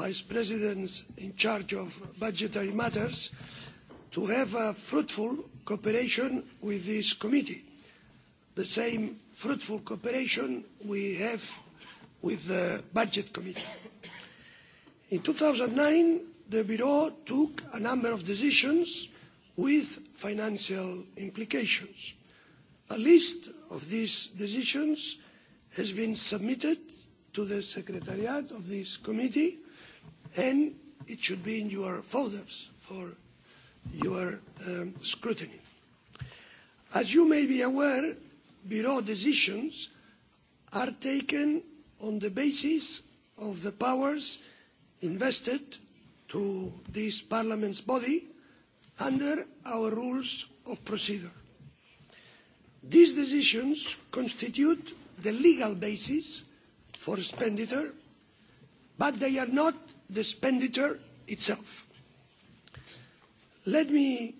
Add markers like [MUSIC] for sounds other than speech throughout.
vice presidents in charge of budgetary matters to have a fruitful cooperation with this committee the same fruitful cooperation we have with the budget committee. in two thousand and nine the bureau took a number of decisions with financial implications. a list of these decisions has been submitted to the secretariat of this committee and it should be in your folders for your um, scrutiny. As you may be aware, Bureau decisions are taken on the basis of the powers invested to this Parliament's body under our rules of procedure. These decisions constitute the legal basis for expenditure but they are not the expenditure itself. Let me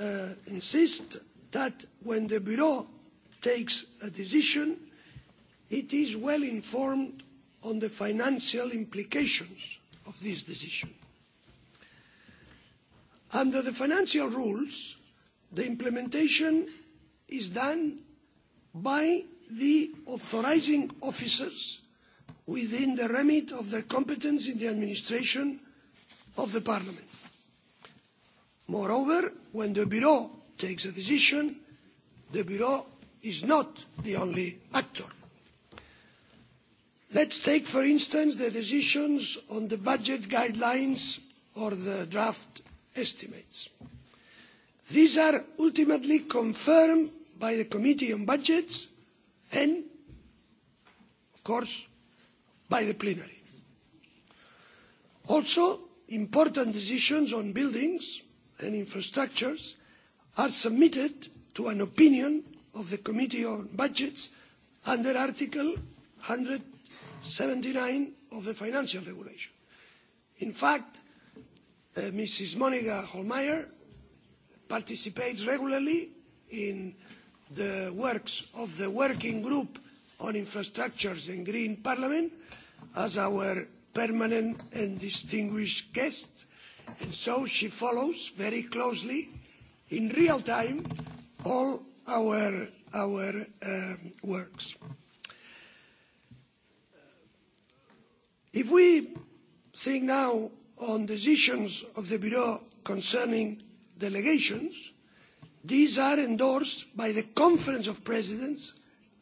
uh, insist that when the Bureau takes a decision, it is well informed on the financial implications of this decision. Under the financial rules, the implementation is done by the authorising officers within the remit of their competence in the administration of the parliament. moreover when the bureau takes a decision the bureau is not the only actor. let's take for instance the decisions on the budget guidelines or the draft estimates. these are ultimately confirmed by the committee on budgets and of course by the plenary. also important decisions on buildings and infrastructures are submitted to an opinion of the committee on budgets under article one hundred and seventy nine of the financial regulation. in fact uh, ms monika hohlmeier participates regularly in the works of the working group on infrastructures and green parliament as our permanent and distinguished guest, and so she follows very closely in real time all our, our um, works. If we think now on decisions of the Bureau concerning delegations, these are endorsed by the Conference of Presidents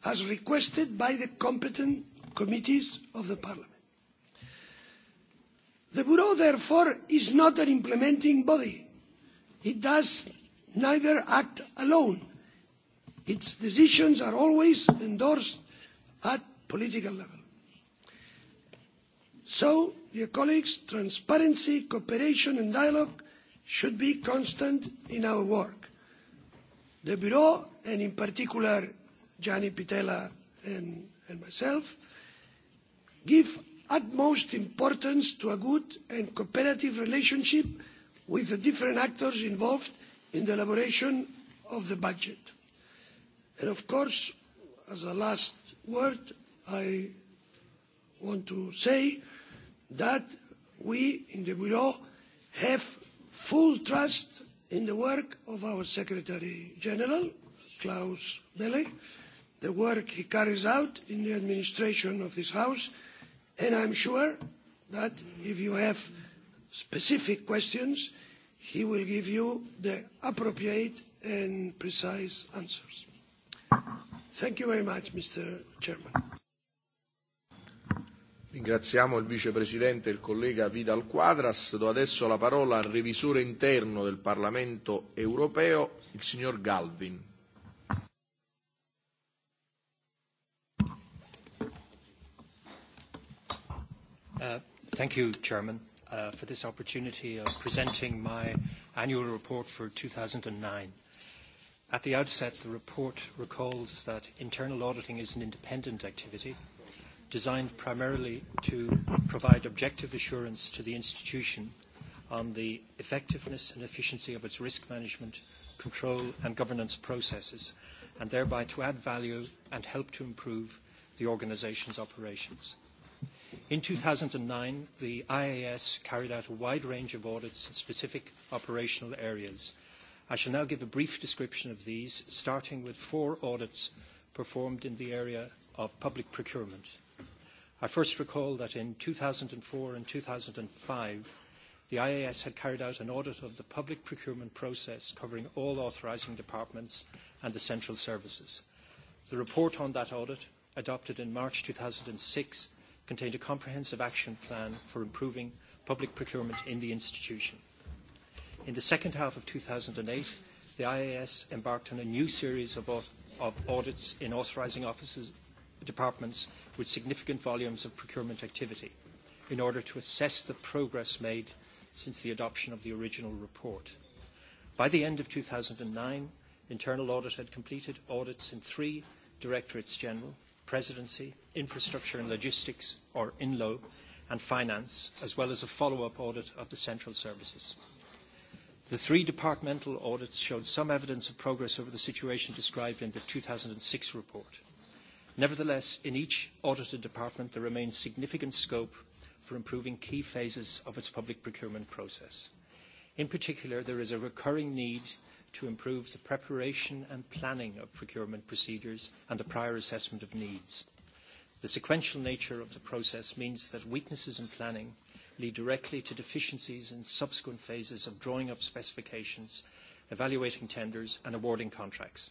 as requested by the competent committees of the parliament. the bureau therefore is not an implementing body. it does neither act alone. its decisions are always endorsed at political level. so colleagues, transparency cooperation and dialogue should be constant in our work. the bureau and in particular gianni pittella and, and myself give utmost importance to a good and cooperative relationship with the different actors involved in the elaboration of the budget. And of course as a last word i want to say that we in the bureau have full trust in the work of our secretary general klaus welle the work he carries out in the administration of this house and i am sure that if you have specific questions he will give you the appropriate and precise answers. thank you very much mr president. Ringraziamo il vicepresidente e il collega Vidal Quadras. Do adesso la parola al revisore interno del Parlamento europeo, il signor Galvin. Uh, thank you, Chairman, uh, for this opportunity of presenting my annual report for 2009. At the outset, the report recalls that internal auditing is an independent activity designed primarily to provide objective assurance to the institution on the effectiveness and efficiency of its risk management, control and governance processes, and thereby to add value and help to improve the organization's operations. In 2009, the IAS carried out a wide range of audits in specific operational areas. I shall now give a brief description of these, starting with four audits performed in the area of public procurement. I first recall that in 2004 and 2005, the IAS had carried out an audit of the public procurement process covering all authorising departments and the central services. The report on that audit, adopted in March 2006, contained a comprehensive action plan for improving public procurement in the institution. In the second half of 2008, the IAS embarked on a new series of, of audits in authorising offices, departments with significant volumes of procurement activity in order to assess the progress made since the adoption of the original report. By the end of 2009, Internal Audit had completed audits in three Directorates General, presidency, infrastructure and logistics, or INLO, and finance, as well as a follow-up audit of the central services. The three departmental audits showed some evidence of progress over the situation described in the 2006 report. Nevertheless, in each audited department, there remains significant scope for improving key phases of its public procurement process. In particular, there is a recurring need to improve the preparation and planning of procurement procedures and the prior assessment of needs. The sequential nature of the process means that weaknesses in planning lead directly to deficiencies in subsequent phases of drawing up specifications, evaluating tenders and awarding contracts.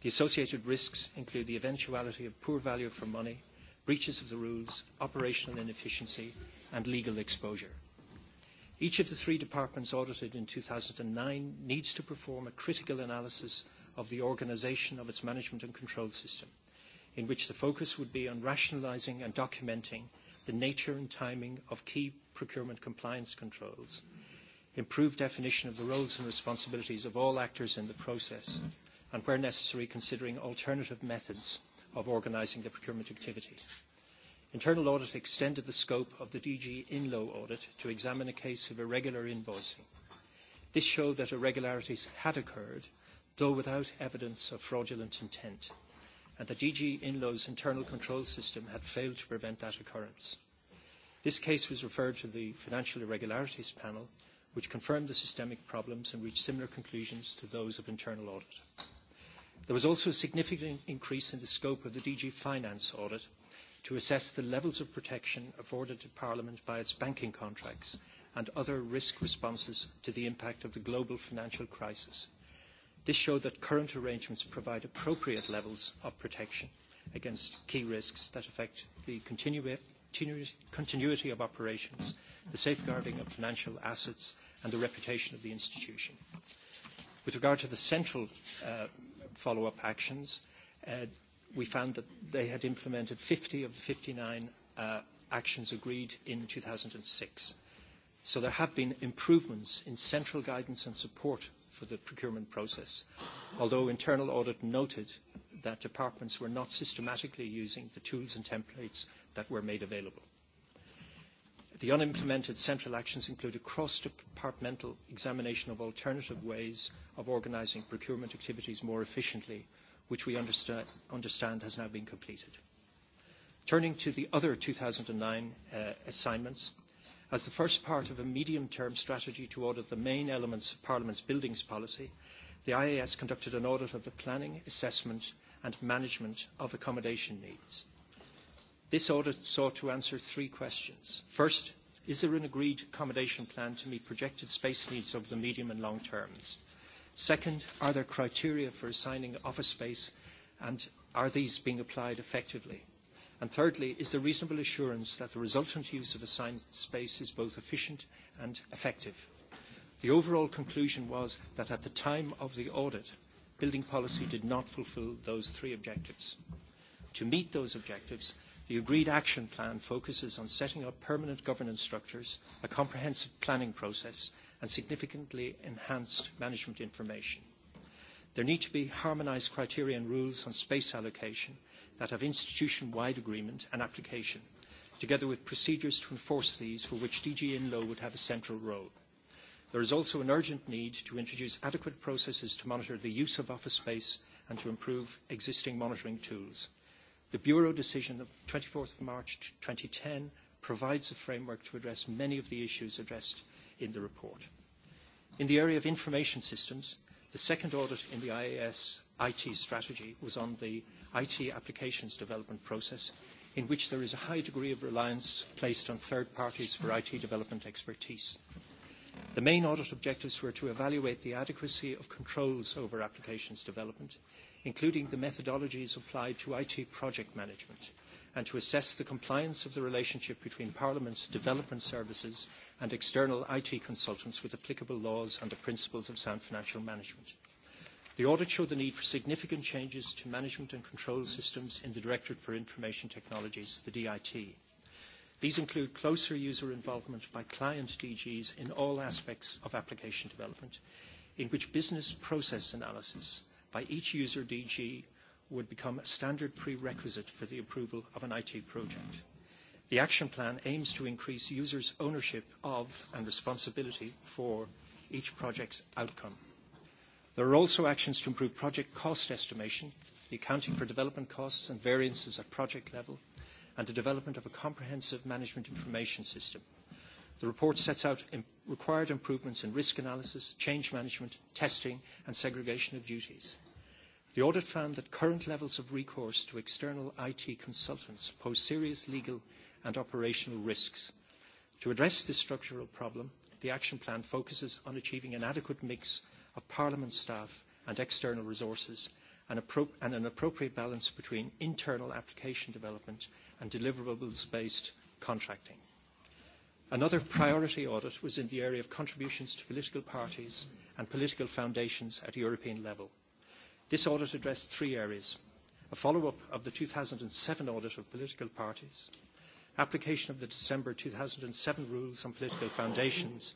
The associated risks include the eventuality of poor value for money, breaches of the rules, operational inefficiency and legal exposure. Each of the three departments audited in 2009 needs to perform a critical analysis of the organisation of its management and control system, in which the focus would be on rationalising and documenting the nature and timing of key procurement compliance controls, improved definition of the roles and responsibilities of all actors in the process, and where necessary, considering alternative methods of organising the procurement activity. Internal Audit extended the scope of the DG Inlo audit to examine a case of irregular invoicing. This showed that irregularities had occurred, though without evidence of fraudulent intent, and that DG Inlo's internal control system had failed to prevent that occurrence. This case was referred to the Financial Irregularities Panel, which confirmed the systemic problems and reached similar conclusions to those of internal audit. There was also a significant increase in the scope of the DG Finance audit to assess the levels of protection afforded to Parliament by its banking contracts and other risk responses to the impact of the global financial crisis. This showed that current arrangements provide appropriate levels of protection against key risks that affect the continu continu continuity of operations, the safeguarding of financial assets, and the reputation of the institution. With regard to the central uh, follow-up actions, uh, we found that they had implemented 50 of the 59 uh, actions agreed in 2006. So there have been improvements in central guidance and support for the procurement process, although internal audit noted that departments were not systematically using the tools and templates that were made available. The unimplemented central actions include a cross-departmental examination of alternative ways of organising procurement activities more efficiently which we understand, has now been completed. Turning to the other 2009 uh, assignments, as the first part of a medium-term strategy to audit the main elements of Parliament's buildings policy, the IAS conducted an audit of the planning, assessment and management of accommodation needs. This audit sought to answer three questions. First, is there an agreed accommodation plan to meet projected space needs over the medium and long terms? Second, are there criteria for assigning office space and are these being applied effectively? And thirdly, is there reasonable assurance that the resultant use of assigned space is both efficient and effective? The overall conclusion was that at the time of the audit, building policy did not fulfil those three objectives. To meet those objectives, the agreed action plan focuses on setting up permanent governance structures, a comprehensive planning process, and significantly enhanced management information. There need to be harmonised criteria and rules on space allocation that have institution-wide agreement and application, together with procedures to enforce these for which DG INLO would have a central role. There is also an urgent need to introduce adequate processes to monitor the use of office space and to improve existing monitoring tools. The Bureau decision of 24th March 2010 provides a framework to address many of the issues addressed in the report. In the area of information systems, the second audit in the IAS IT strategy was on the IT applications development process, in which there is a high degree of reliance placed on third parties for IT development expertise. The main audit objectives were to evaluate the adequacy of controls over applications development, including the methodologies applied to IT project management, and to assess the compliance of the relationship between Parliament's development services and external IT consultants with applicable laws and the principles of sound financial management. The audit showed the need for significant changes to management and control systems in the Directorate for Information Technologies, the DIT. These include closer user involvement by client DGs in all aspects of application development, in which business process analysis by each user DG would become a standard prerequisite for the approval of an IT project. Mm -hmm. The action plan aims to increase users' ownership of and responsibility for each project's outcome. There are also actions to improve project cost estimation, the accounting for development costs and variances at project level, and the development of a comprehensive management information system. The report sets out im required improvements in risk analysis, change management, testing, and segregation of duties. The audit found that current levels of recourse to external IT consultants pose serious legal and operational risks. To address this structural problem, the action plan focuses on achieving an adequate mix of Parliament staff and external resources and, and an appropriate balance between internal application development and deliverables-based contracting. Another priority audit was in the area of contributions to political parties and political foundations at European level. This audit addressed three areas. A follow-up of the 2007 audit of political parties, application of the December 2007 rules on political foundations,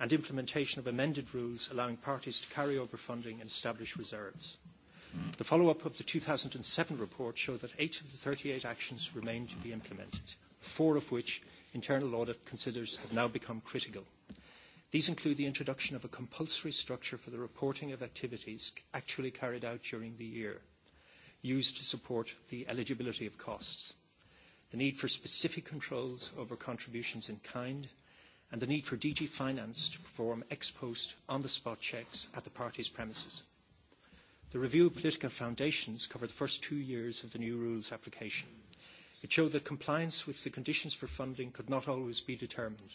and implementation of amended rules allowing parties to carry over funding and establish reserves. The follow-up of the 2007 report showed that eight of the 38 actions remain to be implemented, four of which internal audit considers have now become critical. These include the introduction of a compulsory structure for the reporting of activities actually carried out during the year, used to support the eligibility of costs the need for specific controls over contributions in kind, and the need for DG Finance to perform ex post on the spot checks at the party's premises. The review of political foundations covered the first two years of the new rules application. It showed that compliance with the conditions for funding could not always be determined.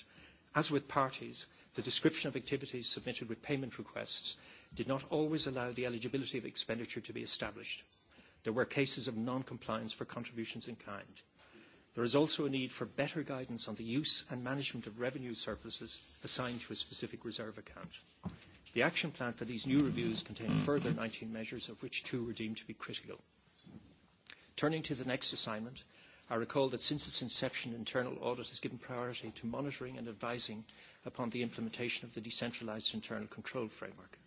As with parties, the description of activities submitted with payment requests did not always allow the eligibility of expenditure to be established. There were cases of non-compliance for contributions in kind. There is also a need for better guidance on the use and management of revenue surpluses assigned to a specific reserve account. The action plan for these new reviews contained hmm. further 19 measures, of which two were deemed to be critical. Turning to the next assignment, I recall that since its inception, internal audit has given priority to monitoring and advising upon the implementation of the decentralised internal control framework.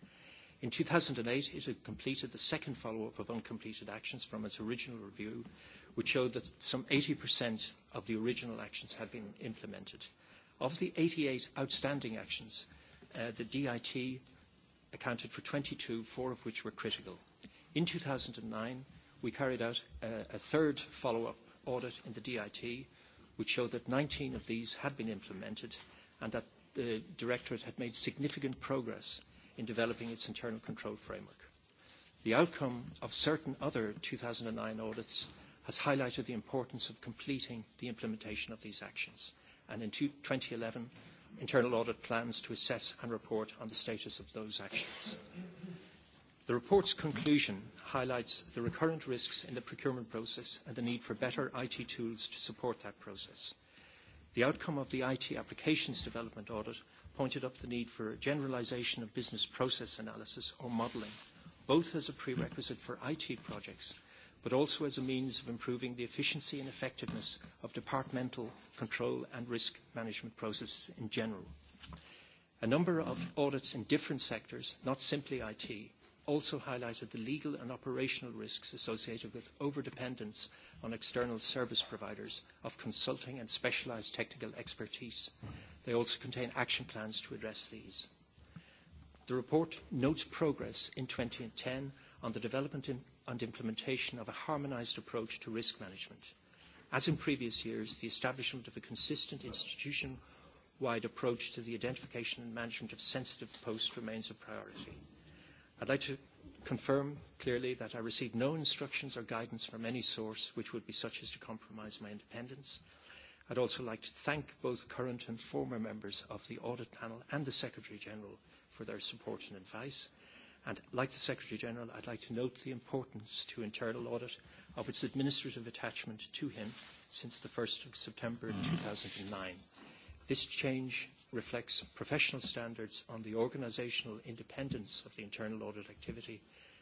In 2008, it had completed the second follow-up of uncompleted actions from its original review which showed that some 80% of the original actions had been implemented. Of the 88 outstanding actions, uh, the DIT accounted for 22, four of which were critical. In 2009, we carried out a, a third follow-up audit in the DIT, which showed that 19 of these had been implemented and that the Directorate had made significant progress in developing its internal control framework. The outcome of certain other 2009 audits has highlighted the importance of completing the implementation of these actions. And in 2011, Internal Audit plans to assess and report on the status of those actions. The report's conclusion highlights the recurrent risks in the procurement process and the need for better IT tools to support that process. The outcome of the IT applications development audit pointed up the need for generalization of business process analysis or modeling, both as a prerequisite for IT projects but also as a means of improving the efficiency and effectiveness of departmental control and risk management processes in general. A number of audits in different sectors, not simply IT, also highlighted the legal and operational risks associated with overdependence on external service providers of consulting and specialized technical expertise. They also contain action plans to address these. The report notes progress in 2010 on the development in and implementation of a harmonised approach to risk management. As in previous years, the establishment of a consistent institution-wide approach to the identification and management of sensitive posts remains a priority. I'd like to confirm clearly that I received no instructions or guidance from any source which would be such as to compromise my independence. I'd also like to thank both current and former members of the Audit Panel and the Secretary-General for their support and advice. And like the Secretary General, I'd like to note the importance to internal audit of its administrative attachment to him since the 1st of September 2009. Mm. This change reflects professional standards on the organisational independence of the internal audit activity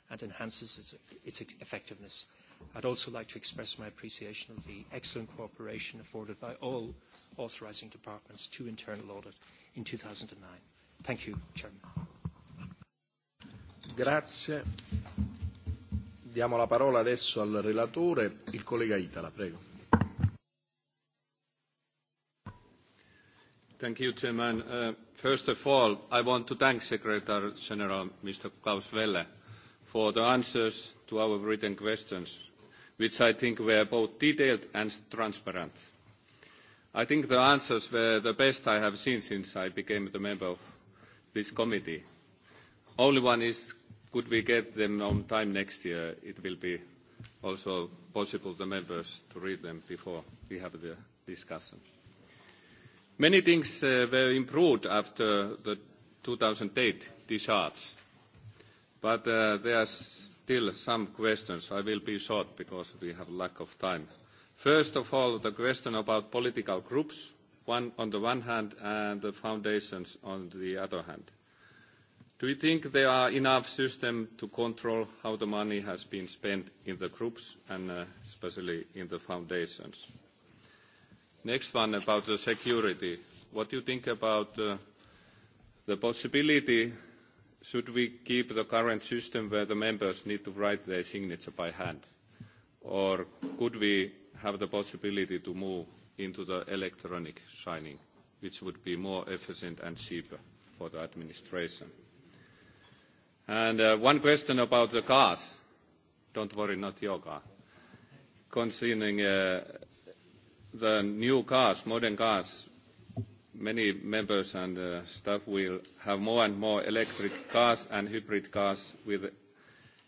and enhances its, its effectiveness. I'd also like to express my appreciation of the excellent cooperation afforded by all authorising departments to internal audit in 2009. Thank you, Chairman. Diamo la parola adesso al relatore, il collega Itala, prego. Thank you, Chairman. Uh, first of all, I want to thank Secretary General Mr. Klaus Welle for the answers to our written questions, which I think were both detailed and transparent. I think the answers were the best I have seen since I became the member of this committee. Only one is could we get them on time next year, it will be also possible the members to read them before we have the discussion. Many things uh, were improved after the 2008 discharge, but uh, there are still some questions. I will be short because we have lack of time. First of all, the question about political groups, one on the one hand, and the foundations on the other hand. Do you think there are enough systems to control how the money has been spent in the groups and uh, especially in the foundations? Next one about the security. What do you think about uh, the possibility should we keep the current system where the members need to write their signature by hand? Or could we have the possibility to move into the electronic signing, which would be more efficient and cheaper for the administration? And uh, one question about the cars. Don't worry, not your car. Concerning uh, the new cars, modern cars, many members and uh, staff will have more and more electric cars and hybrid cars with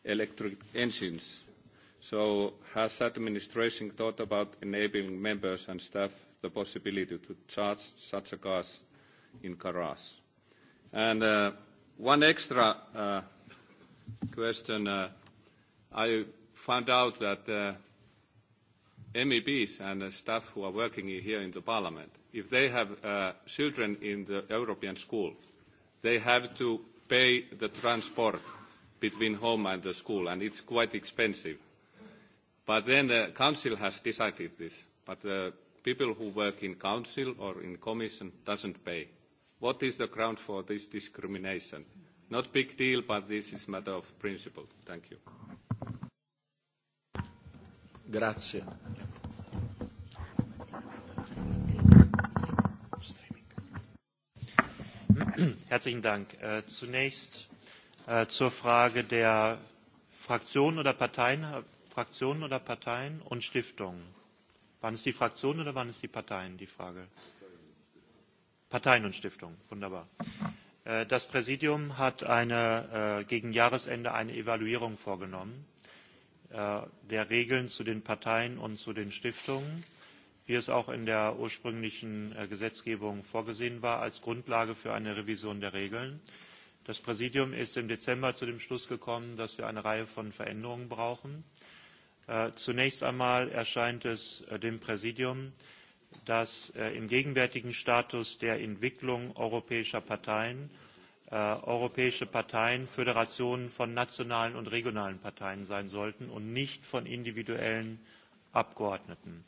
electric engines. So has administration thought about enabling members and staff the possibility to charge such a cars in cars? And uh, One extra uh, question. Uh, I found out that uh, MEPs and the staff who are working here in the parliament, if they have uh, children in the European school, they have to pay the transport between home and the school, and it's quite expensive. But then the council has decided this, but the people who work in council or in commission doesn't pay What is the ground for this discrimination? Not big deal, but this is matter of principle. Thank you. Grazie. Herzlichen Dank. Äh, zunächst äh, zur Frage der Fraktionen oder Parteien, äh, Fraktionen oder Parteien und Stiftungen. Waren es die Fraktionen oder waren es die Parteien, die Frage? Parteien und Stiftungen, wunderbar. Äh, das Präsidium hat eine, äh, gegen Jahresende eine Evaluierung vorgenommen äh, der Regeln zu den Parteien und zu den Stiftungen, wie es auch in der ursprünglichen Gesetzgebung vorgesehen war, als Grundlage für eine Revision der Regeln. Das Präsidium ist im Dezember zu dem Schluss gekommen, dass wir eine Reihe von Veränderungen brauchen. Zunächst einmal erscheint es dem Präsidium dass äh, im gegenwärtigen Status der Entwicklung europäischer Parteien äh, europäische Parteien Föderationen von nationalen und regionalen Parteien sein sollten und nicht von individuellen Abgeordneten.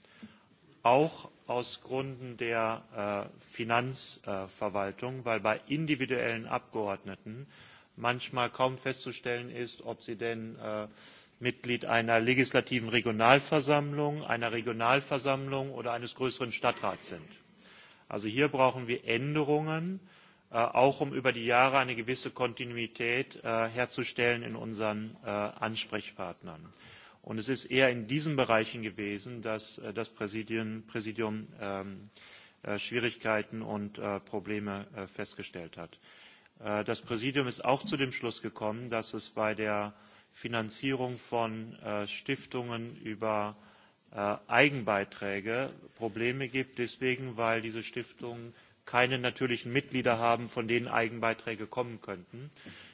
Auch aus Gründen der äh, Finanzverwaltung, weil bei individuellen Abgeordneten manchmal kaum festzustellen ist, ob sie denn äh, Mitglied einer legislativen Regionalversammlung, einer Regionalversammlung oder eines größeren Stadtrats sind. Also hier brauchen wir Änderungen, äh, auch um über die Jahre eine gewisse Kontinuität äh, herzustellen in unseren äh, Ansprechpartnern. Und es ist eher in diesen Bereichen gewesen, dass das Präsidium, Präsidium Schwierigkeiten und Probleme festgestellt hat. das Präsidium ist auch zu dem Schluss gekommen, dass es bei der Finanzierung von äh, Stiftungen über äh, Eigenbeiträge Probleme gibt, deswegen, weil diese Stiftungen keine natürlichen Mitglieder haben, von denen Eigenbeiträge kommen könnten.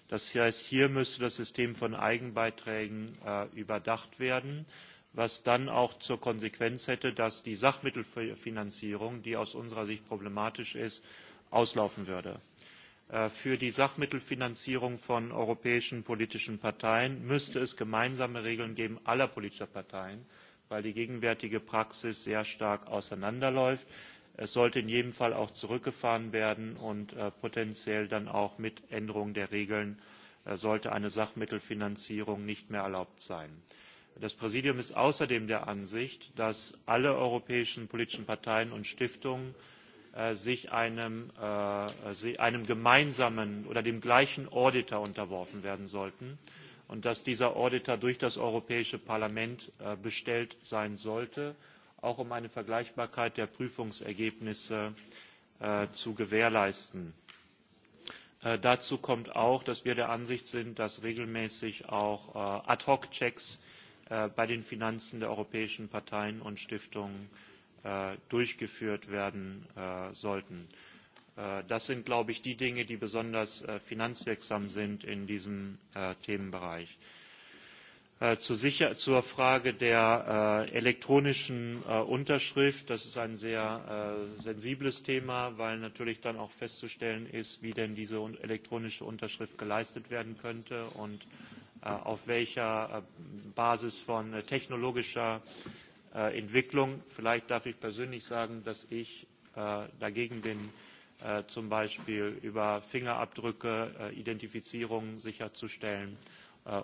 Das heißt, hier müsste das System von Eigenbeiträgen äh, überdacht werden, was dann auch zur Konsequenz hätte, dass die Sachmittelfinanzierung, die aus unserer Sicht problematisch ist, auslaufen würde. Äh, für die Sachmittelfinanzierung von europäischen politischen Parteien müsste es gemeinsame Regeln geben aller politischer Parteien, weil die gegenwärtige Praxis sehr stark auseinanderläuft. Es sollte in jedem Fall auch zurückgefahren werden und äh, potenziell dann auch mit Änderung der Regeln äh, sollte eine Sachmittelfinanzierung nicht mehr erlaubt sein. Das Präsidium ist außerdem der Ansicht, dass alle europäischen politischen Parteien und Stiftungen Äh, sich einem, äh, einem gemeinsamen oder dem gleichen Auditor unterworfen werden sollten und dass dieser Auditor durch das Europäische Parlament äh, bestellt sein sollte, auch um eine Vergleichbarkeit der Prüfungsergebnisse äh, zu gewährleisten. Äh, dazu kommt auch, dass wir der Ansicht sind, dass regelmäßig auch äh, Ad-hoc-Checks äh, bei den Finanzen der europäischen Parteien und Stiftungen äh, Äh, durchgeführt werden äh, sollten. Äh, das sind, glaube ich, die Dinge, die besonders finanzwirksam sind in diesem Themenbereich. Zur Frage der elektronischen Unterschrift. Das ist ein sehr sensibles Thema, weil natürlich dann auch festzustellen ist, wie denn diese elektronische Unterschrift geleistet werden könnte und auf welcher Basis von technologischer Äh, Entwicklung. Vielleicht darf ich persönlich sagen, dass ich äh, dagegen bin, äh, zum Beispiel über Fingerabdrücke, äh, Identifizierung sicherzustellen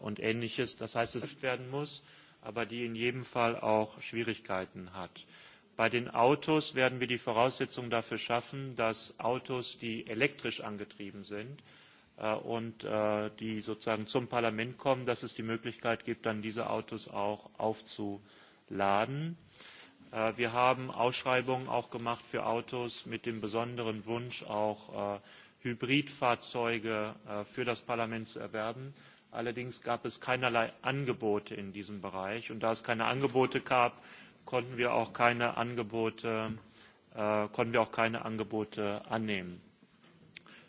und Ähnliches. Das heißt, es werden muss, aber die in jedem Fall auch Schwierigkeiten hat. Bei den Autos werden wir die Voraussetzung dafür schaffen, dass Autos, die elektrisch angetrieben sind, und die sozusagen zum Parlament kommen, dass es die Möglichkeit gibt, dann diese Autos auch aufzunehmen laden. Äh, wir haben Ausschreibungen auch gemacht für Autos mit dem besonderen Wunsch, auch äh, Hybridfahrzeuge äh, für das Parlament zu erwerben. Allerdings gab es keinerlei Angebote in diesem Bereich. Und da es keine Angebote gab, konnten wir auch keine Angebote, konnten wir auch keine Angebote annehmen.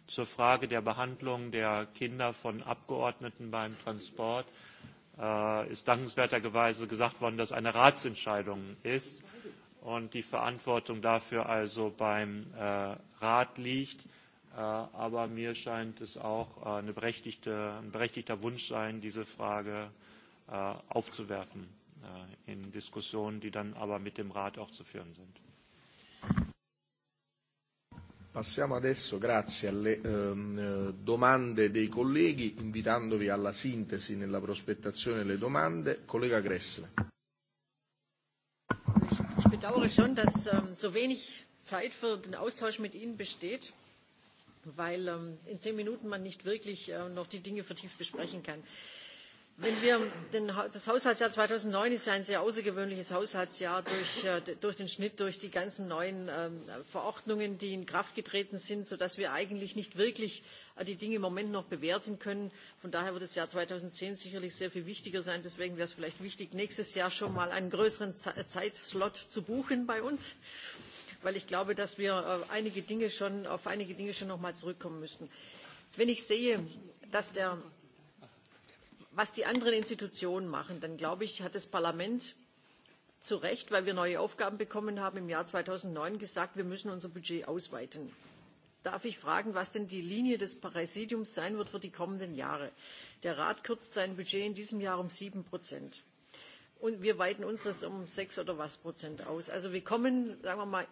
Zur Frage der Behandlung der Kinder von Abgeordneten beim Transport Äh, ist dankenswerterweise gesagt worden, dass eine Ratsentscheidung ist und die Verantwortung dafür also beim äh, Rat liegt. Äh, aber mir scheint es auch eine berechtigte, ein berechtigter Wunsch sein, diese Frage aufzuwerfen in Diskussionen, die dann aber mit dem Rat auch zu führen sind. Passiamo adesso, grazie, alle ehm, eh, domande dei colleghi, invitandovi alla sintesi nella prospettazione delle domande. Collega Gressle. Ich bedauere schon, dass ähm, so wenig Zeit für den Austausch mit Ihnen besteht, weil ähm, in zehn Minuten man nicht wirklich äh, noch die Dinge vertieft besprechen kann. Äh, das Haushaltsjahr zweitausendneun ist ja ein sehr außergewöhnliches Haushaltsjahr durch, äh, den Schnitt, durch die ganzen neuen ähm, Verordnungen, die in Kraft getreten sind, sodass wir eigentlich nicht wirklich äh, die Dinge im Moment noch bewerten können. Von daher wird das Jahr zweitausendzehn sicherlich sehr viel wichtiger sein. Deswegen wäre es vielleicht wichtig, nächstes Jahr schon mal einen größeren Zeitslot zu buchen bei uns, weil ich glaube, dass wir äh, auf einige Dinge schon noch mal zurückkommen müssen. Wenn ich sehe, dass der was die anderen institutionen machen dann glaube ich hat das parlament zu recht weil wir neue aufgaben bekommen haben im jahr zweitausendneun gesagt wir müssen unser budget ausweiten. darf ich fragen was denn die linie des präsidiums sein wird für die kommenden jahre? der rat kürzt sein budget in diesem jahr um sieben prozent und wir weiten unseres um sechs oder was prozent aus. also wir kommen sagen wir mal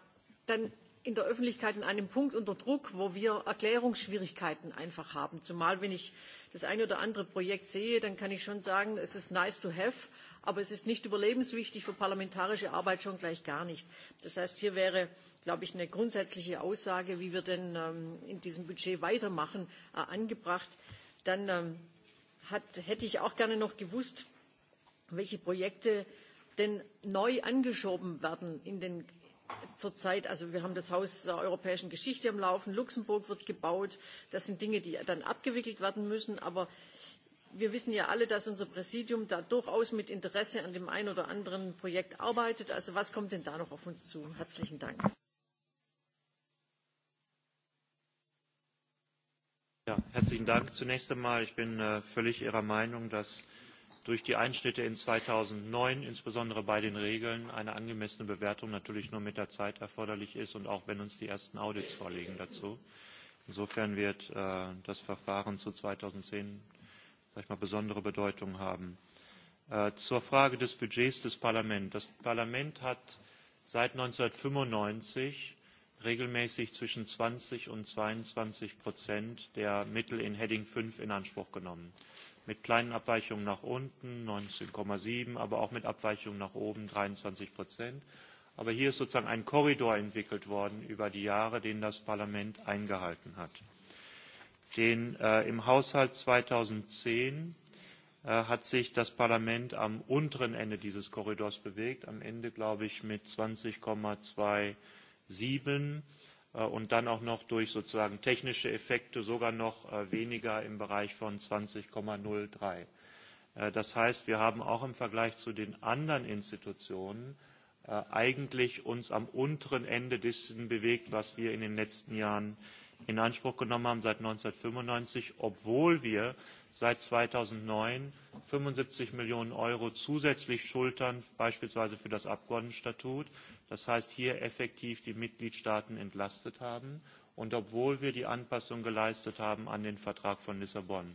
dann in der Öffentlichkeit an einem Punkt unter Druck, wo wir Erklärungsschwierigkeiten einfach haben. Zumal, wenn ich das eine oder andere Projekt sehe, dann kann ich schon sagen, es ist nice to have, aber es ist nicht überlebenswichtig für parlamentarische Arbeit schon gleich gar nicht. Das heißt, hier wäre, glaube ich, eine grundsätzliche Aussage, wie wir denn ähm, in diesem Budget weitermachen, äh, angebracht. Dann ähm, hat, hätte ich auch gerne noch gewusst, welche Projekte denn neu angeschoben werden in den zurzeit, also wir haben das Haus der europäischen Geschichte am Laufen, Luxemburg wird gebaut. Das sind Dinge, die dann abgewickelt werden müssen. Aber wir wissen ja alle dass unser präsidium da durchaus mit interesse an dem einen oder anderen projekt arbeitet also was kommt denn da noch auf uns zu? herzlichen dank. Ja, herzlichen dank. zunächst einmal ich bin äh, völlig ihrer meinung dass durch die Einschnitte in 2009, insbesondere bei den Regeln, eine angemessene Bewertung natürlich nur mit der Zeit erforderlich ist und auch wenn uns die ersten Audits vorliegen dazu. Insofern wird äh, das Verfahren zu 2010 sag ich mal, besondere Bedeutung haben. Äh, zur Frage des Budgets des Parlaments. Das Parlament hat seit 1995 regelmäßig zwischen 20 und 22 Prozent der Mittel in Heading 5 in Anspruch genommen mit kleinen Abweichungen nach unten 19,7, aber auch mit Abweichungen nach oben 23 Prozent. Aber hier ist sozusagen ein Korridor entwickelt worden über die Jahre, den das Parlament eingehalten hat. Den, äh, Im Haushalt 2010 äh, hat sich das Parlament am unteren Ende dieses Korridors bewegt, am Ende glaube ich mit 20,27 Äh, und dann auch noch durch sozusagen technische Effekte sogar noch äh, weniger im Bereich von 20,03. Äh, das heißt, wir haben auch im Vergleich zu den anderen Institutionen eigentlich uns am unteren Ende dessen bewegt, was wir in den letzten Jahren in Anspruch genommen haben seit 1995, obwohl wir seit 2009 75 Millionen Euro zusätzlich schultern, beispielsweise für das Abgeordnetenstatut, Das heißt, hier effektiv die Mitgliedstaaten entlastet haben und obwohl wir die Anpassung geleistet haben an den Vertrag von Lissabon.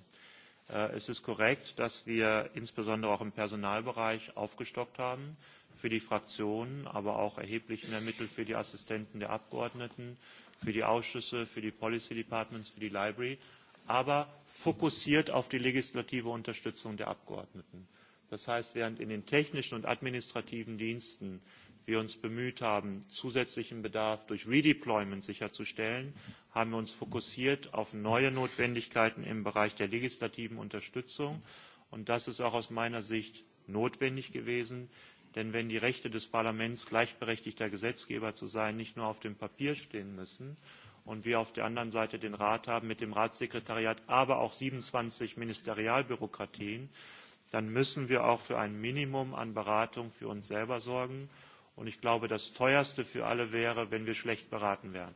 Äh, es ist korrekt, dass wir insbesondere auch im Personalbereich aufgestockt haben für die Fraktionen, aber auch erheblich mehr Mittel für die Assistenten der Abgeordneten, für die Ausschüsse, für die Policy Departments, für die Library, aber fokussiert auf die legislative Unterstützung der Abgeordneten. Das heißt, während in den technischen und administrativen Diensten wir uns bemüht haben, zusätzlichen Bedarf durch Redeployment sicherzustellen, haben wir uns fokussiert auf neue Notwendigkeiten im Bereich der legislativen Unterstützung. Und das ist auch aus meiner Sicht notwendig gewesen. Denn wenn die Rechte des Parlaments, gleichberechtigter Gesetzgeber zu sein, nicht nur auf dem Papier stehen müssen und wir auf der anderen Seite den Rat haben mit dem Ratssekretariat, aber auch 27 Ministerialbürokratien, dann müssen wir auch für ein Minimum an Beratung für uns selber sorgen. Und ich glaube, das Teuerste für alle wäre, wenn wir schlecht beraten wären.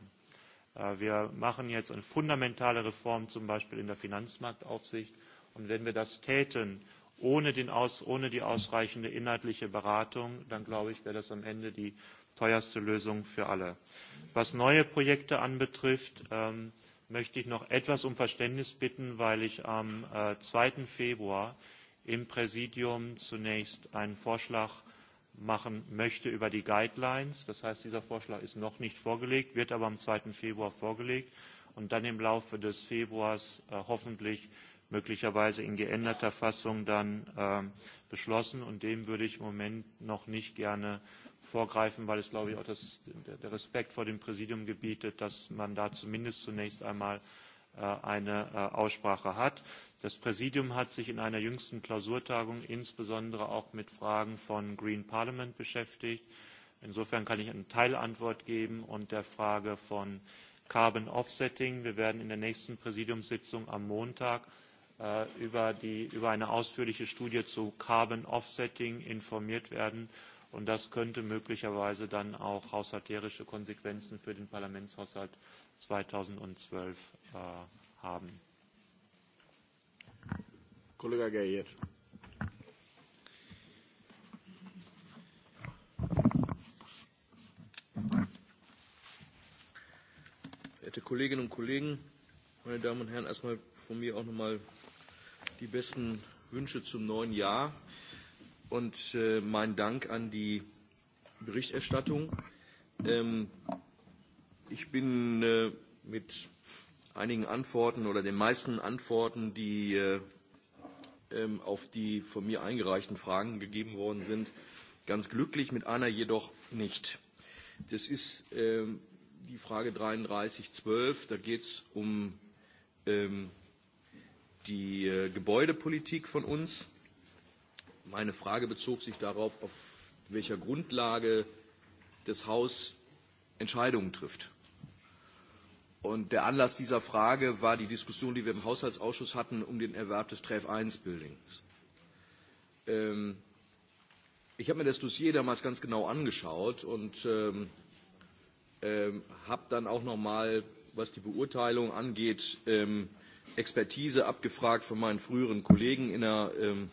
Äh, wir machen jetzt eine fundamentale Reform, zum Beispiel in der Finanzmarktaufsicht. Und wenn wir das täten, ohne, den aus, ohne die ausreichende inhaltliche Beratung, dann glaube ich, wäre das am Ende die teuerste Lösung für alle. Was neue Projekte anbetrifft, ähm, möchte ich noch etwas um Verständnis bitten, weil ich am äh, 2. Februar im Präsidium zunächst einen Vorschlag machen möchte über die Guidelines. Das heißt, dieser Vorschlag ist noch nicht vorgelegt, wird aber am 2. Februar vorgelegt und dann im Laufe des Februars äh, hoffentlich möglicherweise in geänderter Fassung dann äh, beschlossen. Und dem würde ich im Moment noch nicht gerne vorgreifen, weil es, glaube ich, auch das, der Respekt vor dem Präsidium gebietet, dass man da zumindest zunächst einmal Äh, eine äh, Aussprache hat. Das Präsidium hat sich in einer jüngsten Klausurtagung insbesondere auch mit Fragen von Green Parliament beschäftigt. Insofern kann ich eine Teilantwort geben und der Frage von Carbon Offsetting. Wir werden in der nächsten Präsidiumssitzung am Montag äh, über, die, über eine ausführliche Studie zu Carbon Offsetting informiert werden. Und das könnte möglicherweise dann auch haushalterische Konsequenzen für den Parlamentshaushalt 2012 äh, haben. Kollege Geier. Werte Kolleginnen und Kollegen, meine Damen und Herren, erstmal von mir auch nochmal die besten Wünsche zum neuen Jahr und äh, mein Dank an die Berichterstattung. Ähm, Ich bin äh, mit einigen Antworten oder den meisten Antworten, die äh, ähm, auf die von mir eingereichten Fragen gegeben worden sind, ganz glücklich, mit einer jedoch nicht. Das ist ähm, die Frage 3312. Da geht es um ähm, die äh, Gebäudepolitik von uns. Meine Frage bezog sich darauf, auf welcher Grundlage das Haus Entscheidungen trifft. Und der Anlass dieser Frage war die Diskussion, die wir im Haushaltsausschuss hatten, um den Erwerb des TREF 1 Buildings. Ähm, ich habe mir das Dossier damals ganz genau angeschaut und ähm, ähm, habe dann auch nochmal, was die Beurteilung angeht, ähm, Expertise abgefragt von meinen früheren Kollegen in der ähm,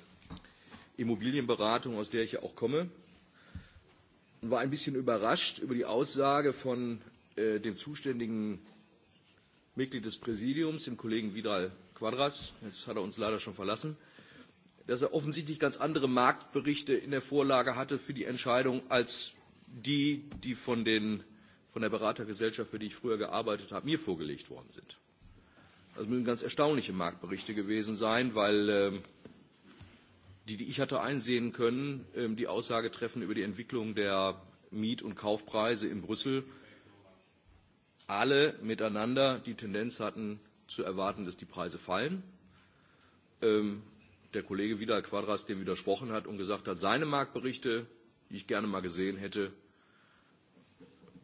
Immobilienberatung, aus der ich ja auch komme, und war ein bisschen überrascht über die Aussage von äh, dem zuständigen Mitglied des Präsidiums, dem Kollegen Vidal Quadras, jetzt hat er uns leider schon verlassen, dass er offensichtlich ganz andere Marktberichte in der Vorlage hatte für die Entscheidung als die, die von, den, von der Beratergesellschaft, für die ich früher gearbeitet habe, mir vorgelegt worden sind. Das müssen ganz erstaunliche Marktberichte gewesen sein, weil ähm, die, die ich hatte einsehen können, ähm, die Aussage treffen über die Entwicklung der Miet- und Kaufpreise in Brüssel alle miteinander die Tendenz hatten zu erwarten, dass die Preise fallen. Ähm, der Kollege Vidal Quadras dem widersprochen hat und gesagt hat, seine Marktberichte, die ich gerne mal gesehen hätte,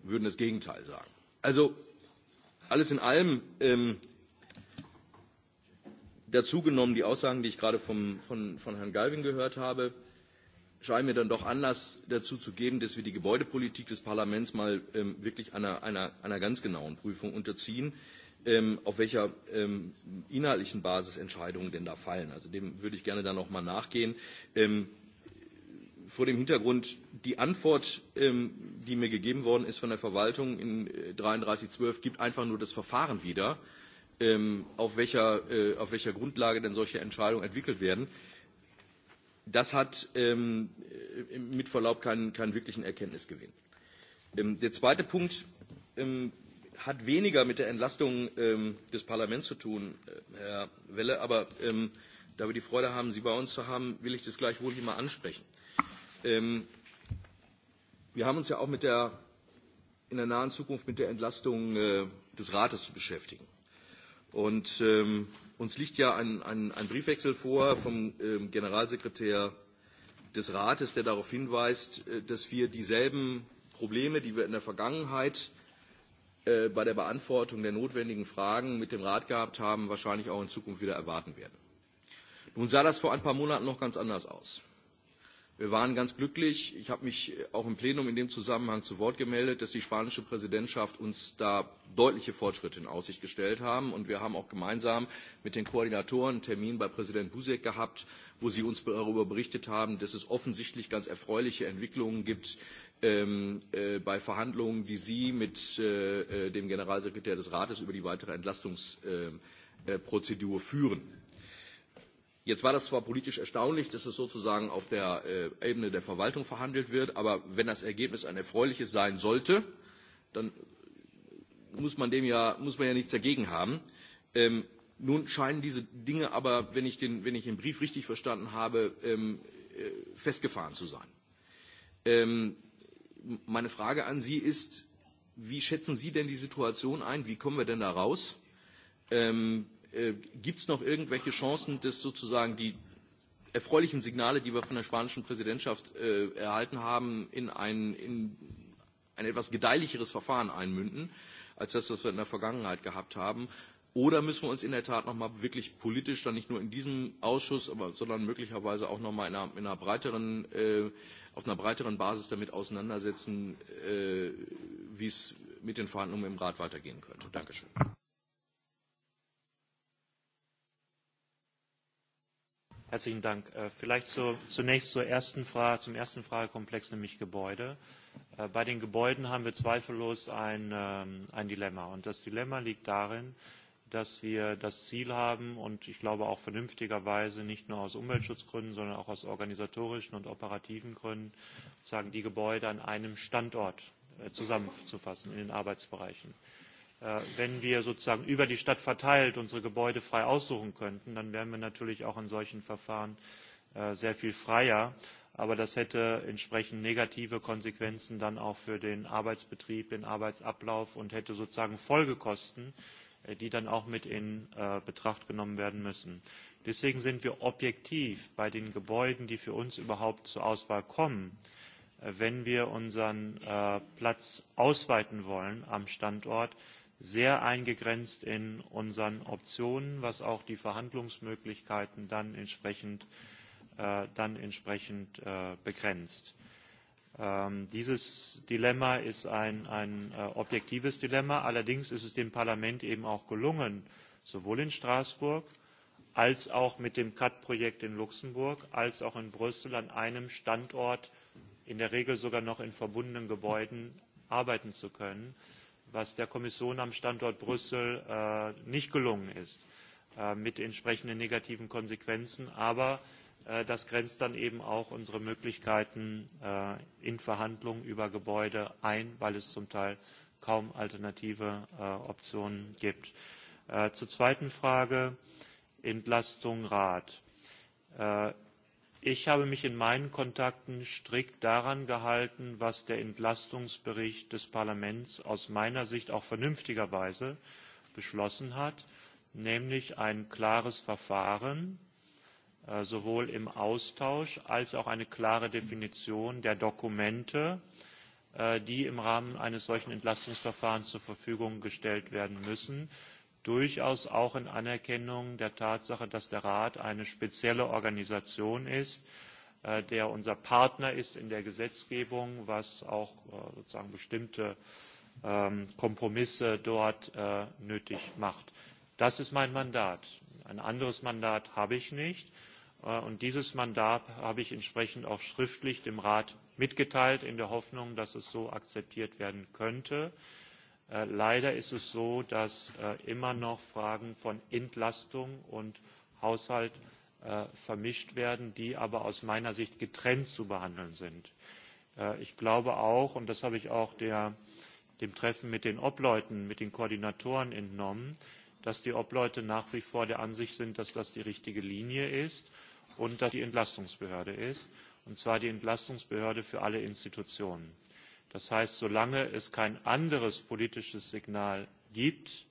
würden das Gegenteil sagen. Also alles in allem ähm, dazu genommen die Aussagen, die ich gerade vom, von, von Herrn Galvin gehört habe, scheint mir dann doch Anlass dazu zu geben, dass wir die Gebäudepolitik des Parlaments mal ähm, wirklich einer, einer, einer ganz genauen Prüfung unterziehen, ähm, auf welcher ähm, inhaltlichen Basis Entscheidungen denn da fallen. Also dem würde ich gerne dann noch mal nachgehen. Ähm, vor dem Hintergrund die Antwort, ähm, die mir gegeben worden ist von der Verwaltung in 3312, äh, gibt einfach nur das Verfahren wieder, ähm, auf, welcher, äh, auf welcher Grundlage denn solche Entscheidungen entwickelt werden das hat ähm, äh, mit Verlaub keinen, keinen wirklichen Erkenntnisgewinn. Ähm, der zweite Punkt ähm, hat weniger mit der Entlastung ähm, des Parlaments zu tun, äh, Herr Welle, aber ähm, da wir die Freude haben, Sie bei uns zu haben, will ich das gleichwohl hier mal ansprechen. Ähm, wir haben uns ja auch mit der, in der nahen Zukunft mit der Entlastung äh, des Rates zu beschäftigen. Und ähm, uns liegt ja ein, ein, ein Briefwechsel vor vom ähm, Generalsekretär des Rates, der darauf hinweist, äh, dass wir dieselben Probleme, die wir in der Vergangenheit äh, bei der Beantwortung der notwendigen Fragen mit dem Rat gehabt haben, wahrscheinlich auch in Zukunft wieder erwarten werden. Nun sah das vor ein paar Monaten noch ganz anders aus. Wir waren ganz glücklich. Ich habe mich äh, auch im Plenum in dem Zusammenhang zu Wort gemeldet, dass die spanische Präsidentschaft uns da deutliche Fortschritte in Aussicht gestellt haben. Und wir haben auch gemeinsam mit den Koordinatoren einen Termin bei Präsident Buzek gehabt, wo sie uns darüber berichtet haben, dass es offensichtlich ganz erfreuliche Entwicklungen gibt ähm, äh, bei Verhandlungen, die sie mit äh, äh dem Generalsekretär des Rates über die weitere Entlastungsprozedur äh, äh, führen Jetzt war das zwar politisch erstaunlich, dass es sozusagen auf der äh, Ebene der Verwaltung verhandelt wird, aber wenn das Ergebnis ein erfreuliches sein sollte, dann muss man dem ja, muss man ja nichts dagegen haben. Ähm, nun scheinen diese Dinge aber, wenn ich den, wenn ich den Brief richtig verstanden habe, ähm, äh, festgefahren zu sein. Ähm, meine Frage an Sie ist, wie schätzen Sie denn die Situation ein? Wie kommen wir denn da raus? Ähm, Äh, gibt es noch irgendwelche Chancen, dass sozusagen die erfreulichen Signale, die wir von der spanischen Präsidentschaft äh, erhalten haben, in ein, in ein etwas gedeihlicheres Verfahren einmünden, als das, was wir in der Vergangenheit gehabt haben? Oder müssen wir uns in der Tat nochmal wirklich politisch, dann nicht nur in diesem Ausschuss, aber, sondern möglicherweise auch nochmal in einer, in einer breiteren, äh, auf einer breiteren Basis damit auseinandersetzen, äh, wie es mit den Verhandlungen im Rat weitergehen könnte? Dankeschön. Herzlichen Dank. Äh, vielleicht zur, zunächst zur ersten Frage, zum ersten Fragekomplex, nämlich Gebäude. Äh, bei den Gebäuden haben wir zweifellos ein, ähm, ein Dilemma. Und das Dilemma liegt darin, dass wir das Ziel haben und ich glaube auch vernünftigerweise nicht nur aus Umweltschutzgründen, sondern auch aus organisatorischen und operativen Gründen, sagen, die Gebäude an einem Standort äh, zusammenzufassen in den Arbeitsbereichen. Äh, wenn wir sozusagen über die Stadt verteilt unsere Gebäude frei aussuchen könnten, dann wären wir natürlich auch in solchen Verfahren äh, sehr viel freier. Aber das hätte entsprechend negative Konsequenzen dann auch für den Arbeitsbetrieb, den Arbeitsablauf und hätte sozusagen Folgekosten, äh, die dann auch mit in Betracht genommen werden müssen. Deswegen sind wir objektiv bei den Gebäuden, die für uns überhaupt zur Auswahl kommen, wenn wir unseren Platz ausweiten wollen am Standort, sehr eingegrenzt in unseren Optionen, was auch die Verhandlungsmöglichkeiten dann entsprechend, äh, dann entsprechend äh, begrenzt. Ähm, dieses Dilemma ist ein, ein äh, objektives Dilemma. Allerdings ist es dem Parlament eben auch gelungen, sowohl in Straßburg als auch mit dem CAD-Projekt in Luxemburg als auch in Brüssel an einem Standort in der Regel sogar noch in verbundenen Gebäuden arbeiten zu können. Äh, was der Kommission am Standort Brüssel äh, nicht gelungen ist, äh, mit entsprechenden negativen Konsequenzen. Aber äh, das grenzt dann eben auch unsere Möglichkeiten in Verhandlungen über Gebäude ein, weil es zum Teil kaum alternative Optionen gibt. zur zweiten Frage Entlastung Rat. Äh, Ich habe mich in meinen Kontakten strikt daran gehalten, was der Entlastungsbericht des Parlaments aus meiner Sicht auch vernünftigerweise beschlossen hat, nämlich ein klares Verfahren, äh, sowohl im Austausch als auch eine klare Definition der Dokumente, äh, die im Rahmen eines solchen Entlastungsverfahrens zur Verfügung gestellt werden müssen durchaus auch in Anerkennung der Tatsache, dass der Rat eine spezielle Organisation ist, äh, der unser Partner ist in der Gesetzgebung, was auch äh, sozusagen bestimmte ähm, Kompromisse dort äh, nötig macht. Das ist mein Mandat. Ein anderes Mandat habe ich nicht. Äh, und dieses Mandat habe ich entsprechend auch schriftlich dem Rat mitgeteilt, in der Hoffnung, dass es so akzeptiert werden könnte. Äh, leider ist es so, dass äh, immer noch Fragen von Entlastung und Haushalt äh, vermischt werden, die aber aus meiner Sicht getrennt zu behandeln sind. Ich glaube auch, und das habe ich auch der, dem Treffen mit den Obleuten, mit den Koordinatoren entnommen, dass die Obleute nach wie vor der Ansicht sind, dass das die richtige Linie ist und dass die Entlastungsbehörde ist, und zwar die Entlastungsbehörde für alle Institutionen. Das heißt, solange es kein anderes politisches Signal gibt,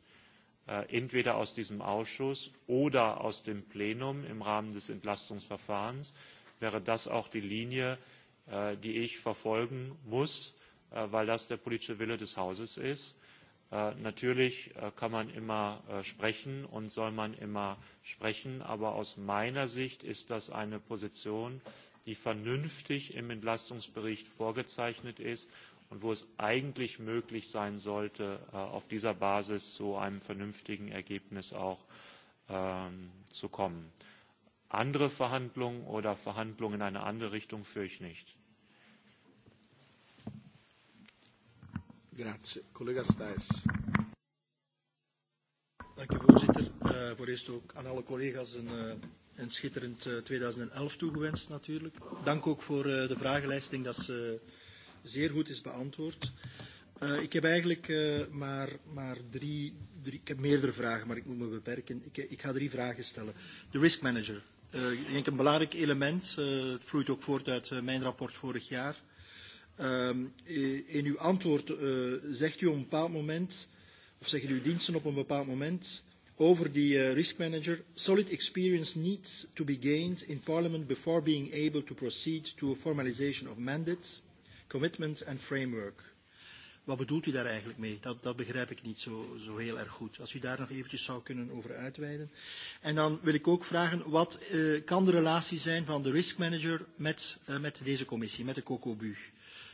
äh, entweder aus diesem Ausschuss oder aus dem Plenum im Rahmen des Entlastungsverfahrens, wäre das auch die Linie, äh, die ich verfolgen muss, äh, weil das der politische Wille des Hauses ist. Natürlich kann man immer sprechen und soll man immer sprechen, aber aus meiner Sicht ist das eine Position, die vernünftig im Entlastungsbericht vorgezeichnet ist und wo es eigentlich möglich sein sollte, äh, auf dieser Basis zu einem vernünftigen Ergebnis auch ähm, zu kommen. Andere Verhandlungen oder Verhandlungen in eine andere Richtung führe ich nicht. Grazie. Collega Staes. Dank u voorzitter. Uh, voor eerst ook aan alle collega's een, uh, een schitterend uh, eh, 2011 toegewenst natuurlijk. Dank ook voor uh, de vragenlijst. Ik denk dat ze uh, zeer goed is beantwoord. Uh, ik heb eigenlijk uh, maar, maar drie, drie, ik heb meerdere vragen, maar ik moet me beperken. Ik, eh, ik ga drie vragen stellen. De risk manager. Uh, ik denk een belangrijk element, uh, het vloeit ook voort uit uh, mijn rapport vorig jaar. Uh, in uw antwoord uh, zegt u op een bepaald moment, of zeggen uw diensten op een bepaald moment, over die uh, risk manager, solid experience needs to be gained in Parliament before being able to proceed to a formalization of mandates commitment and framework. Wat bedoelt u daar eigenlijk mee? Dat, dat begrijp ik niet zo, zo heel erg goed. Als u daar nog eventjes zou kunnen over uitweiden. En dan wil ik ook vragen, wat uh, kan de relatie zijn van de risk manager met, uh, met deze commissie, met de COCOBU?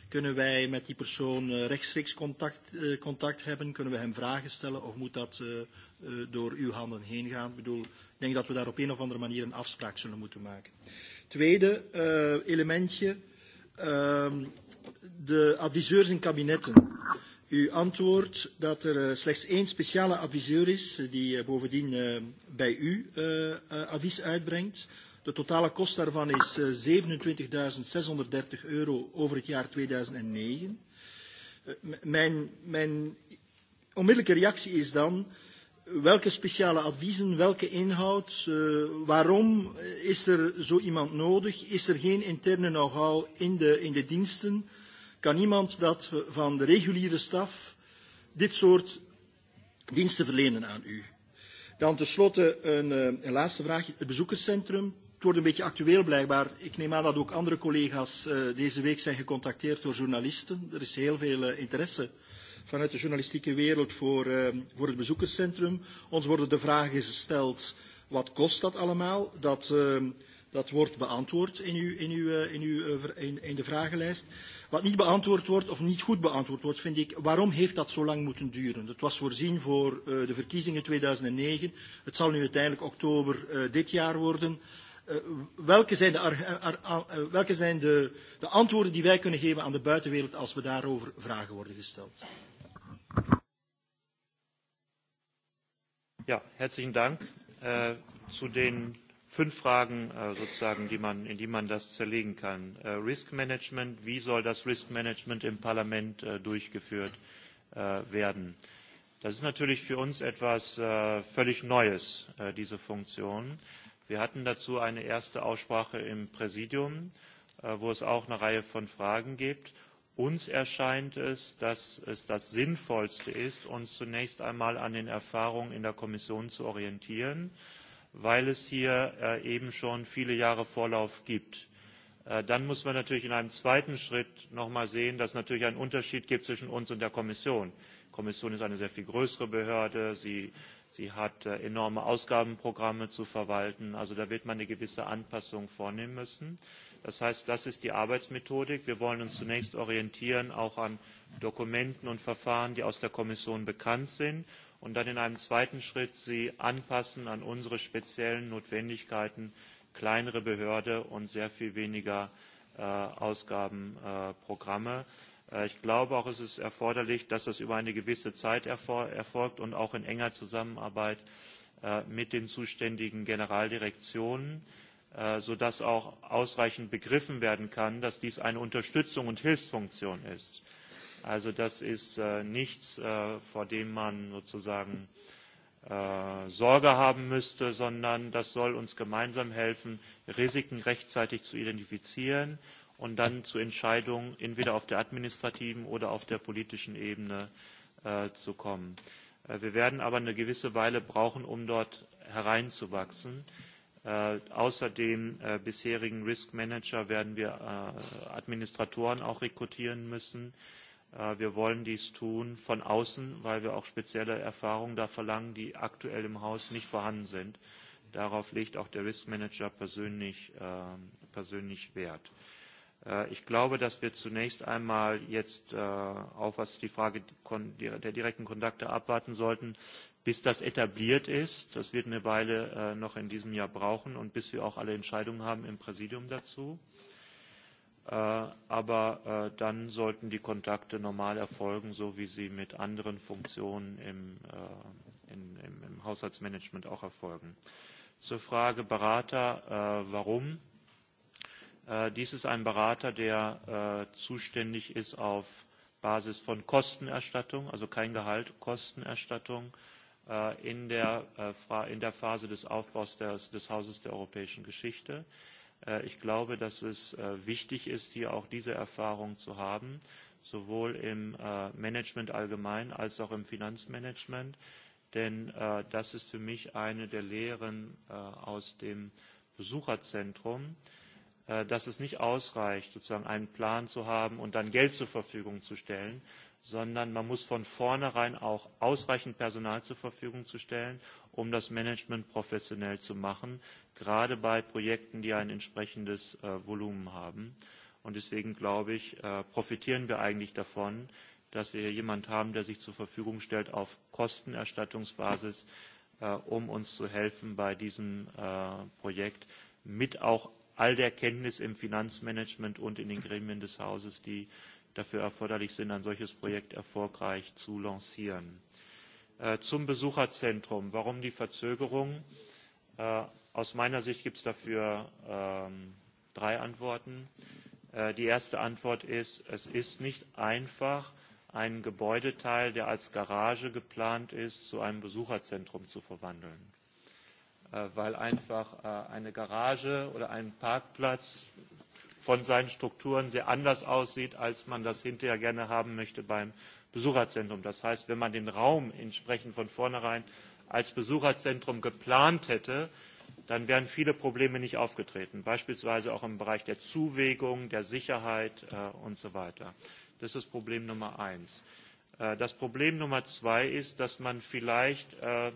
Kunnen wij met die persoon uh, rechtstreeks contact, uh, contact hebben? Kunnen we hem vragen stellen of moet dat uh, uh, door uw handen heen gaan? Ik bedoel, ik denk dat we daar op een of andere manier een afspraak zullen moeten maken. Tweede uh, elementje Ehm, de adviseurs in kabinetten. U antwoordt dat er eh, slechts één speciale adviseur is eh, die eh, bovendien bij u advies uitbrengt. De totale kost daarvan is 27.630 euro over het jaar 2009. Mijn, mijn onmiddellijke reactie is dan welke speciale adviezen, welke inhoud, uh, waarom is er zo iemand nodig? Is er geen interne know-how in de, in de diensten? Kan iemand dat van de reguliere staf dit soort diensten verlenen aan u? Dan tenslotte een, eh, een laatste vraag. Het bezoekerscentrum. Het wordt een beetje actueel blijkbaar. Ik neem aan dat ook andere collega's uh, deze week zijn gecontacteerd door journalisten. Er is heel veel uh, interesse uh, vanuit de journalistieke wereld voor, uh, voor het bezoekerscentrum. Ons worden de vragen gesteld, wat kost dat allemaal? Dat, uh, dat wordt beantwoord in, uw, in, uw, eh, in, uw, eh, in, in de vragenlijst. Wat niet beantwoord wordt of niet goed beantwoord wordt, vind ik, waarom heeft dat zo lang moeten duren? Het was voorzien voor uh, de verkiezingen 2009. Het zal nu uiteindelijk oktober uh, dit jaar worden. Uh, welke zijn, de, uh, uh, welke zijn de, de antwoorden die wij kunnen geven aan de buitenwereld als we daarover vragen worden gesteld? Ja, herzlichen Dank. Äh, zu den fünf Fragen äh, sozusagen, die man, in die man das zerlegen kann. Äh, Risk Management, wie soll das Risk Management im Parlament durchgeführt werden? Das ist natürlich für uns etwas völlig Neues, diese Funktion. Wir hatten dazu eine erste Aussprache im Präsidium, wo es auch eine Reihe von Fragen gibt. Uns erscheint es, dass es das Sinnvollste ist, uns zunächst einmal an den Erfahrungen in der Kommission zu orientieren, weil es hier äh, eben schon viele Jahre Vorlauf gibt. Äh, dann muss man natürlich in einem zweiten Schritt noch mal sehen, dass es natürlich einen Unterschied gibt zwischen uns und der Kommission. Die Kommission ist eine sehr viel größere Behörde. Sie, sie hat äh, enorme Ausgabenprogramme zu verwalten. Also da wird man eine gewisse Anpassung vornehmen müssen. Das heißt, das ist die Arbeitsmethodik. Wir wollen uns zunächst orientieren auch an Dokumenten und Verfahren, die aus der Kommission bekannt sind und dann in einem zweiten Schritt sie anpassen an unsere speziellen Notwendigkeiten, kleinere Behörde und sehr viel weniger äh, Ausgabenprogramme. Äh, äh, ich glaube auch, es ist erforderlich, dass das über eine gewisse Zeit erfol erfolgt und auch in enger Zusammenarbeit äh, mit den zuständigen Generaldirektionen. Äh, sodass auch ausreichend begriffen werden kann, dass dies eine Unterstützung und Hilfsfunktion ist. Also das ist äh, nichts, äh, vor dem man sozusagen Sorge haben müsste, sondern das soll uns gemeinsam helfen, Risiken rechtzeitig zu identifizieren und dann zu Entscheidungen entweder auf der administrativen oder auf der politischen Ebene zu kommen. Wir werden aber eine gewisse Weile brauchen, um dort hereinzuwachsen. Äh, Außer dem äh, bisherigen Risk Manager werden wir äh, Administratoren auch rekrutieren müssen. Wir wollen dies tun von außen, weil wir auch spezielle Erfahrungen da verlangen, die aktuell im Haus nicht vorhanden sind. Darauf legt auch der Risk Manager persönlich, ähm, persönlich Wert. Ich glaube, dass wir zunächst einmal jetzt, auch was die Frage der direkten Kontakte abwarten sollten, Bis das etabliert ist, das wird eine Weile äh, noch in diesem Jahr brauchen und bis wir auch alle Entscheidungen haben im Präsidium dazu. Äh, aber äh, dann sollten die Kontakte normal erfolgen, so wie sie mit anderen Funktionen im, äh, in, im, im Haushaltsmanagement auch erfolgen. Zur Frage Berater, äh, warum? Äh, dies ist ein Berater, der äh, zuständig ist auf Basis von Kostenerstattung, also kein Gehalt, Kostenerstattung, äh, Äh, in der, äh, in der Phase des Aufbaus des, des Hauses der europäischen Geschichte. Äh, ich glaube, dass es wichtig ist, hier auch diese Erfahrung zu haben, sowohl im Management allgemein als auch im Finanzmanagement. Denn das ist für mich eine der Lehren aus dem Besucherzentrum, dass es nicht ausreicht, sozusagen einen Plan zu haben und dann Geld zur Verfügung zu stellen, sondern man muss von vornherein auch ausreichend Personal zur Verfügung zu stellen, um das Management professionell zu machen, gerade bei Projekten, die ein entsprechendes äh, Volumen haben. Und deswegen glaube ich, äh, profitieren wir eigentlich davon, dass wir hier jemanden haben, der sich zur Verfügung stellt auf Kostenerstattungsbasis, äh, um uns zu helfen bei diesem äh, Projekt mit auch all der Kenntnis im Finanzmanagement und in den Gremien des Hauses, die dafür erforderlich sind, ein solches Projekt erfolgreich zu lancieren. Äh, zum Besucherzentrum. Warum die Verzögerung? Äh, aus meiner Sicht gibt es dafür ähm, drei Antworten. Äh, die erste Antwort ist, es ist nicht einfach, einen Gebäudeteil, der als Garage geplant ist, zu einem Besucherzentrum zu verwandeln weil einfach eine Garage oder ein Parkplatz von seinen Strukturen sehr anders aussieht, als man das hinterher gerne haben möchte beim Besucherzentrum. Das heißt, wenn man den Raum entsprechend von vornherein als Besucherzentrum geplant hätte, dann wären viele Probleme nicht aufgetreten, beispielsweise auch im Bereich der Zuwägung, der Sicherheit äh, und so weiter. Das ist Problem Nummer eins. Äh, das Problem Nummer zwei ist, dass man vielleicht äh,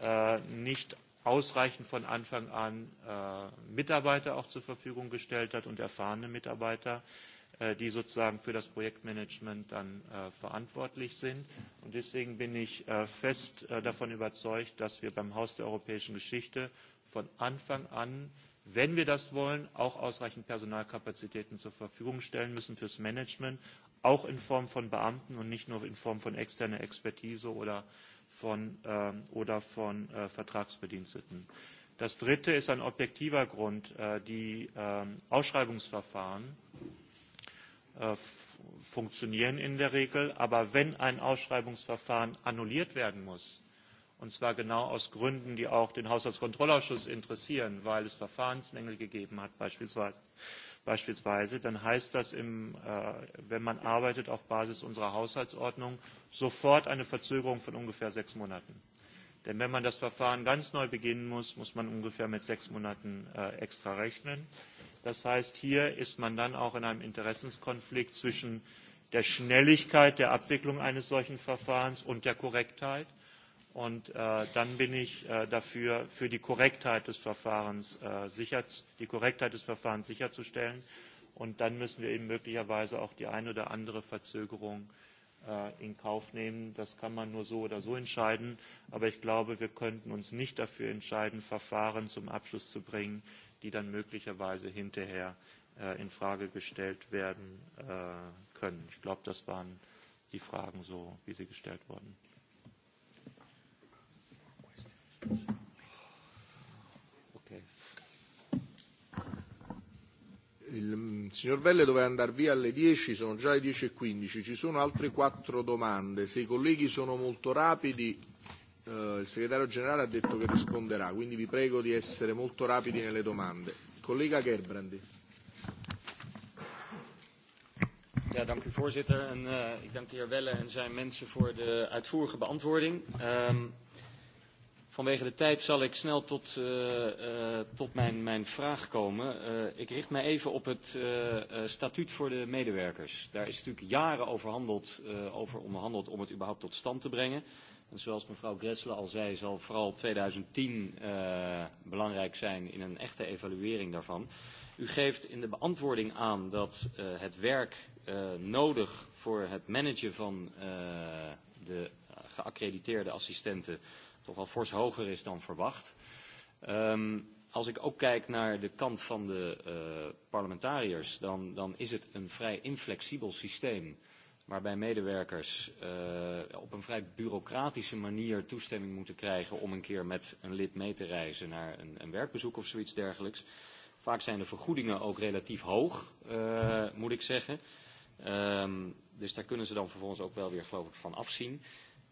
äh, nicht ausreichend von Anfang an äh, Mitarbeiter auch zur Verfügung gestellt hat und erfahrene Mitarbeiter, äh, die sozusagen für das Projektmanagement dann äh, verantwortlich sind. Und deswegen bin ich äh, fest äh, davon überzeugt, dass wir beim Haus der europäischen Geschichte von Anfang an, wenn wir das wollen, auch ausreichend Personalkapazitäten zur Verfügung stellen müssen fürs Management, auch in Form von Beamten und nicht nur in Form von externer Expertise oder äh, von, äh, oder von äh, Vertragsbediensteten. Das dritte ist ein objektiver Grund. Äh, die äh, Ausschreibungsverfahren äh, funktionieren in der Regel, aber wenn ein Ausschreibungsverfahren annulliert werden muss, und zwar genau aus Gründen, die auch den Haushaltskontrollausschuss interessieren, weil es Verfahrensmängel gegeben hat beispielsweise, beispielsweise, dann heißt das, im, äh, wenn man arbeitet auf Basis unserer Haushaltsordnung, sofort eine Verzögerung von ungefähr sechs Monaten. Denn wenn man das Verfahren ganz neu beginnen muss, muss man ungefähr mit sechs Monaten äh, extra rechnen. Das heißt, hier ist man dann auch in einem Interessenskonflikt zwischen der Schnelligkeit der Abwicklung eines solchen Verfahrens und der Korrektheit. Und äh, dann bin ich äh, dafür, für die Korrektheit des Verfahrens, äh, sicher, die Korrektheit des Verfahrens sicherzustellen. Und dann müssen wir eben möglicherweise auch die eine oder andere Verzögerung äh, in Kauf nehmen. Das kann man nur so oder so entscheiden. Aber ich glaube, wir könnten uns nicht dafür entscheiden, Verfahren zum Abschluss zu bringen, die dann möglicherweise hinterher äh, in Frage gestellt werden äh, können. Ich glaube, das waren die Fragen so, wie sie gestellt wurden. Okay. Il mm, signor Velle doveva andare via alle 10, sono già le 10.15, e ci sono altre quattro domande, se i colleghi sono molto rapidi eh, il segretario generale ha detto che risponderà, quindi vi prego di essere molto rapidi nelle domande. Collega Gerbrandi. Ja, dank u voorzitter. En, uh, ik dank de heer Welle en zijn mensen voor de uitvoerige beantwoording. Um, Vanwege de tijd zal ik snel tot, uh, uh, tot mijn, mijn vraag komen. Uh, ik richt mij even op het uh, uh, statuut voor de medewerkers. Daar is natuurlijk jaren over, handeld, uh, over onderhandeld om het überhaupt tot stand te brengen. En zoals mevrouw Gressle al zei, zal vooral 2010 uh, belangrijk zijn in een echte evaluering daarvan. U geeft in de beantwoording aan dat uh, het werk uh, nodig voor het managen van uh, de geaccrediteerde assistenten uh, toch wel fors hoger is dan verwacht. Um, als ik ook kijk naar de kant van de uh, parlementariërs, dan, dan is het een vrij inflexibel systeem waarbij medewerkers uh, op een vrij bureaucratische manier toestemming moeten krijgen om een keer met een lid mee te reizen naar een, een werkbezoek of zoiets dergelijks. Vaak zijn de vergoedingen ook relatief hoog, uh, moet ik zeggen. Um, dus daar kunnen ze dan vervolgens ook wel weer, geloof ik, van afzien.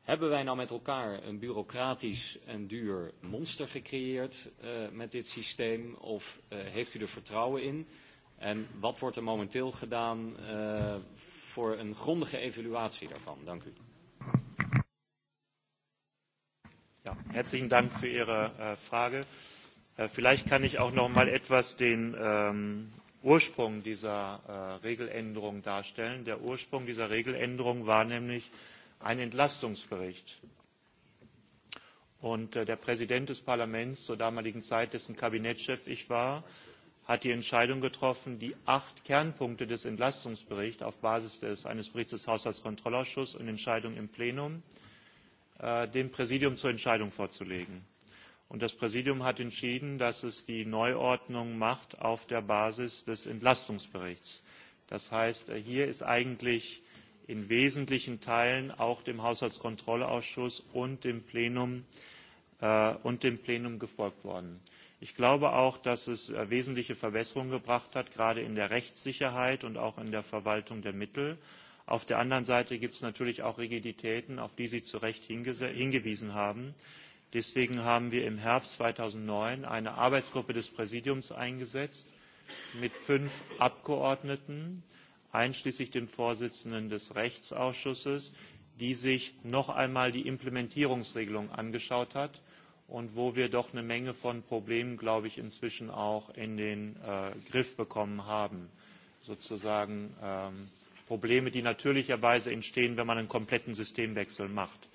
Hebben wij nou met elkaar een bureaucratisch en duur monster gecreëerd uh, met dit systeem? Of uh, heeft u er vertrouwen in? En wat wordt er momenteel gedaan uh, voor een grondige evaluatie daarvan? Dank u. Ja, herzlichen Dank für Ihre äh, Frage. Äh, vielleicht kann ich auch noch mal etwas den ähm, Ursprung dieser äh, Regeländerung darstellen. Der Ursprung dieser Regeländerung war nämlich, einen Entlastungsbericht. Und äh, der Präsident des Parlaments zur damaligen Zeit, dessen Kabinettschef ich war, hat die Entscheidung getroffen, die acht Kernpunkte des Entlastungsberichts auf Basis des, eines Berichts des Haushaltskontrollausschusses und Entscheidung im Plenum äh, dem Präsidium zur Entscheidung vorzulegen. Und das Präsidium hat entschieden, dass es die Neuordnung macht auf der Basis des Entlastungsberichts. Das heißt, äh, hier ist eigentlich in wesentlichen Teilen auch dem Haushaltskontrollausschuss und dem Plenum, äh, und dem Plenum gefolgt worden. Ich glaube auch, dass es äh, wesentliche Verbesserungen gebracht hat, gerade in der Rechtssicherheit und auch in der Verwaltung der Mittel. Auf der anderen Seite gibt es natürlich auch Rigiditäten, auf die Sie zu Recht hingewiesen haben. Deswegen haben wir im Herbst 2009 eine Arbeitsgruppe des Präsidiums eingesetzt mit fünf Abgeordneten, einschließlich dem vorsitzenden des rechtsausschusses die sich noch einmal die implementierungsregelung angeschaut hat und wo wir doch eine menge von problemen glaube ich inzwischen auch in den äh, griff bekommen haben sozusagen ähm, probleme die natürlicherweise entstehen wenn man einen kompletten systemwechsel macht.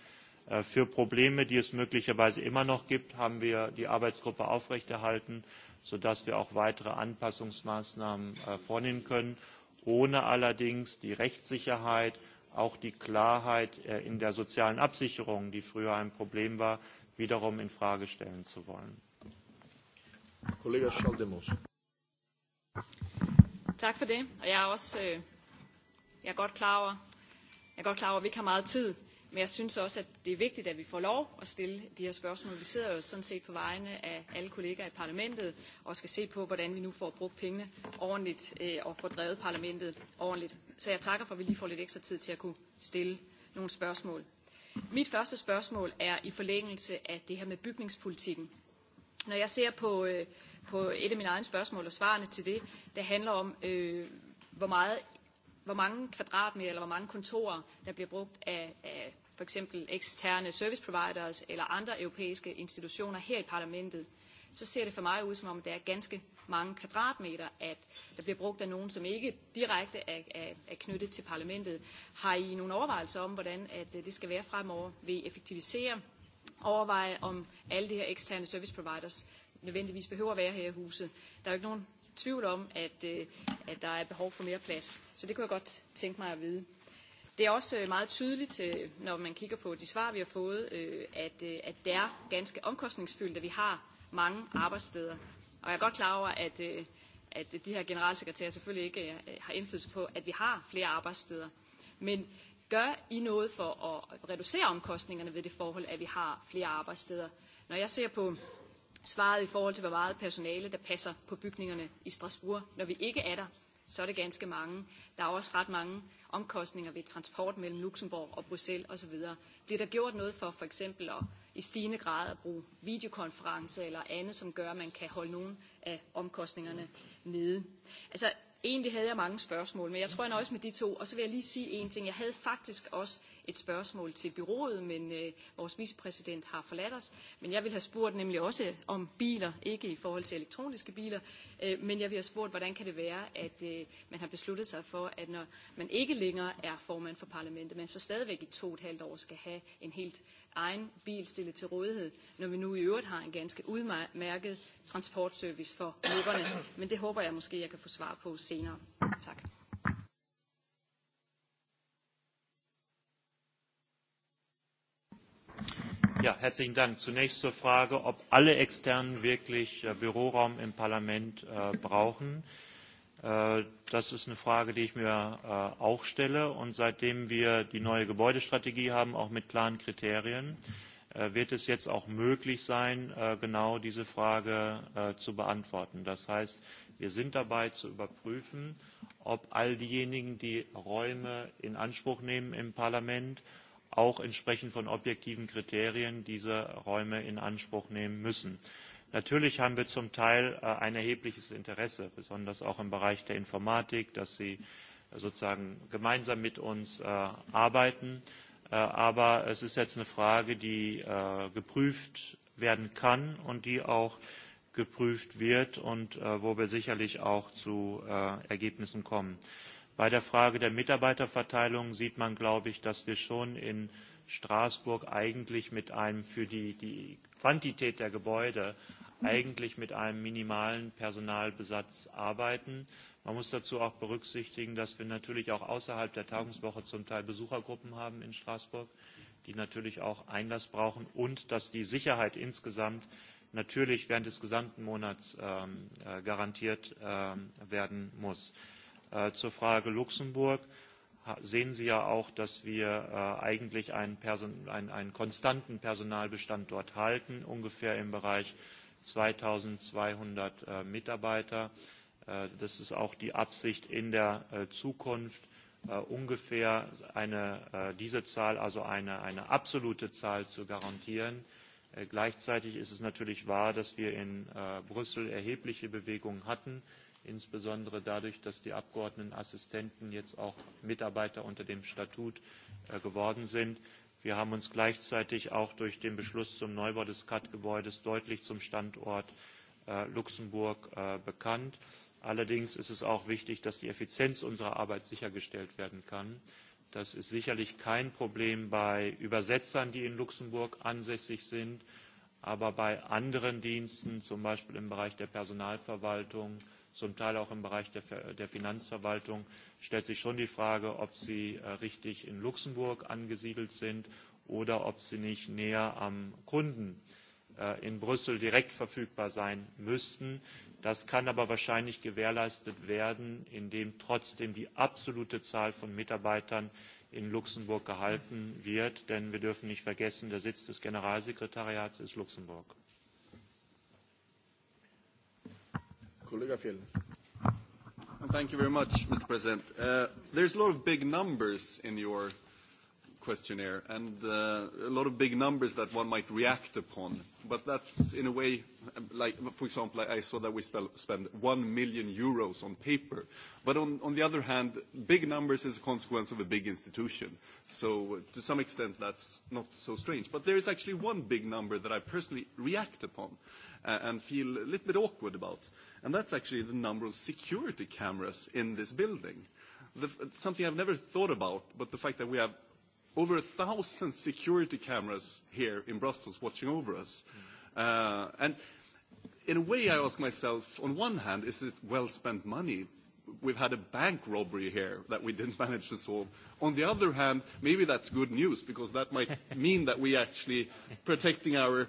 Äh, für probleme die es möglicherweise immer noch gibt haben wir die arbeitsgruppe aufrechterhalten sodass wir auch weitere anpassungsmaßnahmen äh, vornehmen können ohne allerdings die rechtssicherheit auch die klarheit äh, in der sozialen absicherung die früher ein problem war wiederum in frage stellen zu wollen. Kollega Schaldemos. Tak for det. Og jeg er også øh, jeg er godt klar over, jeg er godt klar over at vi ikke har meget tid. Men jeg synes også, at det er vigtigt, at vi får lov at stille de her spørgsmål. Vi sidder jo sådan set på vegne af alle kollegaer i parlamentet og skal se på, hvordan vi nu får brugt pengene ordentligt øh, og får drevet parlamentet ordentligt. Så jeg takker for, at vi lige får lidt ekstra tid til at kunne stille nogle spørgsmål. Mit første spørgsmål er i forlængelse af det her med bygningspolitikken. Når jeg ser på, øh, på et af mine egne spørgsmål og svarene til det, der handler om, øh, hvor, meget, hvor mange kvadratmeter eller hvor mange kontorer, der bliver brugt af, af for eksempel eksterne service providers eller andre europæiske institutioner her i parlamentet, så ser det for mig ud som om, det er ganske mange kvadratmeter, at der bliver brugt af nogen, som ikke direkte er, er, er knyttet til parlamentet. Har I nogle overvejelser om, hvordan at øh, det skal være fremover? Vil I effektivisere? Overveje, om alle de her eksterne service providers nødvendigvis behøver at være her i huset. Der er jo ikke nogen tvivl om, at, øh, at der er behov for mere plads. Så det kunne jeg godt tænke mig at vide. Det er også øh, meget tydeligt, øh, når man kigger på de svar, vi har fået, øh, at, det er ganske omkostningsfyldt, at vi har mange arbejdssteder. Og jeg er godt klar over, at, at de her generalsekretærer selvfølgelig ikke har indflydelse på, at vi har flere arbejdssteder. Men gør I noget for at reducere omkostningerne ved det forhold, at vi har flere arbejdssteder? Når jeg ser på svaret i forhold til, hvor meget personale, der passer på bygningerne i Strasbourg, når vi ikke er der, så er det ganske mange. Der er også ret mange omkostninger ved transport mellem Luxembourg og Bruxelles osv. Bliver der gjort noget for for eksempel at i stigende grad at bruge videokonference eller andet, som gør, at man kan holde nogle af omkostningerne nede? Altså, egentlig havde jeg mange spørgsmål, men jeg tror, jeg nøjes med de to. Og så vil jeg lige sige en ting. Jeg havde faktisk også et spørgsmål til byrådet, men øh, vores vicepræsident har forladt os. Men jeg vil have spurgt nemlig også om biler, ikke i forhold til elektroniske biler, øh, men jeg vil have spurgt, hvordan kan det være, at øh, man har besluttet sig for, at når man ikke længere er formand for parlamentet, men så stadigvæk i to og et halvt år skal have en helt egen bil stillet til rådighed, når vi nu i øvrigt har en ganske udmærket transportservice for løberne. Men det håber jeg måske, jeg kan få svar på senere. Tak. Ja, herzlichen Dank. Zunächst zur Frage, ob alle Externen wirklich äh, Büroraum im Parlament äh, brauchen. Äh, das ist eine Frage, die ich mir auch stelle. Und seitdem wir die neue Gebäudestrategie haben, auch mit klaren Kriterien, wird es jetzt auch möglich sein, genau diese Frage zu beantworten. Das heißt, wir sind dabei zu überprüfen, ob all diejenigen, die Räume in Anspruch nehmen im Parlament, auch entsprechend von objektiven Kriterien diese Räume in Anspruch nehmen müssen. Natürlich haben wir zum Teil äh, ein erhebliches Interesse, besonders auch im Bereich der Informatik, dass sie äh, sozusagen gemeinsam mit uns äh, arbeiten. Aber es ist jetzt eine Frage, die geprüft werden kann und die auch geprüft wird und wo wir sicherlich auch zu Ergebnissen kommen. Bei der Frage der Mitarbeiterverteilung sieht man, glaube ich, dass wir schon in Straßburg eigentlich mit einem für die, die Quantität der Gebäude mhm. eigentlich mit einem minimalen Personalbesatz arbeiten. Man muss dazu auch berücksichtigen, dass wir natürlich auch außerhalb der Tagungswoche zum Teil Besuchergruppen haben in Straßburg, die natürlich auch Einlass brauchen und dass die Sicherheit insgesamt natürlich während des gesamten Monats ähm, äh, garantiert ähm, werden muss. Äh, zur Frage Luxemburg sehen Sie ja auch, dass wir äh, eigentlich einen, Person, einen, einen konstanten Personalbestand dort halten, ungefähr im Bereich 2200 äh, Mitarbeiter. Das ist auch die Absicht in der Zukunft, ungefähr eine, diese Zahl, also eine, eine absolute Zahl zu garantieren. Gleichzeitig ist es natürlich wahr, dass wir in Brüssel erhebliche Bewegungen hatten insbesondere dadurch, dass die Abgeordnetenassistenten jetzt auch Mitarbeiter unter dem Statut äh, geworden sind. Wir haben uns gleichzeitig auch durch den Beschluss zum Neubau des CAT-Gebäudes deutlich zum Standort äh, Luxemburg äh, bekannt. Allerdings ist es auch wichtig, dass die Effizienz unserer Arbeit sichergestellt werden kann. Das ist sicherlich kein Problem bei Übersetzern, die in Luxemburg ansässig sind, aber bei anderen Diensten, zum Beispiel im Bereich der Personalverwaltung, zum Teil auch im Bereich der, der Finanzverwaltung, stellt sich schon die Frage, ob sie äh, richtig in Luxemburg angesiedelt sind oder ob sie nicht näher am Kunden äh, in Brüssel direkt verfügbar sein müssten. Das kann aber wahrscheinlich gewährleistet werden, indem trotzdem die absolute Zahl von Mitarbeitern in Luxemburg gehalten wird. Denn wir dürfen nicht vergessen, der Sitz des Generalsekretariats ist Luxemburg. Thank you very much, Mr. President. Uh, there are a lot of big numbers in your questionnaire and uh, a lot of big numbers that one might react upon. But that's in a way, like for example, I saw that we spell, spend one million euros on paper. But on, on the other hand, big numbers is a consequence of a big institution. So to some extent, that's not so strange. But there is actually one big number that I personally react upon uh, and feel a little bit awkward about, and that's actually the number of security cameras in this building. The, something I've never thought about, but the fact that we have over a thousand security cameras here in Brussels watching over us. Uh, and in a way, I ask myself, on one hand, is it well spent money? We've had a bank robbery here that we didn't [LAUGHS] manage to solve. On the other hand, maybe that's good news because that might [LAUGHS] mean that we're actually protecting our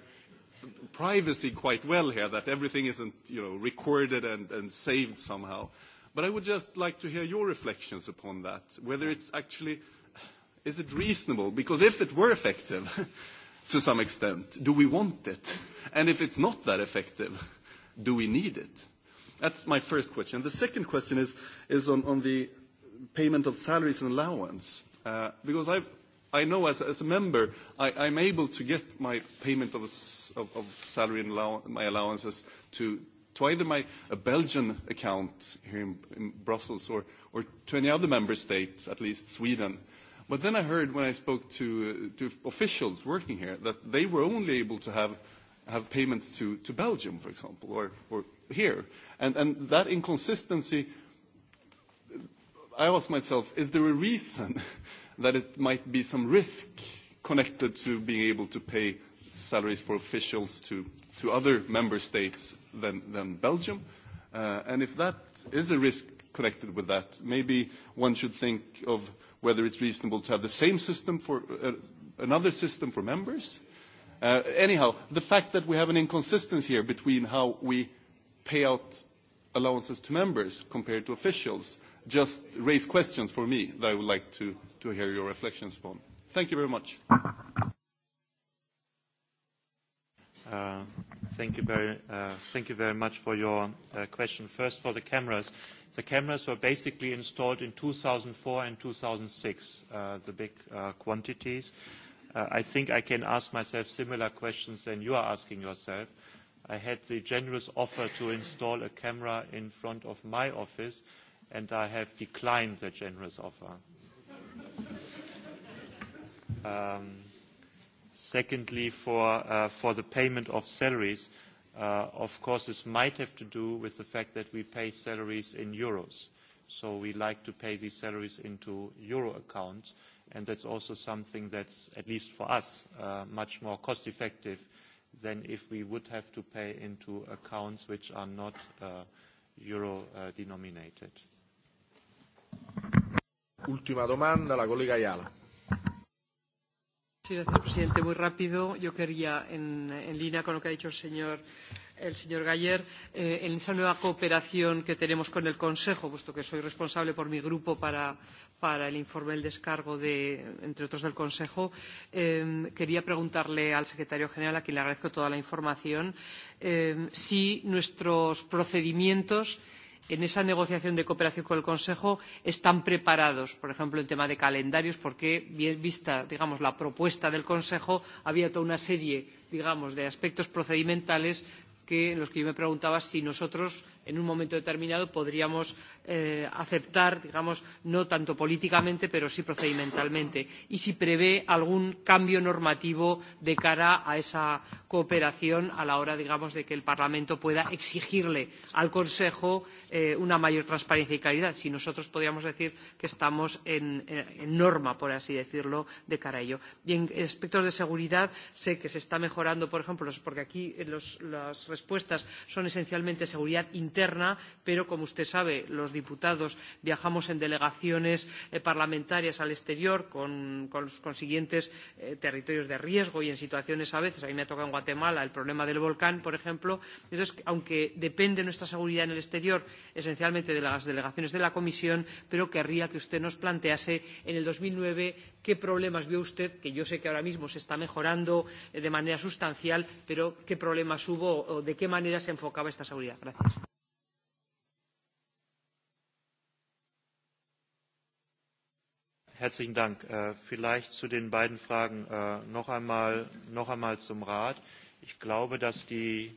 privacy quite well here, that everything isn't you know, recorded and, and saved somehow. But I would just like to hear your reflections upon that, whether it's actually – is it reasonable? Because if it were effective [LAUGHS] to some extent, do we want it? And if it's not that effective, do we need it? That's my first question. The second question is, is on, on the payment of salaries and allowance. Uh, because I've, I know as, as a member, I, I'm able to get my payment of, of, of salary and allow, my allowances to, to either my a Belgian account here in, in Brussels or, or to any other member state, at least Sweden. But then I heard when I spoke to, uh, to officials working here that they were only able to have, have payments to, to Belgium, for example, or, or here. And, and that inconsistency, I asked myself, is there a reason [LAUGHS] that it might be some risk connected to being able to pay salaries for officials to, to other member states than, than Belgium? Uh, and if that is a risk connected with that, maybe one should think of – whether it's reasonable to have the same system for uh, another system for members. Uh, anyhow, the fact that we have an inconsistency here between how we pay out allowances to members compared to officials just raise questions for me that I would like to, to hear your reflections upon. Thank you very much. Uh, thank you very, uh, thank you very much for your uh, question. First, for the cameras. The cameras were basically installed in 2004 and 2006, uh, the big uh, quantities. Uh, I think I can ask myself similar questions than you are asking yourself. I had the generous offer to install a camera in front of my office, and I have declined the generous offer. [LAUGHS] Um, Secondly, uh, for, the payment of salaries, uh, of course, this might have to do with the fact that we pay salaries in euros. So we like to pay these salaries into euro accounts, and that's also something that's, at least for us, uh, much more cost-effective than if we would have to pay into accounts which are not euro-denominated. Ultima domanda, la collega Ayala. Sí, gracias, presidente. Muy rápido. Yo quería, en, en línea con lo que ha dicho el señor el señor Galler, eh, en esa nueva cooperación que tenemos con el Consejo, puesto que soy responsable por mi grupo para, para el informe del descargo, de, entre otros, del Consejo, eh, quería preguntarle al secretario general, a quien le agradezco toda la información, eh, si nuestros procedimientos en esa negociación de cooperación con el Consejo están preparados, por ejemplo, en tema de calendarios, porque, vista digamos, la propuesta del Consejo, había toda una serie digamos, de aspectos procedimentales que, en los que yo me preguntaba si nosotros en un momento determinado podríamos eh, aceptar, digamos, no tanto políticamente, pero sí procedimentalmente, y si prevé algún cambio normativo de cara a esa cooperación a la hora, digamos, de que el Parlamento pueda exigirle al Consejo eh, una mayor transparencia y claridad, si nosotros podríamos decir que estamos en, eh, en norma, por así decirlo, de cara a ello. Y en aspectos de seguridad, sé que se está mejorando, por ejemplo, porque aquí los, las respuestas son esencialmente seguridad interna interna pero como usted sabe los diputados viajamos en delegaciones eh, parlamentarias al exterior con, con los consiguientes eh, territorios de riesgo y en situaciones a veces a mí me ha tocado en Guatemala el problema del volcán por ejemplo entonces aunque depende nuestra seguridad en el exterior esencialmente de las delegaciones de la comisión pero querría que usted nos plantease en el dos mil nueve qué problemas vio usted que yo sé que ahora mismo se está mejorando eh, de manera sustancial pero qué problemas hubo o de qué manera se enfocaba esta seguridad. Gracias. Herzlichen Dank. Äh, vielleicht zu den beiden Fragen äh, noch einmal, noch einmal zum Rat. Ich glaube, dass die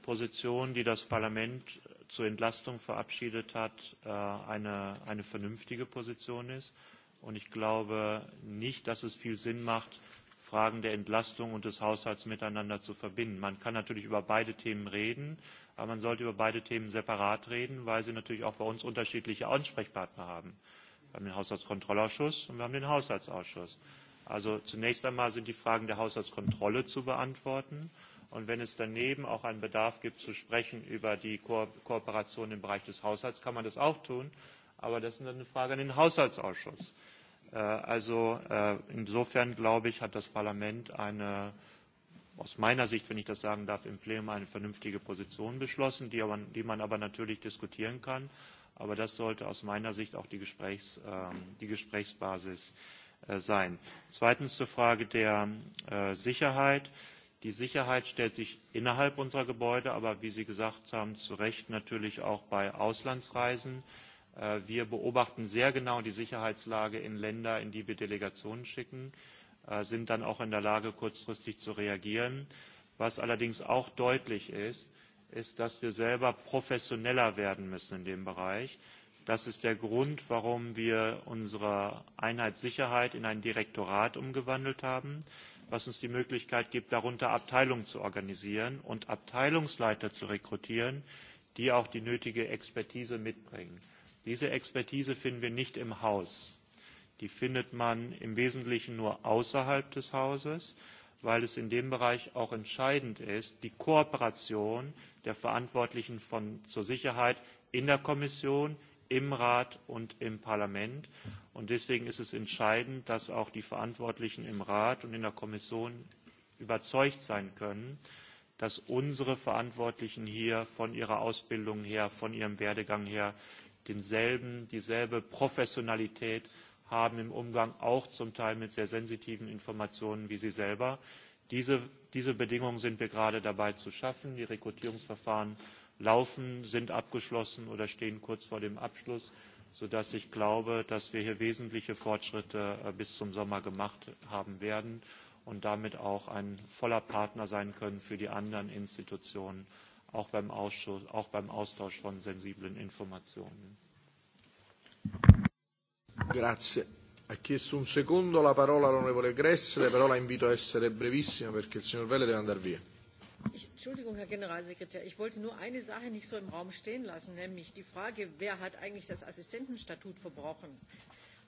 Position, die das Parlament zur Entlastung verabschiedet hat, äh, eine, eine vernünftige Position ist. Und ich glaube nicht, dass es viel Sinn macht, Fragen der Entlastung und des Haushalts miteinander zu verbinden. Man kann natürlich über beide Themen reden, aber man sollte über beide Themen separat reden, weil sie natürlich auch bei uns unterschiedliche Ansprechpartner haben. Wir haben den Haushaltskontrollausschuss und wir haben den Haushaltsausschuss. Also zunächst einmal sind die Fragen der Haushaltskontrolle zu beantworten. Und wenn es daneben auch einen Bedarf gibt, zu sprechen über die Ko Kooperation im Bereich des Haushalts, kann man das auch tun. Aber das ist dann eine Frage an den Haushaltsausschuss. Äh, also äh, insofern, glaube ich, hat das Parlament eine, aus meiner Sicht, wenn ich das sagen darf, im Plenum eine vernünftige Position beschlossen, die, aber, die man aber natürlich diskutieren kann. Aber das sollte aus meiner Sicht auch die, Gesprächs, ähm, die Gesprächsbasis äh, sein. Zweitens zur Frage der äh, Sicherheit. Die Sicherheit stellt sich innerhalb unserer Gebäude, aber wie Sie gesagt haben, zu Recht natürlich auch bei Auslandsreisen. Äh, wir beobachten sehr genau die Sicherheitslage in Länder, in die wir Delegationen schicken, sind dann auch in der Lage, kurzfristig zu reagieren. Was allerdings auch deutlich ist, ist, dass wir selber professioneller werden müssen in dem Bereich. Das ist der Grund, warum wir unsere Einheit Sicherheit in ein Direktorat umgewandelt haben, was uns die Möglichkeit gibt, darunter Abteilungen zu organisieren und Abteilungsleiter zu rekrutieren, die auch die nötige Expertise mitbringen. Diese Expertise finden wir nicht im Haus. Die findet man im Wesentlichen nur außerhalb des Hauses, weil es in dem Bereich auch entscheidend ist, die Kooperation der Verantwortlichen von, zur Sicherheit in der Kommission, im Rat und im Parlament. Und deswegen ist es entscheidend, dass auch die Verantwortlichen im Rat und in der Kommission überzeugt sein können, dass unsere Verantwortlichen hier von ihrer Ausbildung her, von ihrem Werdegang her denselben, dieselbe Professionalität haben im Umgang auch zum Teil mit sehr sensitiven Informationen wie Sie selber. Diese, Bedingungen sind wir gerade dabei zu schaffen. Die Rekrutierungsverfahren laufen, sind abgeschlossen oder stehen kurz vor dem Abschluss, sodass ich glaube, dass wir hier wesentliche Fortschritte äh, bis zum Sommer gemacht haben werden und damit auch ein voller Partner sein können für die anderen Institutionen, auch beim, Ausschuss, auch beim Austausch von sensiblen Informationen. Grazie. Ha chiesto un secondo la parola all'onorevole Gressle, però la invito a essere brevissima perché il signor Velle deve andare via. Ich, Entschuldigung, Herr Generalsekretär, ich wollte nur eine Sache nicht so im Raum stehen lassen, nämlich die Frage, wer hat eigentlich das Assistentenstatut verbrochen?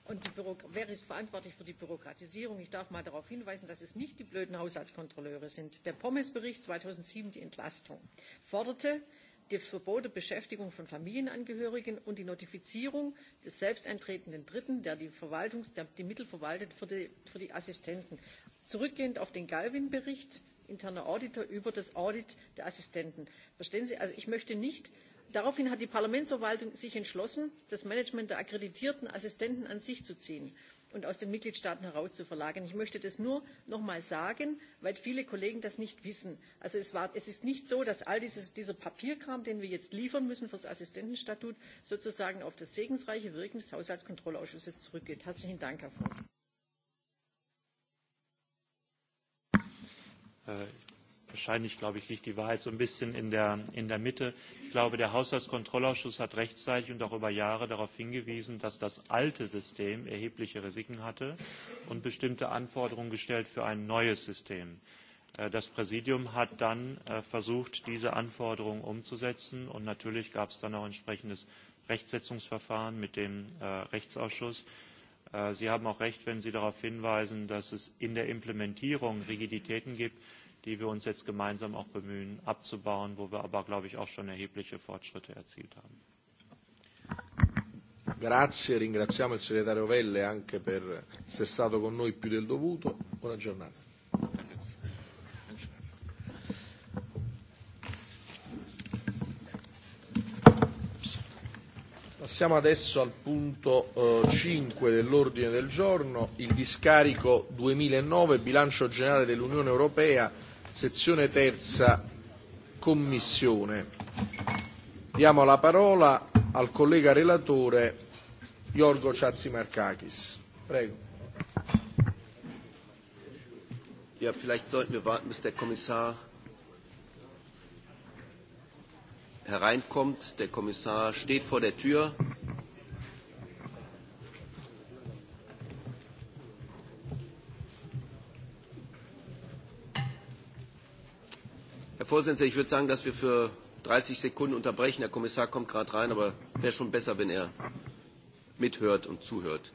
Und die Büro wer ist verantwortlich für die Bürokratisierung? Ich darf mal darauf hinweisen, dass es nicht die blöden Haushaltskontrolleure sind. Der Pommes-Bericht 2007, die Entlastung, forderte, das verbot der beschäftigung von familienangehörigen und die notifizierung des selbsteintretenden dritten der die, der die mittel verwaltet für die, für die assistenten zurückgehend auf den galvin bericht interner auditor über das audit der assistenten. verstehen sie also ich möchte nicht daraufhin hat die parlamentsverwaltung sich entschlossen das management der akkreditierten assistenten an sich zu ziehen und aus den Mitgliedstaaten heraus zu verlagern. Ich möchte das nur noch mal sagen, weil viele Kollegen das nicht wissen. Also es, war, es ist nicht so, dass all dieses, dieser Papierkram, den wir jetzt liefern müssen für das Assistentenstatut, sozusagen auf das segensreiche Wirken des Haushaltskontrollausschusses zurückgeht. Herzlichen Dank, Herr Vorsitz. Äh, Wahrscheinlich, glaube ich, liegt die Wahrheit so ein bisschen in der, in der Mitte. Ich glaube, der Haushaltskontrollausschuss hat rechtzeitig und auch über Jahre darauf hingewiesen, dass das alte System erhebliche Risiken hatte und bestimmte Anforderungen gestellt für ein neues System. Äh, das Präsidium hat dann äh, versucht, diese Anforderungen umzusetzen und natürlich gab es dann auch entsprechendes Rechtsetzungsverfahren mit dem äh, Rechtsausschuss. Sie haben auch recht, wenn Sie darauf hinweisen, dass es in der Implementierung Rigiditäten gibt die wir uns jetzt gemeinsam auch bemühen abzubauen, wo wir aber, glaube ich, auch schon erhebliche Fortschritte erzielt haben. Grazie, ringraziamo il segretario Velle anche per essere stato con noi più del dovuto. Buona giornata. Passiamo adesso al punto eh, 5 dell'ordine del giorno, il discarico 2009 bilancio generale dell'Unione Europea sezione terza Commissione. Diamo la parola al collega relatore Yorgo Chatzimarkakis. Prego. Ja, vielleicht sollten wir warten, bis der Kommissar hereinkommt. Der Kommissar steht vor der Tür. Vorsitzender, ich würde sagen, dass wir für 30 Sekunden unterbrechen. Der Kommissar kommt gerade rein, aber wäre schon besser, wenn er mithört und zuhört.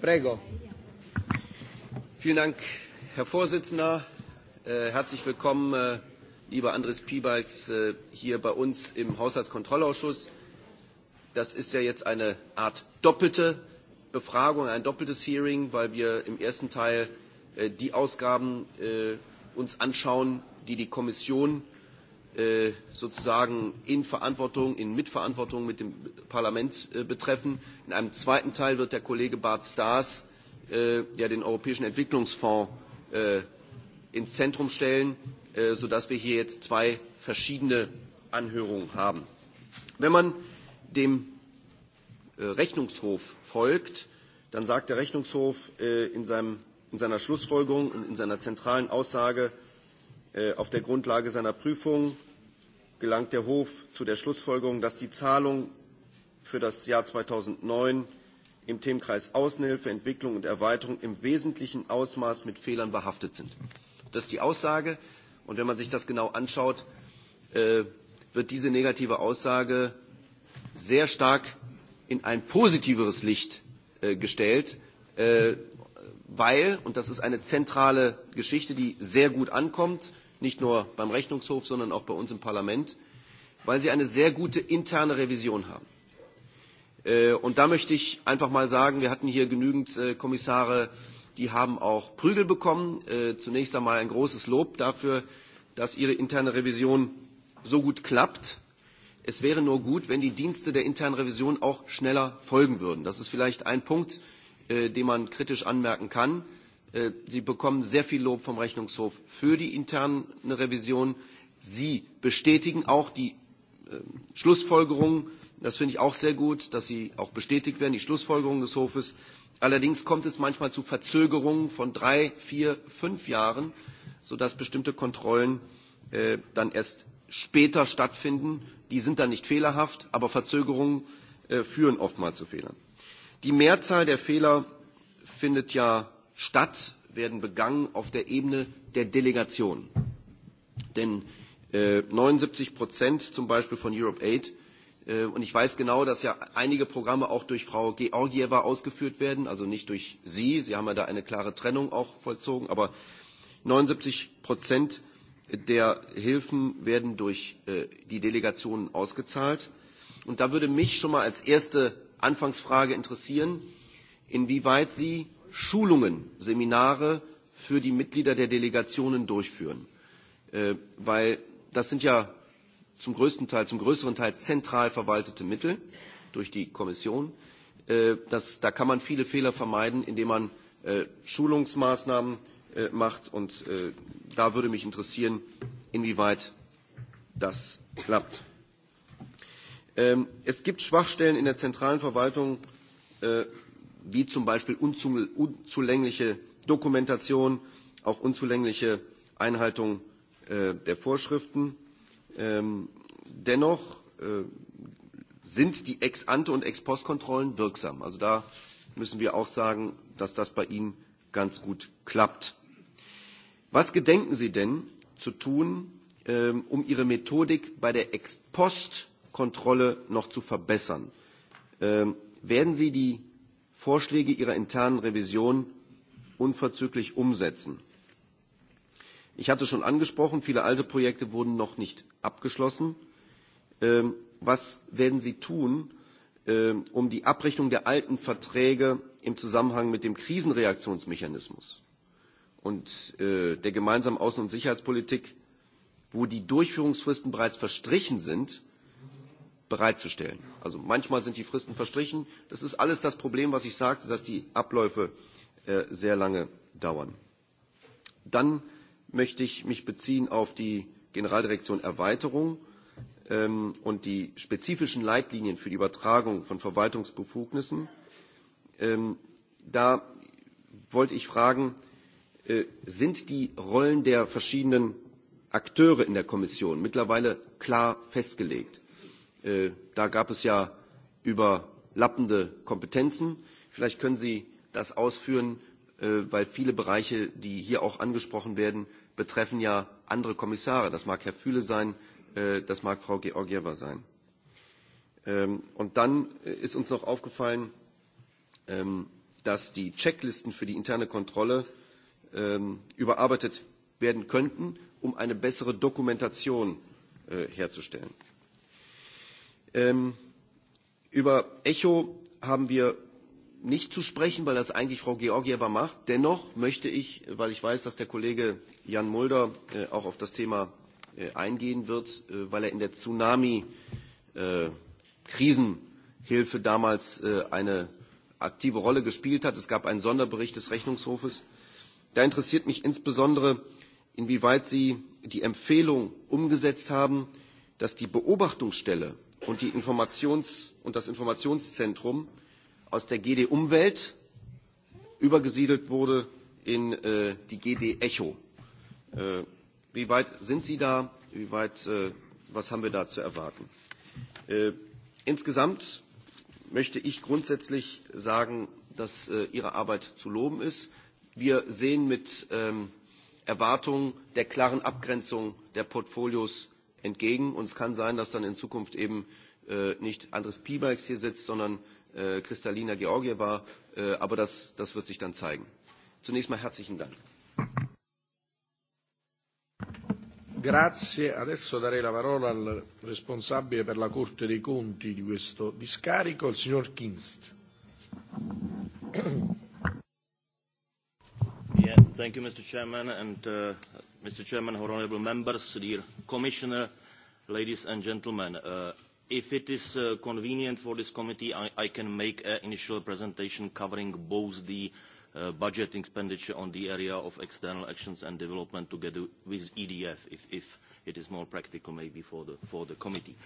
Prego. Vielen Dank, Herr Vorsitzender. Äh, herzlich willkommen, äh, lieber Andres Piebalgs, äh, hier bei uns im Haushaltskontrollausschuss. Das ist ja jetzt eine Art doppelte Befragung, ein doppeltes Hearing, weil wir im ersten Teil die Ausgaben uns anschauen, die die Kommission Äh, sozusagen in Verantwortung, in Mitverantwortung mit dem Parlament äh, betreffen. In einem zweiten Teil wird der Kollege Bart Staes äh, ja den Europäischen Entwicklungsfonds ins Zentrum stellen, sodass wir hier jetzt zwei verschiedene Anhörungen haben. Wenn man dem Rechnungshof folgt, dann sagt der Rechnungshof in, seinem, in seiner Schlussfolgerung und in seiner zentralen Aussage, Äh, auf der Grundlage seiner Prüfung gelangt der Hof zu der Schlussfolgerung, dass die Zahlung für das Jahr 2009 im Themenkreis Außenhilfe, Entwicklung und Erweiterung im wesentlichen Ausmaß mit Fehlern behaftet sind. Das ist die Aussage. Und wenn man sich das genau anschaut, äh, wird diese negative Aussage sehr stark in ein positiveres Licht äh, gestellt, weil, und das ist eine zentrale Geschichte, die sehr gut ankommt, nicht nur beim Rechnungshof, sondern auch bei uns im Parlament, weil sie eine sehr gute interne Revision haben. Äh, und da möchte ich einfach mal sagen, wir hatten hier genügend äh, Kommissare, die haben auch Prügel bekommen. Äh, zunächst einmal ein großes Lob dafür, dass ihre interne Revision so gut klappt. Es wäre nur gut, wenn die Dienste der internen Revision auch schneller folgen würden. Das ist vielleicht ein Punkt, den man kritisch anmerken kann. Äh, sie bekommen sehr viel Lob vom Rechnungshof für die interne äh, Revision. Sie bestätigen auch die äh, Schlussfolgerungen. Das finde ich auch sehr gut, dass sie auch bestätigt werden, die Schlussfolgerungen des Hofes. Allerdings kommt es manchmal zu Verzögerungen von drei, vier, fünf Jahren, sodass bestimmte Kontrollen dann erst später stattfinden. Die sind dann nicht fehlerhaft, aber Verzögerungen führen oftmals zu Fehlern. Die Mehrzahl der Fehler findet ja statt, werden begangen auf der Ebene der Delegation. Denn äh, 79 Prozent zum Beispiel von Europe Aid äh, Und ich weiß genau, dass ja einige Programme auch durch Frau Georgieva ausgeführt werden, also nicht durch Sie. Sie haben ja da eine klare Trennung auch vollzogen. Aber 79 Prozent der Hilfen werden durch äh, die Delegationen ausgezahlt. Und da würde mich schon mal als erste Anfangsfrage interessieren, inwieweit Sie Schulungen, Seminare für die Mitglieder der Delegationen durchführen. Äh, weil das sind ja zum größten Teil, zum größeren Teil zentral verwaltete Mittel durch die Kommission. Äh, das, da kann man viele Fehler vermeiden, indem man äh, Schulungsmaßnahmen äh, macht. Und äh, da würde mich interessieren, inwieweit das klappt. Ähm, es gibt Schwachstellen in der zentralen Verwaltung äh, wie zum Beispiel unzulängliche Dokumentation, auch unzulängliche Einhaltung äh, der Vorschriften. Ähm, dennoch äh, sind die Ex-ante und Ex-post-Kontrollen wirksam. Also da müssen wir auch sagen, dass das bei Ihnen ganz gut klappt. Was gedenken Sie denn zu tun, ähm, um Ihre Methodik bei der Ex-post-Kontrolle noch zu verbessern? Ähm, werden Sie die Vorschläge ihrer internen Revision unverzüglich umsetzen. Ich hatte schon angesprochen, viele alte Projekte wurden noch nicht abgeschlossen. Ähm, was werden Sie tun, ähm, um die Abrechnung der alten Verträge im Zusammenhang mit dem Krisenreaktionsmechanismus und äh, der gemeinsamen Außen- und Sicherheitspolitik, wo die Durchführungsfristen bereits verstrichen sind, bereitzustellen. Also manchmal sind die Fristen verstrichen. Das ist alles das Problem, was ich sagte, dass die Abläufe äh, sehr lange dauern. Dann möchte ich mich beziehen auf die Generaldirektion Erweiterung ähm, und die spezifischen Leitlinien für die Übertragung von Verwaltungsbefugnissen. Ähm, da wollte ich fragen, äh, sind die Rollen der verschiedenen Akteure in der Kommission mittlerweile klar festgelegt? Äh, da gab es ja überlappende Kompetenzen. Vielleicht können Sie das ausführen, äh, weil viele Bereiche, die hier auch angesprochen werden, betreffen ja andere Kommissare. Das mag Herr Fühle sein, äh, das mag Frau Georgieva sein. Ähm, und dann ist uns noch aufgefallen, ähm, dass die Checklisten für die interne Kontrolle ähm, überarbeitet werden könnten, um eine bessere Dokumentation herzustellen. Ähm, über Echo haben wir nicht zu sprechen, weil das eigentlich Frau Georgieva macht. Dennoch möchte ich, weil ich weiß, dass der Kollege Jan Mulder äh, auch auf das Thema äh, eingehen wird, äh, weil er in der Tsunami-Krisenhilfe äh, damals äh, eine aktive Rolle gespielt hat. Es gab einen Sonderbericht des Rechnungshofes. Da interessiert mich insbesondere, inwieweit Sie die Empfehlung umgesetzt haben, dass die Beobachtungsstelle und, die Informations und das Informationszentrum aus der GD Umwelt übergesiedelt wurde in äh, die GD Echo. Äh, wie weit sind Sie da? Wie weit, äh, was haben wir da zu erwarten? Äh, insgesamt möchte ich grundsätzlich sagen, dass äh, Ihre Arbeit zu loben ist. Wir sehen mit ähm, Erwartung der klaren Abgrenzung der Portfolios entgegen. Und es kann sein, dass dann in Zukunft eben äh, nicht Andres Piebalgs hier sitzt, sondern äh, Kristalina Georgieva. Äh, aber das, das wird sich dann zeigen. Zunächst mal herzlichen Dank. Grazie. Adesso darei la parola al responsabile per la Corte dei Conti di questo discarico, il signor Kinst. Yeah, thank you, Mr. Chairman, and uh, Mr. Chairman, honorable members, dear Commissioner, ladies and gentlemen, uh, if it is uh, convenient for this committee, I, I can make an initial presentation covering both the uh, budget expenditure on the area of external actions and development together with EDF, if, if it is more practical maybe for the, for the committee. Uh,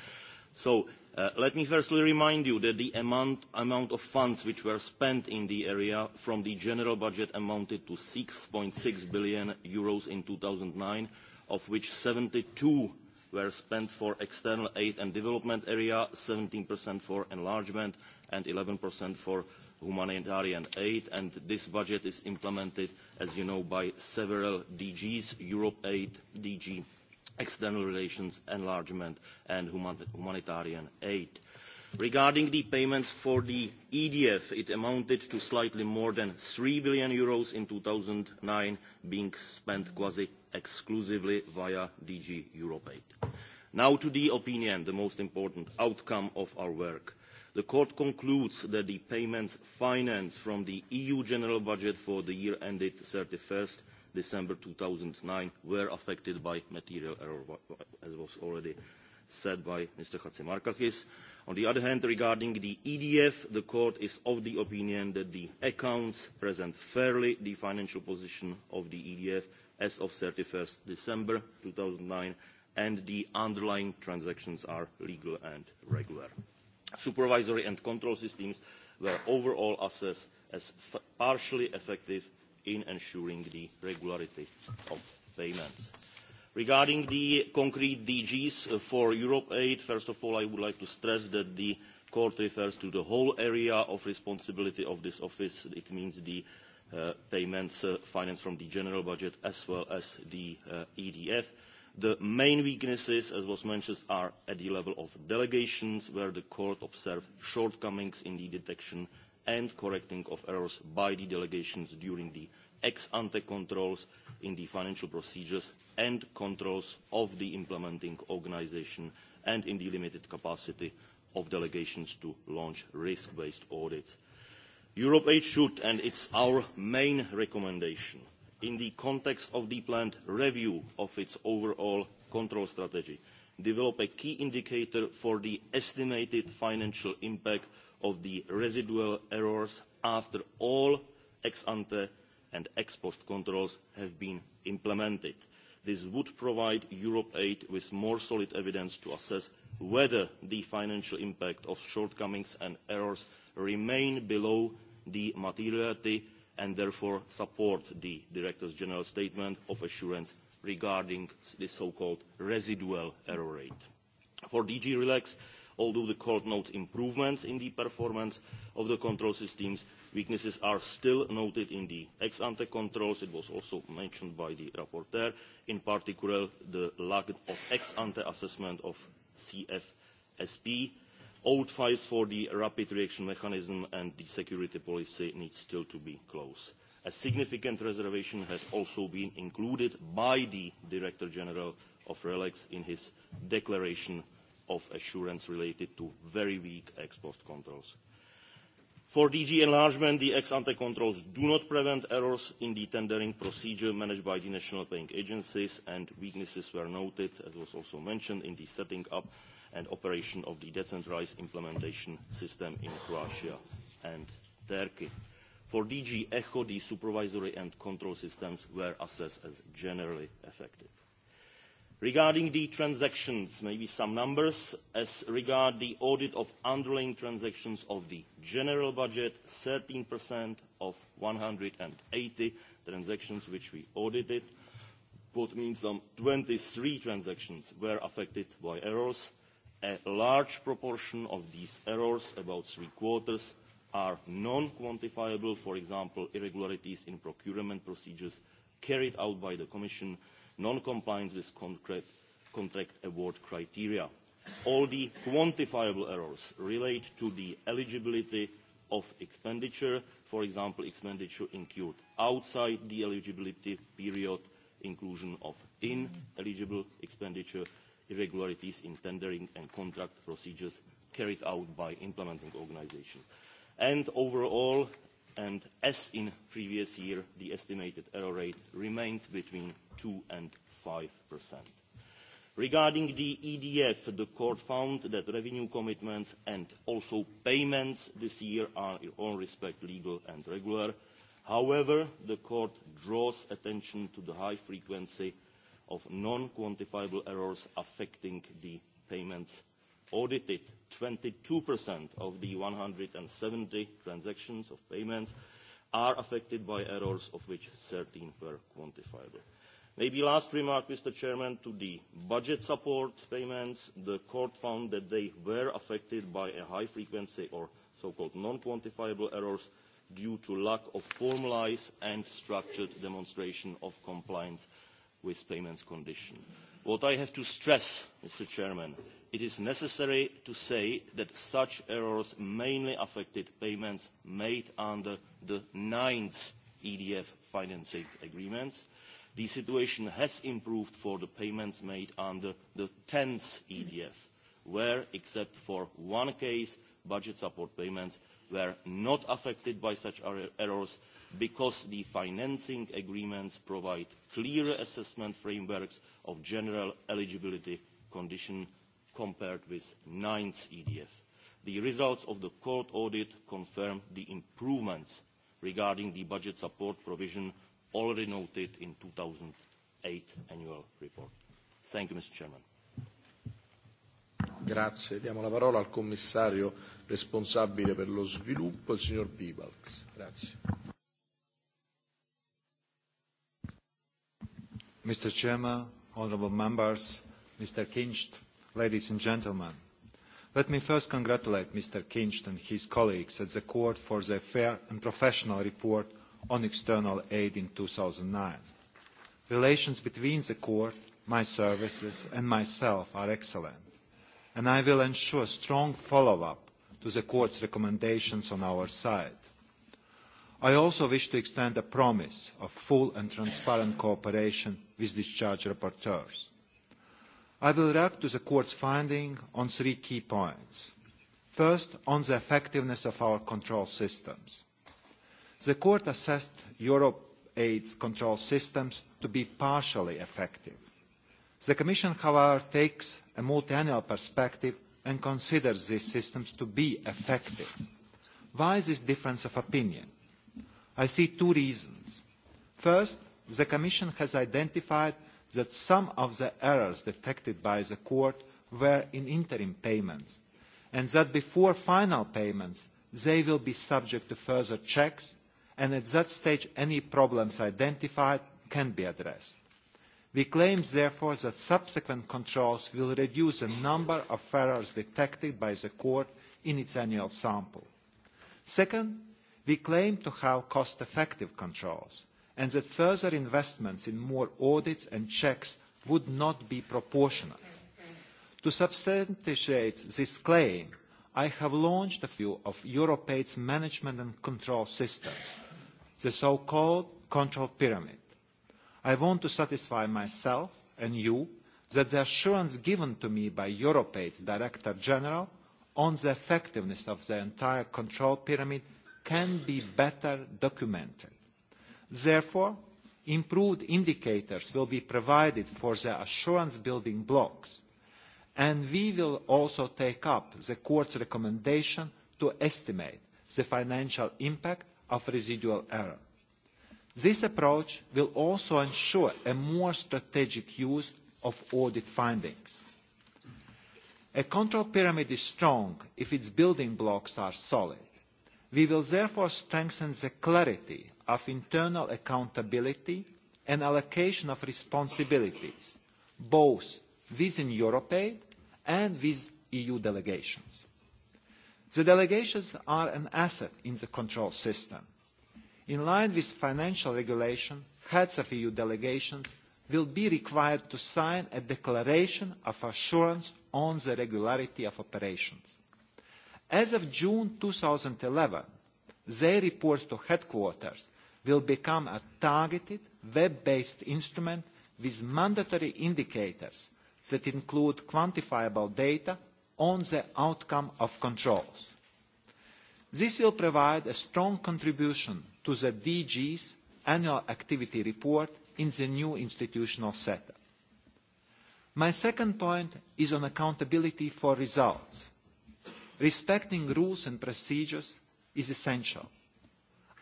So uh, let me firstly remind you that the amount, amount of funds which were spent in the area from the general budget amounted to 6.6 billion euros in 2009, of which 72 were spent for external aid and development area, 17% for enlargement, and 11% for humanitarian aid. And this budget is implemented, as you know, by several DGs, Europe Aid, DG external relations, enlargement and humanitarian aid. Regarding the payments for the EDF, it amounted to slightly more than 3 billion euros in 2009, being spent quasi-exclusively via DG Europaid. Now to the opinion, the most important outcome of our work. The court concludes that the payments financed from the EU general budget for the year ended 31st December 2009 were affected by material error, as was already said by Mr. Chatzimarkakis. On the other hand, regarding the EDF, the court is of the opinion that the accounts present fairly the financial position of the EDF as of 31 December 2009, and the underlying transactions are legal and regular. Supervisory and control systems were overall assessed as partially effective in ensuring the regularity of payments. Regarding the concrete DGs for Europe Aid, first of all, I would like to stress that the court refers to the whole area of responsibility of this office. It means the uh, payments uh, financed from the general budget as well as the uh, EDF. The main weaknesses, as was mentioned, are at the level of delegations, where the court observed shortcomings in the detection and correcting of errors by the delegations during the ex ante controls in the financial procedures and controls of the implementing organisation and in the limited capacity of delegations to launch risk-based audits. Europe Aid should, and it's our main recommendation, in the context of the planned review of its overall control strategy, develop a key indicator for the estimated financial impact of the residual errors after all ex ante and ex post controls have been implemented. This would provide Europe Aid with more solid evidence to assess whether the financial impact of shortcomings and errors remain below the materiality and therefore support the Director General's statement of assurance regarding the so-called residual error rate. For DG RELAX, Although the court notes improvements in the performance of the control systems, weaknesses are still noted in the ex-ante controls. It was also mentioned by the rapporteur, in particular the lack of ex-ante assessment of CFSP. Old files for the rapid reaction mechanism and the security policy need still to be closed. A significant reservation has also been included by the Director General of RELEX in his declaration of assurance related to very weak ex-post controls. For DG enlargement, the ex-ante controls do not prevent errors in the tendering procedure managed by the national paying agencies, and weaknesses were noted, as was also mentioned, in the setting up and operation of the decentralized implementation system in Croatia and Turkey. For DG ECHO, the supervisory and control systems were assessed as generally effective. Regarding the transactions, maybe some numbers as regard the audit of underlying transactions of the general budget, 13% of 180 transactions which we audited. What means some 23 transactions were affected by errors. A large proportion of these errors, about three quarters, are non-quantifiable, for example, irregularities in procurement procedures carried out by the Commission non-compliance with concrete contract award criteria. All the quantifiable errors relate to the eligibility of expenditure, for example, expenditure incurred outside the eligibility period, inclusion of ineligible expenditure, irregularities in tendering and contract procedures carried out by implementing organization. And overall, and as in previous year, the estimated error rate remains between 2 and 5%. Regarding the EDF, the court found that revenue commitments and also payments this year are in all respect legal and regular. However, the court draws attention to the high frequency of non-quantifiable errors affecting the payments audited 22% of the 170 transactions of payments are affected by errors, of which 13 were quantifiable. Maybe last remark, Mr. Chairman, to the budget support payments. The court found that they were affected by a high frequency or so-called non-quantifiable errors due to lack of formalized and structured demonstration of compliance with payments conditions. What I have to stress, Mr. Chairman, it is necessary to say that such errors mainly affected payments made under the ninth EDF financing agreements. The situation has improved for the payments made under the 10th EDF, where, except for one case, budget support payments were not affected by such er-, errors because the financing agreements provide clear assessment frameworks of general eligibility condition compared with 9th EDF. The results of the court audit confirm the improvements regarding the budget support provision already noted in 2008 annual report. Thank you, Mr. Chairman. Grazie. Diamo la parola al commissario responsabile per lo sviluppo, il signor Pibalks. Grazie. Mr. Chairman, honourable members, Mr. Kinst, ladies and gentlemen. Let me first congratulate Mr. Kinst and his colleagues at the Court for their fair and professional report on external aid in 2009. Relations between the Court, my services and myself are excellent, and I will ensure strong follow-up to the Court's recommendations on our side I also wish to extend a promise of full and transparent cooperation with discharge rapporteurs. I will react to the Court's finding on three key points. First, on the effectiveness of our control systems. The Court assessed EuropeAid's control systems to be partially effective. The Commission, however, takes a multi-annual perspective and considers these systems to be effective. Why this difference of opinion? I see two reasons. First, the Commission has identified that some of the errors detected by the Court were in interim payments, and that before final payments they will be subject to further checks, and at that stage any problems identified can be addressed. We claim, therefore, that subsequent controls will reduce the number of errors detected by the Court in its annual sample. Second, We claim to have cost-effective controls and that further investments in more audits and checks would not be proportionate. To substantiate this claim, I have launched a few of Europaid's management and control systems, the so-called control pyramid. I want to satisfy myself and you that the assurance given to me by Europaid's Director General on the effectiveness of the entire control pyramid can be better documented. Therefore, improved indicators will be provided for the assurance building blocks, and we will also take up the court's recommendation to estimate the financial impact of residual error. This approach will also ensure a more strategic use of audit findings. A control pyramid is strong if its building blocks are solid We will therefore strengthen the clarity of internal accountability and allocation of responsibilities, both within Europaid and with EU delegations. The delegations are an asset in the control system. In line with financial regulation, heads of EU delegations will be required to sign a declaration of assurance on the regularity of operations. As of June 2011, their reports to headquarters will become a targeted web-based instrument with mandatory indicators that include quantifiable data on the outcome of controls. This will provide a strong contribution to the DG's annual activity report in the new institutional setup. My second point is on accountability for results respecting rules and procedures is essential.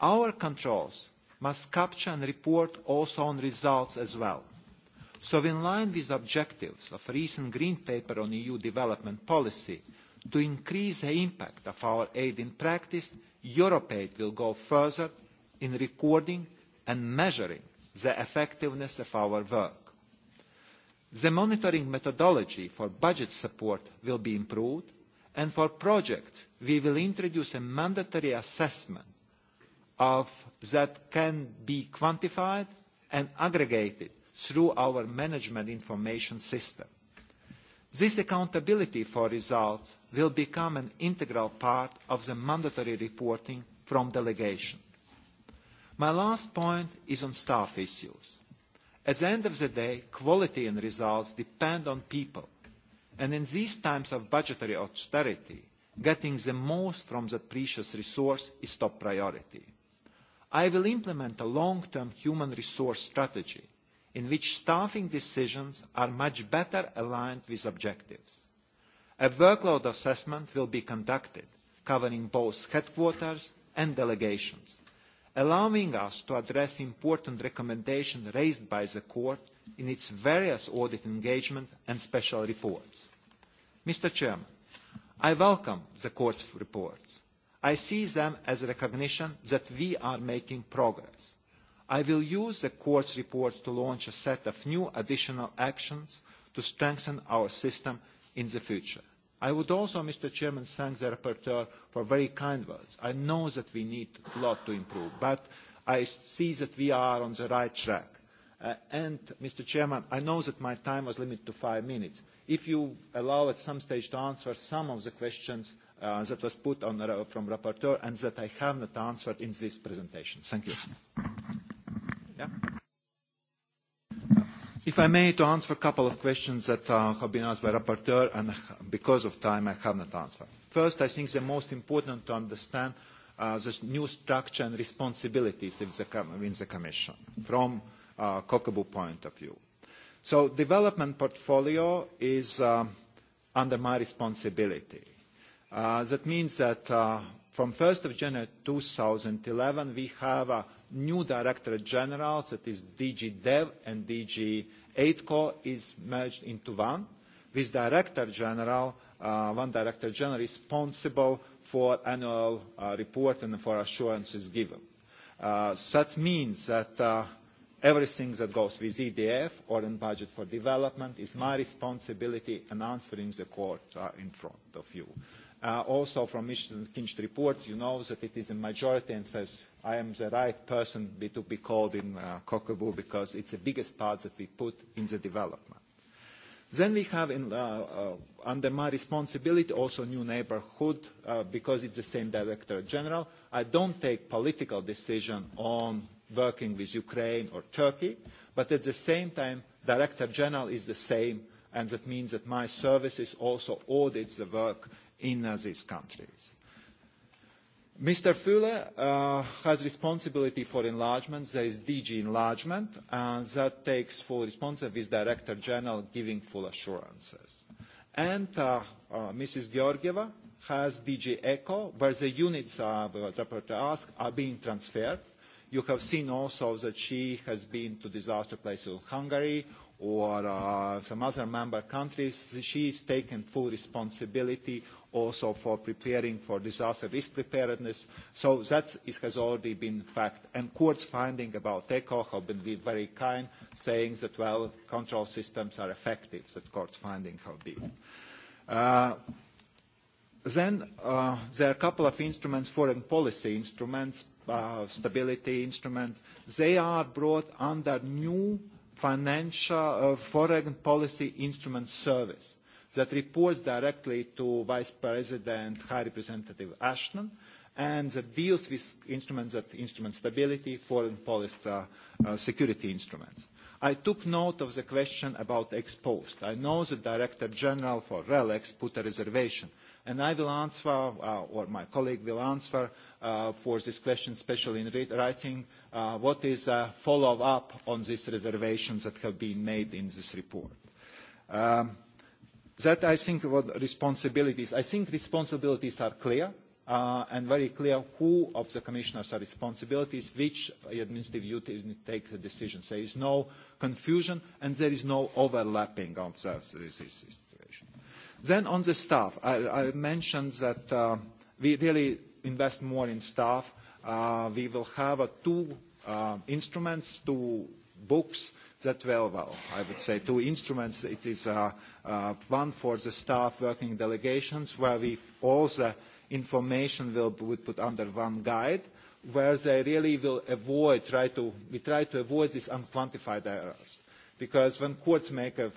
Our controls must capture and report also on results as well. So in line with the objectives of recent Green Paper on EU development policy to increase the impact of our aid in practice, EuroPaid will go further in recording and measuring the effectiveness of our work. The monitoring methodology for budget support will be improved And for projects, we will introduce a mandatory assessment of that can be quantified and aggregated through our management information system. This accountability for results will become an integral part of the mandatory reporting from delegation. My last point is on staff issues. At the end of the day, quality and results depend on people And in these times of budgetary austerity, getting the most from that precious resource is top priority. I will implement a long-term human resource strategy in which staffing decisions are much better aligned with objectives. A workload assessment will be conducted, covering both headquarters and delegations, allowing us to address important recommendations raised by the court in its various audit engagement and special reports. Mr. Chairman, I welcome the Court's reports. I see them as a recognition that we are making progress. I will use the Court's reports to launch a set of new additional actions to strengthen our system in the future. I would also, Mr. Chairman, thank the rapporteur for very kind words. I know that we need a lot to improve, but I see that we are on the right track. Uh, and, Mr. Chairman, I know that my time was limited to five minutes. If you allow at some stage to answer some of the questions uh, that was put the, from rapporteur and that I have not answered in this presentation. Thank you. Yeah? Uh, if I may, to answer a couple of questions that have been asked by rapporteur and because of time I have not answered. First, I think the most important to understand uh, the new structure and responsibilities in the, Commission from Kokobu point of view. So development portfolio is uh, under my responsibility. Uh, that means that uh, from 1st of January 2011, we have a new Director General, that is DG Dev and DG AIDCO, is merged into one, with Director General, uh, one Director General responsible for annual uh, report and for assurances given. Uh, that means that uh, Everything that goes with EDF or in budget for development is my responsibility and answering the court uh, in front of you. Uh, also from Mr. Kinch's report, you know that it is a majority and says I am the right person to be called in uh, Kokobu because it's the biggest part that we put in the development. Then we have in, uh, uh, under my responsibility also new neighborhood uh, because it's the same director general. I don't take political decision on working with Ukraine or Turkey, but at the same time, Director General is the same, and that means that my services also audits the work in uh, these countries. Mr. Fuller uh, has responsibility for enlargement. There is DG enlargement, and that takes full responsibility with Director General giving full assurances. And uh, uh, Mrs. Georgieva has DG ECHO, where the units, uh, the rapporteur asked, are being transferred You have seen also that she has been to disaster places in Hungary or uh, some other member countries. She is taken full responsibility also for preparing for disaster risk preparedness. So that has already been fact. And court's finding about ECHO have been very kind, saying that, well, control systems are effective, that court's finding have been. Uh, Then uh, there are a couple of instruments, foreign policy instruments, uh, stability instruments. They are brought under new financial uh, foreign policy instrument service that reports directly to Vice President High Representative Ashton and that deals with instruments that instrument stability, foreign policy, uh, uh, security instruments. I took note of the question about ex post. I know the Director General for RELEX put a reservation And I will answer, uh, or my colleague will answer, uh, for this question, especially in writing, uh, what is a follow-up on these reservations that have been made in this report. Um, that, I think, what responsibilities. I think responsibilities are clear. Uh, and very clear who of the commissioners are responsibilities, which administrative unit takes the decisions. There is no confusion and there is no overlapping of these issues. Then on the staff, I, mentioned that uh, we really invest more in staff. Uh, we will have uh, two instruments, two books that will, well, I would say two instruments. It is one for the staff working delegations where we all the information will be put under one guide where they really will avoid, try to, we try to avoid these unquantified errors. Because when courts make a,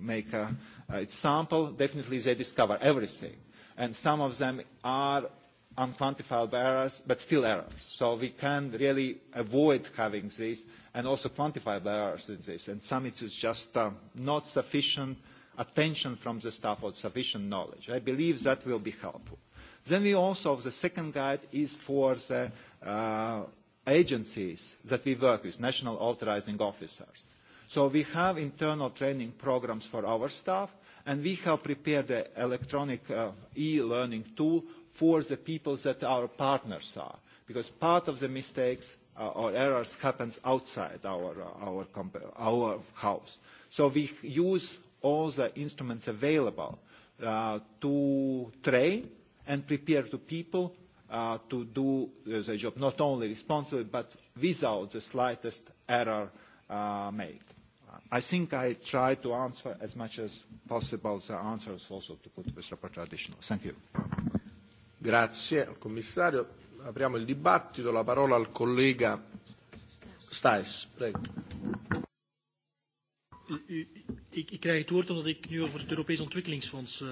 make a Uh, its sample, definitely they discover everything. And some of them are unquantifiable errors, but still errors. So we can really avoid having this, and also quantifiable errors in this. And some it is just uh, not sufficient attention from the staff or sufficient knowledge. I believe that will be helpful. Then we also, the second guide is for the uh, agencies that we work with, national authorizing officers. So we have internal training programs for our staff, And we have prepared an electronic uh, e-learning tool for the people that our partners are, because part of the mistakes uh, or errors happens outside our, uh, our, our house. So we use all the instruments available uh, to train and prepare the people uh, to do the job not only responsibly but without the slightest error uh, made. I think I tried to answer as much as possible the answers also to put this report additional. Thank you. Grazie al commissario. Apriamo il dibattito. La parola al collega Stais. Prego. Ik, ik, ik krijg het woord omdat ik nu over het Europees Ontwikkelingsfonds uh,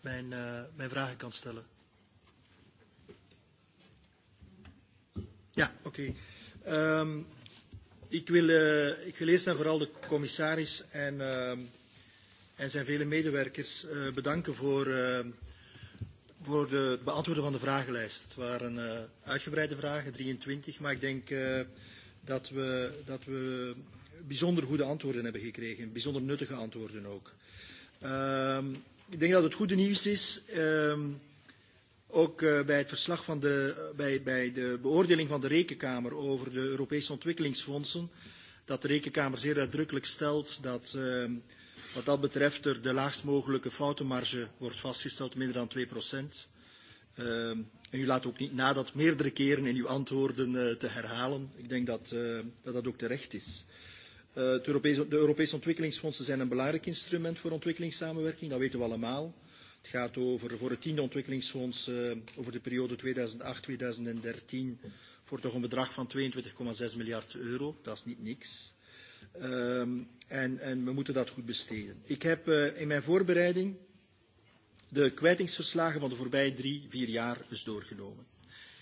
mijn, uh, mijn vragen kan stellen. Ja, oké. Okay. Um, ehm, Ik wil, uh, ik wil eerst en vooral de commissaris en, uh, en zijn vele medewerkers uh, bedanken voor, uh, voor de, het beantwoorden van de vragenlijst. Het waren uh, uitgebreide vragen, 23, maar ik denk uh, dat, we, dat we bijzonder goede antwoorden hebben gekregen, bijzonder nuttige antwoorden ook. Uh, ik denk dat het goede nieuws is. Uh, Ook eh, bij het verslag van de, bij, bij de beoordeling van de Rekenkamer over de Europese ontwikkelingsfondsen, dat de Rekenkamer zeer uitdrukkelijk stelt dat uh, wat dat betreft er de laagst mogelijke foutenmarge wordt vastgesteld, minder dan 2 procent. Uh, en u laat ook niet na dat meerdere keren in uw antwoorden uh, te herhalen. Ik denk dat, uh, dat dat ook terecht is. Uh, het Europese, de Europese ontwikkelingsfondsen zijn een belangrijk instrument voor ontwikkelingssamenwerking, dat weten we allemaal. Het gaat over voor het tiende ontwikkelingsfonds uh, over de periode 2008-2013 voor toch een bedrag van 22,6 miljard euro. Dat is niet niks. Um, en, en we moeten dat goed besteden. Ik heb uh, in mijn voorbereiding de kwijtingsverslagen van de voorbije drie, vier jaar is doorgenomen.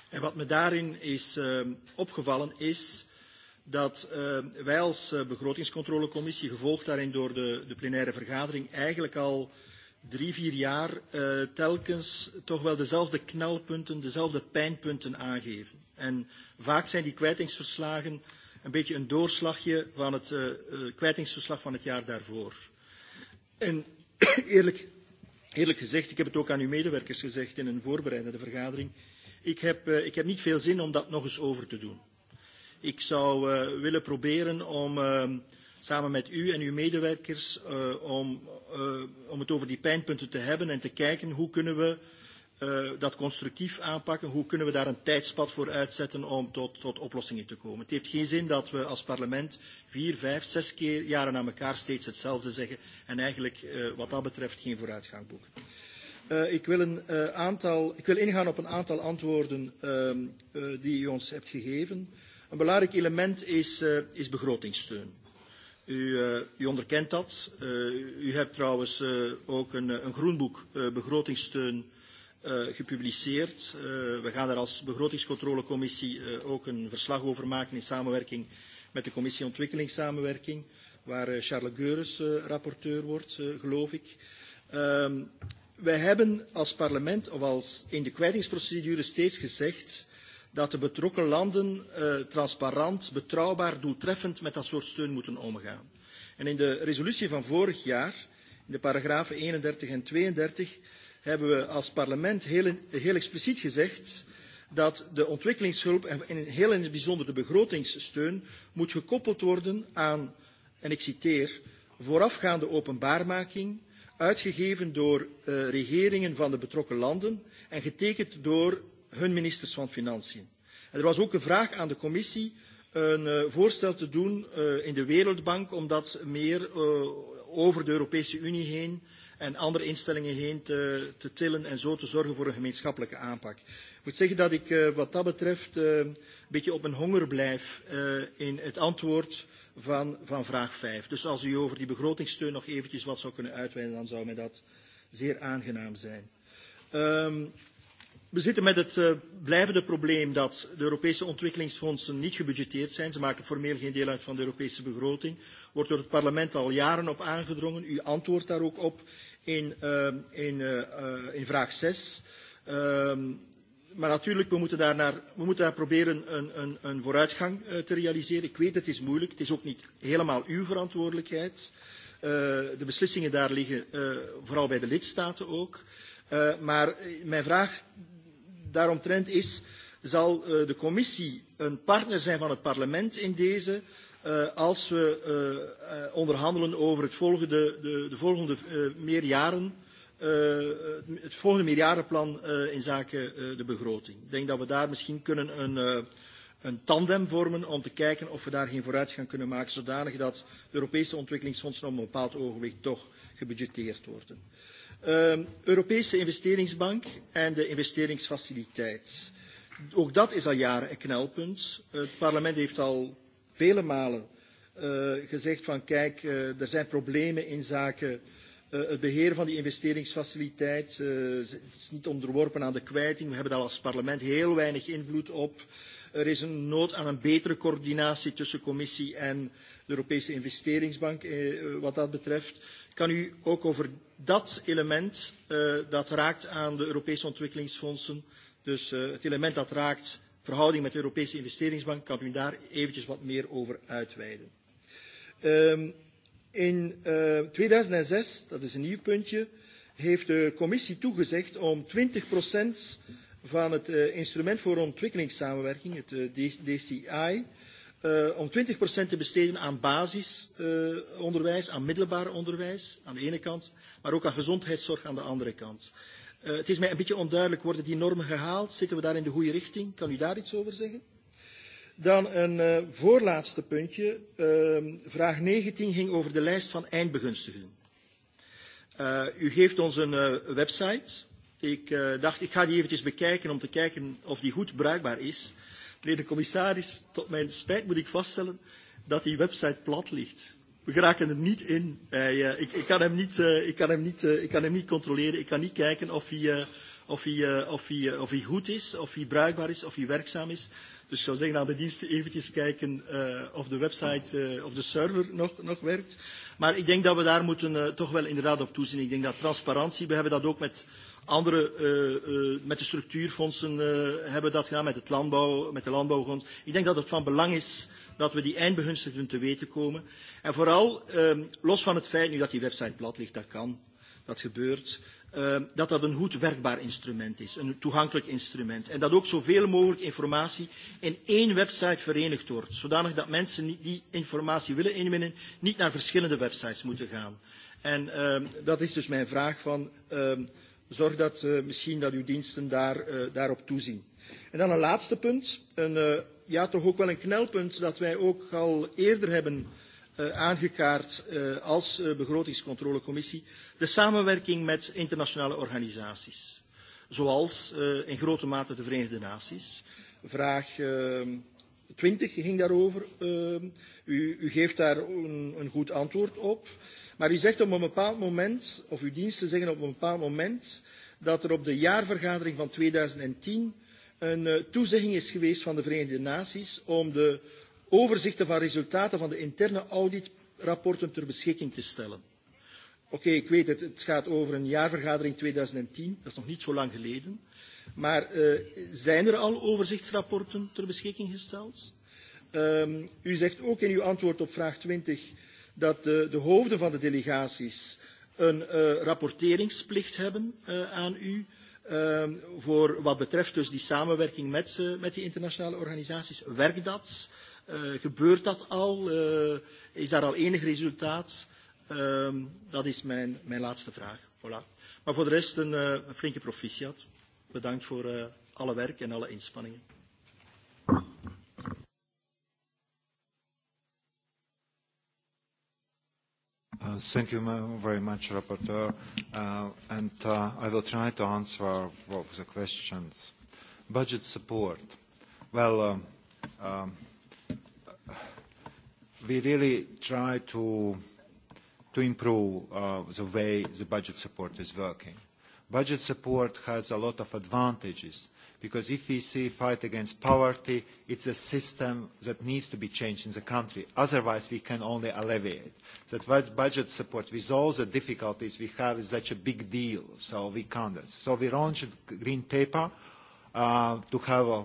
En wat me daarin is uh, opgevallen is dat uh, wij als uh, begrotingscontrolecommissie, gevolgd daarin door de, de plenaire vergadering, eigenlijk al drie, vier jaar uh, telkens toch wel dezelfde knelpunten, dezelfde pijnpunten aangeven. En vaak zijn die kwijtingsverslagen een beetje een doorslagje van het uh, kwijtingsverslag van het jaar daarvoor. En [CLEARS THROAT] eerlijk, eerlijk gezegd, ik heb het ook aan uw medewerkers gezegd in een voorbereidende vergadering, ik heb, uh, ik heb niet veel zin om dat nog eens over te doen. Ik zou uh, willen proberen om... Uh, samen met u en uw medewerkers uh, om, uh, om het over die pijnpunten te hebben en te kijken hoe kunnen we uh, dat constructief aanpakken, hoe kunnen we daar een tijdspad voor uitzetten om tot, tot oplossingen te komen. Het heeft geen zin dat we als parlement vier, vijf, zes keer jaren na elkaar steeds hetzelfde zeggen en eigenlijk uh, wat dat betreft geen vooruitgang boeken. Uh, ik, wil een, uh, aantal, ik wil ingaan op een aantal antwoorden uh, uh, die u ons hebt gegeven. Een belangrijk element is, uh, is begrotingssteun. U, uh, u onderkent dat. Uh, u hebt trouwens uh, ook een, een groenboek uh, begrotingssteun uh, gepubliceerd. Uh, we gaan daar als begrotingscontrolecommissie uh, ook een verslag over maken in samenwerking met de commissie ontwikkelingssamenwerking, waar uh, Charles Geurens uh, rapporteur wordt, uh, geloof ik. Uh, wij hebben als parlement of als in de kwijtingsprocedure steeds gezegd dat de betrokken landen uh, transparant, betrouwbaar, doeltreffend met dat soort steun moeten omgaan. En in de resolutie van vorig jaar, in de paragrafen 31 en 32, hebben we als parlement heel, heel expliciet gezegd dat de ontwikkelingshulp en heel in het bijzonder de begrotingssteun moet gekoppeld worden aan, en ik citeer, voorafgaande openbaarmaking, uitgegeven door uh, regeringen van de betrokken landen en getekend door hun ministers van Financiën. En er was ook een vraag aan de commissie een eh, voorstel te doen eh, in de Wereldbank om dat meer eh, over de Europese Unie heen en andere instellingen heen te, te tillen en zo te zorgen voor een gemeenschappelijke aanpak. Ik moet zeggen dat ik wat dat betreft een beetje op mijn honger blijf in het antwoord van, van vraag 5. Dus als u over die begrotingssteun nog eventjes wat zou kunnen uitweiden, dan zou mij dat zeer aangenaam zijn. Um, We zitten met het eh, blijvende probleem dat de Europese ontwikkelingsfondsen niet gebudgeteerd zijn. Ze maken formeel geen deel uit van de Europese begroting. Wordt door het parlement al jaren op aangedrongen. U antwoordt daar ook op in, uh, in, uh, in vraag 6. Uh, ehm, maar natuurlijk, we moeten, daarnaar, we moeten daar proberen een, een, een vooruitgang te realiseren. Ik weet, het is moeilijk. Het is ook niet helemaal uw verantwoordelijkheid. Uh, de beslissingen daar liggen uh, vooral bij de lidstaten ook. Uh, maar mijn vraag daaromtrent is, zal eh, de commissie een partner zijn van het parlement in deze eh, als we eh, onderhandelen over het volgende, de, de volgende meerjaren, het volgende meerjarenplan uh, in zaken de begroting. Ik denk dat we daar misschien kunnen een, uh, een tandem vormen om te kijken of we daar geen vooruitgang kunnen maken, zodanig dat de Europese ontwikkelingsfondsen op een bepaald ogenblik toch gebudgeteerd worden. Uh, Um, Europese investeringsbank en de investeringsfaciliteit. Ook dat is al jaren een knelpunt. Het parlement heeft al vele malen uh, gezegd van kijk, uh, er zijn problemen in zaken Eh, het beheer van die investeringsfaciliteit uh, is niet onderworpen aan de kwijting. We hebben daar als parlement heel weinig invloed op. Er is een nood aan een betere coördinatie tussen commissie en de Europese investeringsbank uh, wat dat betreft. Kan u ook over dat element uh, dat raakt aan de Europese ontwikkelingsfondsen, dus uh, het element dat raakt verhouding met de Europese investeringsbank, kan u daar eventjes wat meer over uitweiden? Um, In uh, eh, 2006, dat is een nieuw puntje, heeft de commissie toegezegd om 20% van het uh, instrument voor ontwikkelingssamenwerking, het uh, eh, DCI, uh, om 20% te besteden aan basisonderwijs, uh, aan middelbaar onderwijs aan de ene kant, maar ook aan gezondheidszorg aan de andere kant. Uh, het is mij een beetje onduidelijk, worden die normen gehaald? Zitten we daar in de goede richting? Kan u daar iets over zeggen? Dan een uh, voorlaatste puntje. Uh, vraag 19 ging over de lijst van eindbegunstigden. Uh, eh, u geeft ons een uh, website. Ik uh, dacht, ik ga die eventjes bekijken om te kijken of die goed bruikbaar is. Meneer de commissaris, tot mijn spijt moet ik vaststellen dat die website plat ligt. We geraken er niet in. ik, kan hem niet, ik kan hem niet controleren. Ik kan niet kijken of hij... Uh, of hij, uh, of, hij, uh, of hij goed is, of hij bruikbaar is, of hij werkzaam is. Dus ik zou zeggen aan de diensten eventjes kijken uh, of de website uh, of de server nog, nog werkt. Maar ik denk dat we daar moeten uh, toch wel inderdaad op toezien. Ik denk dat transparantie, we hebben dat ook met andere, uh, uh, met de structuurfondsen uh, hebben dat gedaan, met, het landbouw, met de landbouwfonds. Ik denk dat het van belang is dat we die eindbegunstigden te weten komen. En vooral, uh, los van het feit nu dat die website plat ligt, dat kan, dat gebeurt. Ehm, dat dat een goed werkbaar instrument is, een toegankelijk instrument. En dat ook zoveel mogelijk informatie in één website verenigd wordt, zodanig dat mensen die informatie willen inwinnen, niet naar verschillende websites moeten gaan. En uh, dat is dus mijn vraag van, uh, zorg dat uh, misschien dat uw diensten daar, uh, daarop toezien. En dan een laatste punt, een, uh, ja toch ook wel een knelpunt dat wij ook al eerder hebben uh, Eh, aangekaart eh, als eh, begrotingscontrolecommissie de samenwerking met internationale organisaties, zoals in grote mate de Verenigde Naties. Vraag 20 ging daarover. U, geeft daar een, een goed antwoord op. Maar u zegt op een bepaald moment, of uw diensten zeggen op een bepaald moment, dat er op de jaarvergadering van 2010 een toezegging is geweest van de Verenigde Naties om de overzichten van resultaten van de interne auditrapporten ter beschikking te stellen. Oké, okay, ik weet het, het gaat over een jaarvergadering 2010, dat is nog niet zo lang geleden. Maar uh, zijn er al overzichtsrapporten ter beschikking gesteld? Um, u zegt ook in uw antwoord op vraag 20 dat de, de hoofden van de delegaties een uh, rapporteringsplicht hebben uh, aan u uh, voor wat betreft dus die samenwerking met, uh, met die internationale organisaties. Werkt dat? Uh, gebeurt dat al? Uh, is daar al enig resultaat? Uh, dat is mijn, mijn laatste vraag. Voilà. Maar voor de rest een, uh, een flinke proficiat. Bedankt voor uh, alle werk en alle inspanningen. Uh, thank you very much, Rapporteur. Uh, and uh, I will try to answer both the questions. Budget support. Well, um, um, we really try to, to improve uh, the way the budget support is working. Budget support has a lot of advantages because if we see fight against poverty, it's a system that needs to be changed in the country. Otherwise, we can only alleviate. That why budget support, with all the difficulties we have, is such a big deal, so we can't. So we launched a green paper uh, to have a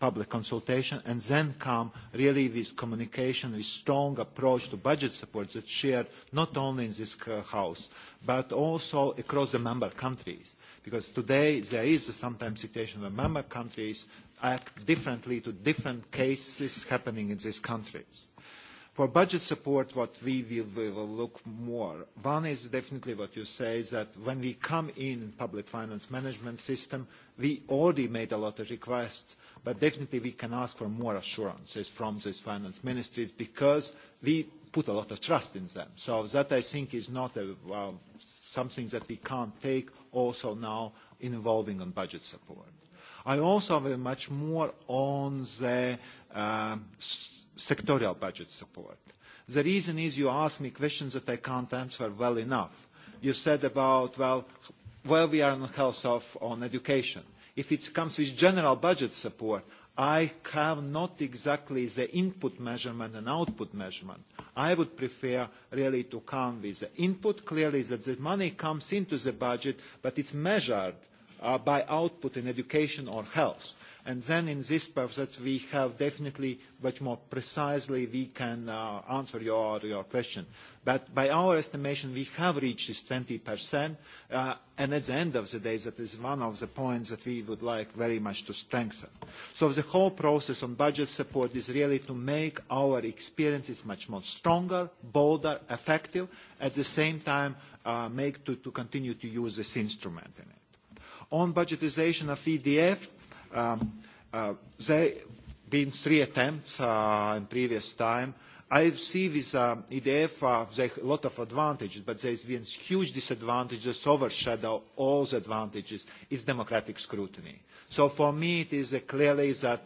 public consultation and then come really with communication, with strong approach to budget support that's shared not only in this uh, House, but also across the member countries. Because today there is a sometimes situation where member countries act differently to different cases happening in these countries. For budget support, what we will, we will look more, one is definitely what you say, is that when we come in public finance management system, we already made a lot of requests But definitely we can ask for more assurances from these finance ministries because we put a lot of trust in them. So that I think is not a, uh, something that we can't take also now involving on budget support. I also have much more on the uh, sectorial budget support. The reason is you ask me questions that I can't answer well enough. You said about, well, where we are on the health of, on education if it comes with general budget support, I have not exactly the input measurement and output measurement. I would prefer really to come with the input, clearly that the money comes into the budget, but it's measured uh, by output in education or health. And then in this process, we have definitely much more precisely we can uh, answer your, your question. But by our estimation, we have reached this 20%. Uh, and at the end of the day, that is one of the points that we would like very much to strengthen. So the whole process on budget support is really to make our experiences much more stronger, bolder, effective, at the same time uh, make to, to continue to use this instrument in it. On budgetization of EDF, Um, uh, there have been three attempts uh, in previous time. I see with um, uh, EDF uh, they have a lot of advantages, but there is one huge disadvantage that overshadow all the advantages is democratic scrutiny. So for me, it is uh, clearly that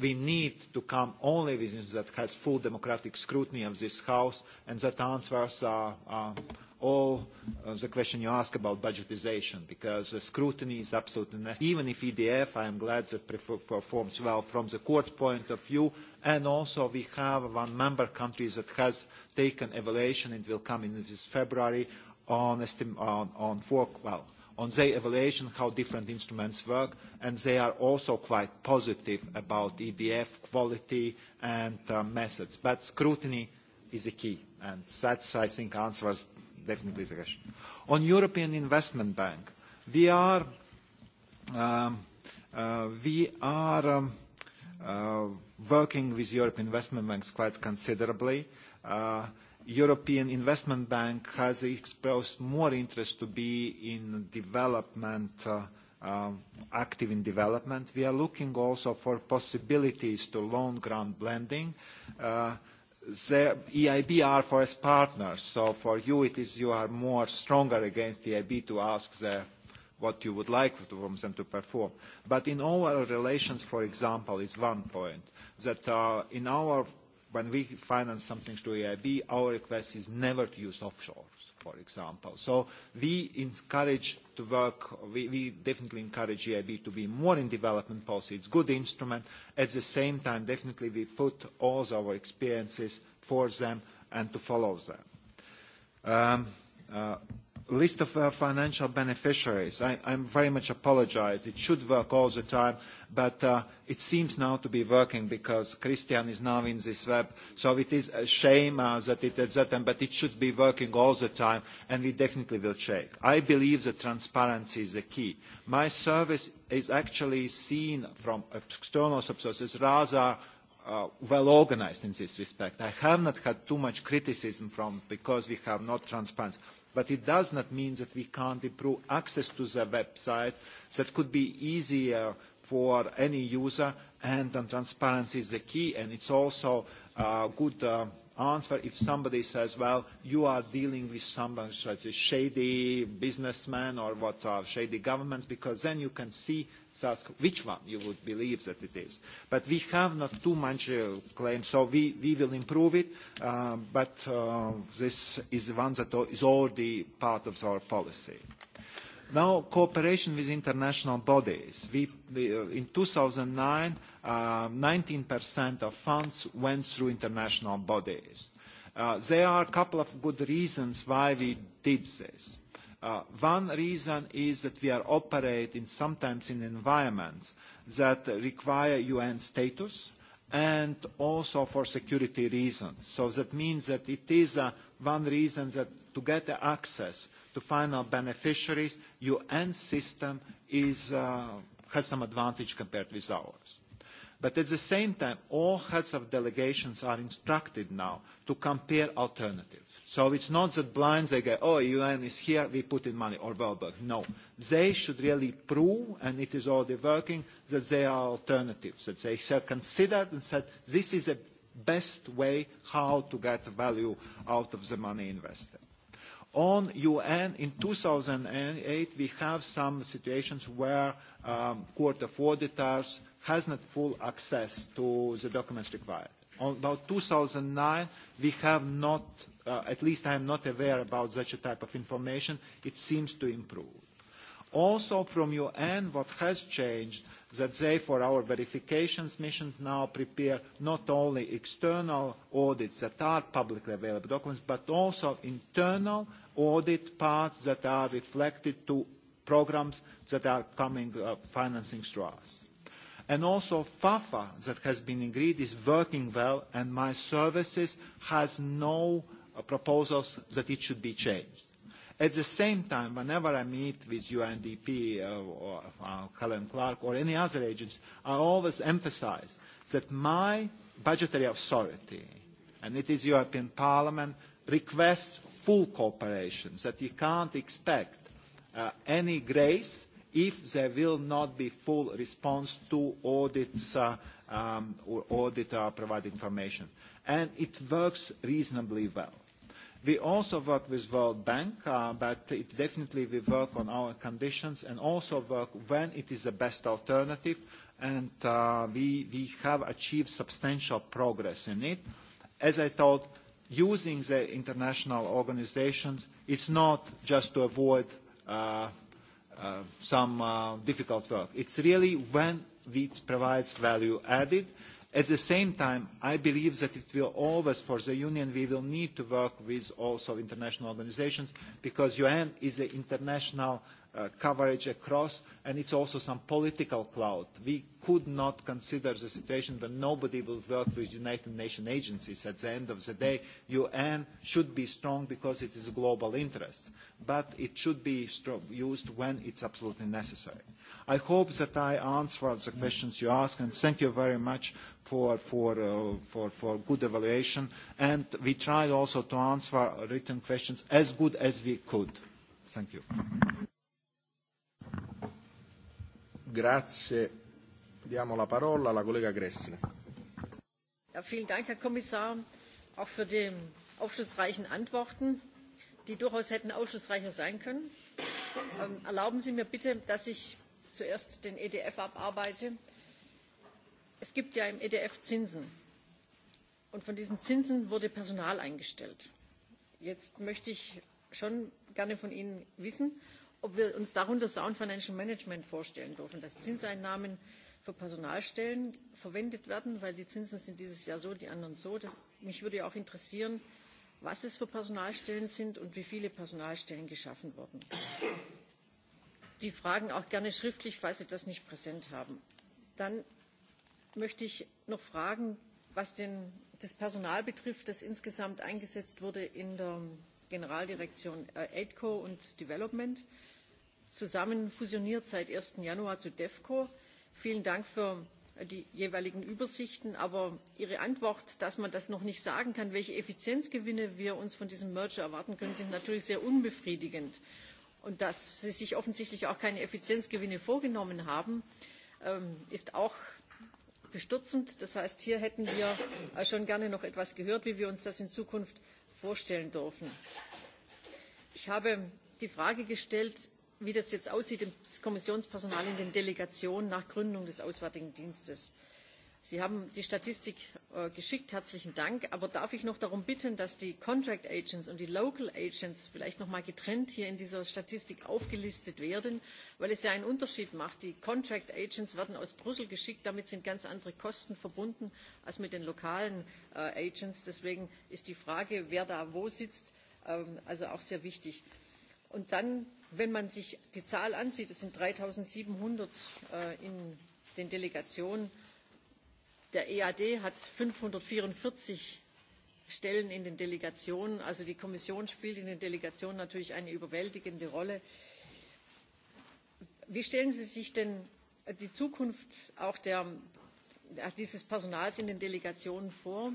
we need to come only with this that has full democratic scrutiny of this House and that answers uh, uh, all uh, the question you ask about budgetization because the scrutiny is absolutely necessary. Even if EDF, I am glad that performs well from the court point of view and also we have one member country that has taken evaluation, it will come in this February, on, on, on work well on their evaluation, how different instruments work, and they are also quite positive about EDF quality and uh, methods. But scrutiny is the key, and that, I think, answers definitely the question. On European Investment Bank, we are, um, uh, we are um, uh, working with European Investment Banks quite considerably. Uh, European Investment Bank has expressed more interest to be in development, uh, uh active in development. We are looking also for possibilities to loan grant blending. Uh, the EIB are for us partners, so for you it is you are more stronger against the EIB to ask the, what you would like from them to perform. But in our relations, for example, is one point that uh, in our when we finance something through EIB, our request is never to use offshores, for example. So we encourage to work, we, we definitely encourage EIB to be more in development policy. It's a good instrument. At the same time, definitely we put all our experiences for them and to follow them. Um, uh, list of uh, financial beneficiaries. I, I'm very much apologize. It should work all the time, but uh, it seems now to be working because Christian is now in this web. So it is a shame uh, that it is that, but it should be working all the time, and we definitely will check. I believe that transparency is the key. My service is actually seen from external sources rather uh, well organized in this respect. I have not had too much criticism from because we have not transparency. But it does not mean that we can't improve access to the website that could be easier for any user and, and transparency is the key and it's also a uh, good uh, answer if somebody says, well, you are dealing with someone such a shady businessman or what are shady governments, because then you can see ask which one you would believe that it is. But we have not too much uh, claim, so we, we will improve it, uh, but uh, this is one that is already part of our policy. Now, cooperation with international bodies. We, we, uh, in 2009, uh, 19% of funds went through international bodies. Uh, there are a couple of good reasons why we did this. Uh, one reason is that we are operating sometimes in environments that require UN status and also for security reasons. So that means that it is uh, one reason that to get access to final beneficiaries, your end system is, uh, has some advantage compared with ours. But at the same time, all heads of delegations are instructed now to compare alternatives. So it's not that blind they go, oh, UN is here, we put in money, or Wellberg. No. They should really prove, and it is already working, that there are alternatives, that they have considered and said, this is the best way how to get value out of the money invested. On UN, in 2008, we have some situations where um, Court of Auditors has not full access to the documents required. On about 2009, we have not, uh, at least I am not aware about such a type of information. It seems to improve also from UN, what has changed that they for our verifications missions now prepare not only external audits that are publicly available documents but also internal audit parts that are reflected to programs that are coming uh, financing through us. And also FAFA that has been agreed is working well and my services has no uh, proposals that it should be changed. At the same time, whenever I meet with UNDP uh, or uh, Helen Clark or any other agents, I always emphasize that my budgetary authority, and it is European Parliament, requests full cooperation, that you can't expect uh, any grace if there will not be full response to audits uh, um, or auditor uh, provided information. And it works reasonably well. We also work with World Bank, uh, but it definitely we work on our conditions and also work when it is the best alternative, and uh, we, we have achieved substantial progress in it. As I thought, using the international organizations, it's not just to avoid uh, uh, some uh, difficult work. It's really when it provides value added, At the same time, I believe that it will always, for the Union, we will need to work with also international organizations because UN is the international uh, coverage across and it's also some political clout. We could not consider the situation that nobody will work with United Nations agencies. At the end of the day, UN should be strong because it is global interest, but it should be strong, used when it's absolutely necessary. I hope that I answered the questions you asked, and thank you very much for, for, uh, for, for good evaluation. And we tried also to answer written questions as good as we could. Thank you. Grazie. Diamo la parola alla collega Gressle. Ja, vielen Dank, Herr Kommissar, auch für die aufschlussreichen Antworten, die durchaus hätten aufschlussreicher sein können. Ähm, erlauben Sie mir bitte, dass ich zuerst den EDF abarbeite. Es gibt ja im EDF Zinsen. Und von diesen Zinsen wurde Personal eingestellt. Jetzt möchte ich schon gerne von Ihnen wissen, ob wir uns darunter Sound Financial Management vorstellen dürfen, dass Zinseinnahmen für Personalstellen verwendet werden, weil die Zinsen sind dieses Jahr so, die anderen so. mich würde auch interessieren, was es für Personalstellen sind und wie viele Personalstellen geschaffen wurden. Die Fragen auch gerne schriftlich, falls Sie das nicht präsent haben. Dann möchte ich noch fragen, was das Personal betrifft, das insgesamt eingesetzt wurde in der Generaldirektion äh, AIDCO und Development zusammen fusioniert seit. eins januar zu devco. vielen dank für die jeweiligen übersichten aber ihre antwort dass man das noch nicht sagen kann welche effizienzgewinne wir uns von diesem merger erwarten können sind natürlich sehr unbefriedigend. und dass sie sich offensichtlich auch keine effizienzgewinne vorgenommen haben ähm, ist auch bestürzend. das heißt hier hätten wir äh, schon gerne noch etwas gehört wie wir uns das in zukunft vorstellen dürfen. ich habe die frage gestellt wie das jetzt aussieht im kommissionspersonal in den delegationen nach gründung des auswärtigen dienstes. sie haben die statistik äh, geschickt herzlichen dank. aber darf ich noch darum bitten dass die contract agents und die local agents vielleicht noch mal getrennt hier in dieser statistik aufgelistet werden weil es ja einen unterschied macht. die contract agents werden aus brüssel geschickt damit sind ganz andere kosten verbunden als mit den lokalen äh, agents. deswegen ist die frage wer da wo sitzt ähm, also auch sehr wichtig und dann wenn man sich die zahl ansieht es sind drei siebenhundert äh, in den delegationen der ead hat fünfhundertvierundvierzig stellen in den delegationen also die kommission spielt in den delegationen natürlich eine überwältigende rolle. wie stellen sie sich denn die zukunft auch dieses personals in den delegationen vor?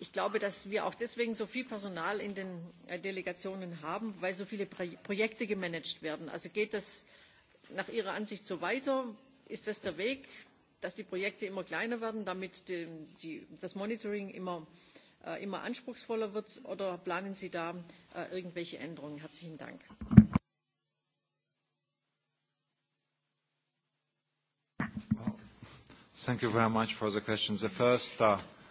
ich glaube dass wir auch deswegen so viel personal in den äh, delegationen haben weil so viele projekte gemanagt werden. also geht das nach ihrer ansicht so weiter? ist das der weg dass die projekte immer kleiner werden damit das monitoring äh, immer, anspruchsvoller wird oder planen sie da äh, irgendwelche änderungen? herzlichen dank. Well, thank you very much for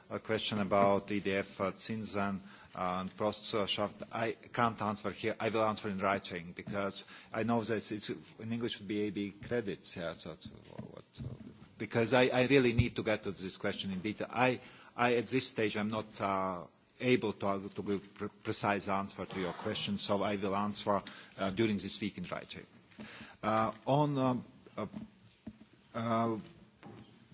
a question about EDF uh, Zinsan uh, and Prostzurschaft. I can't answer here. I will answer in writing because I know that it's, in English would be AB credits. Yeah, so, what, because I, I really need to get to this question in detail. I, I at this stage, I'm not uh, able to, to give pre precise answer to your question, so I will answer uh, during this week in writing. Uh, on um, uh, uh,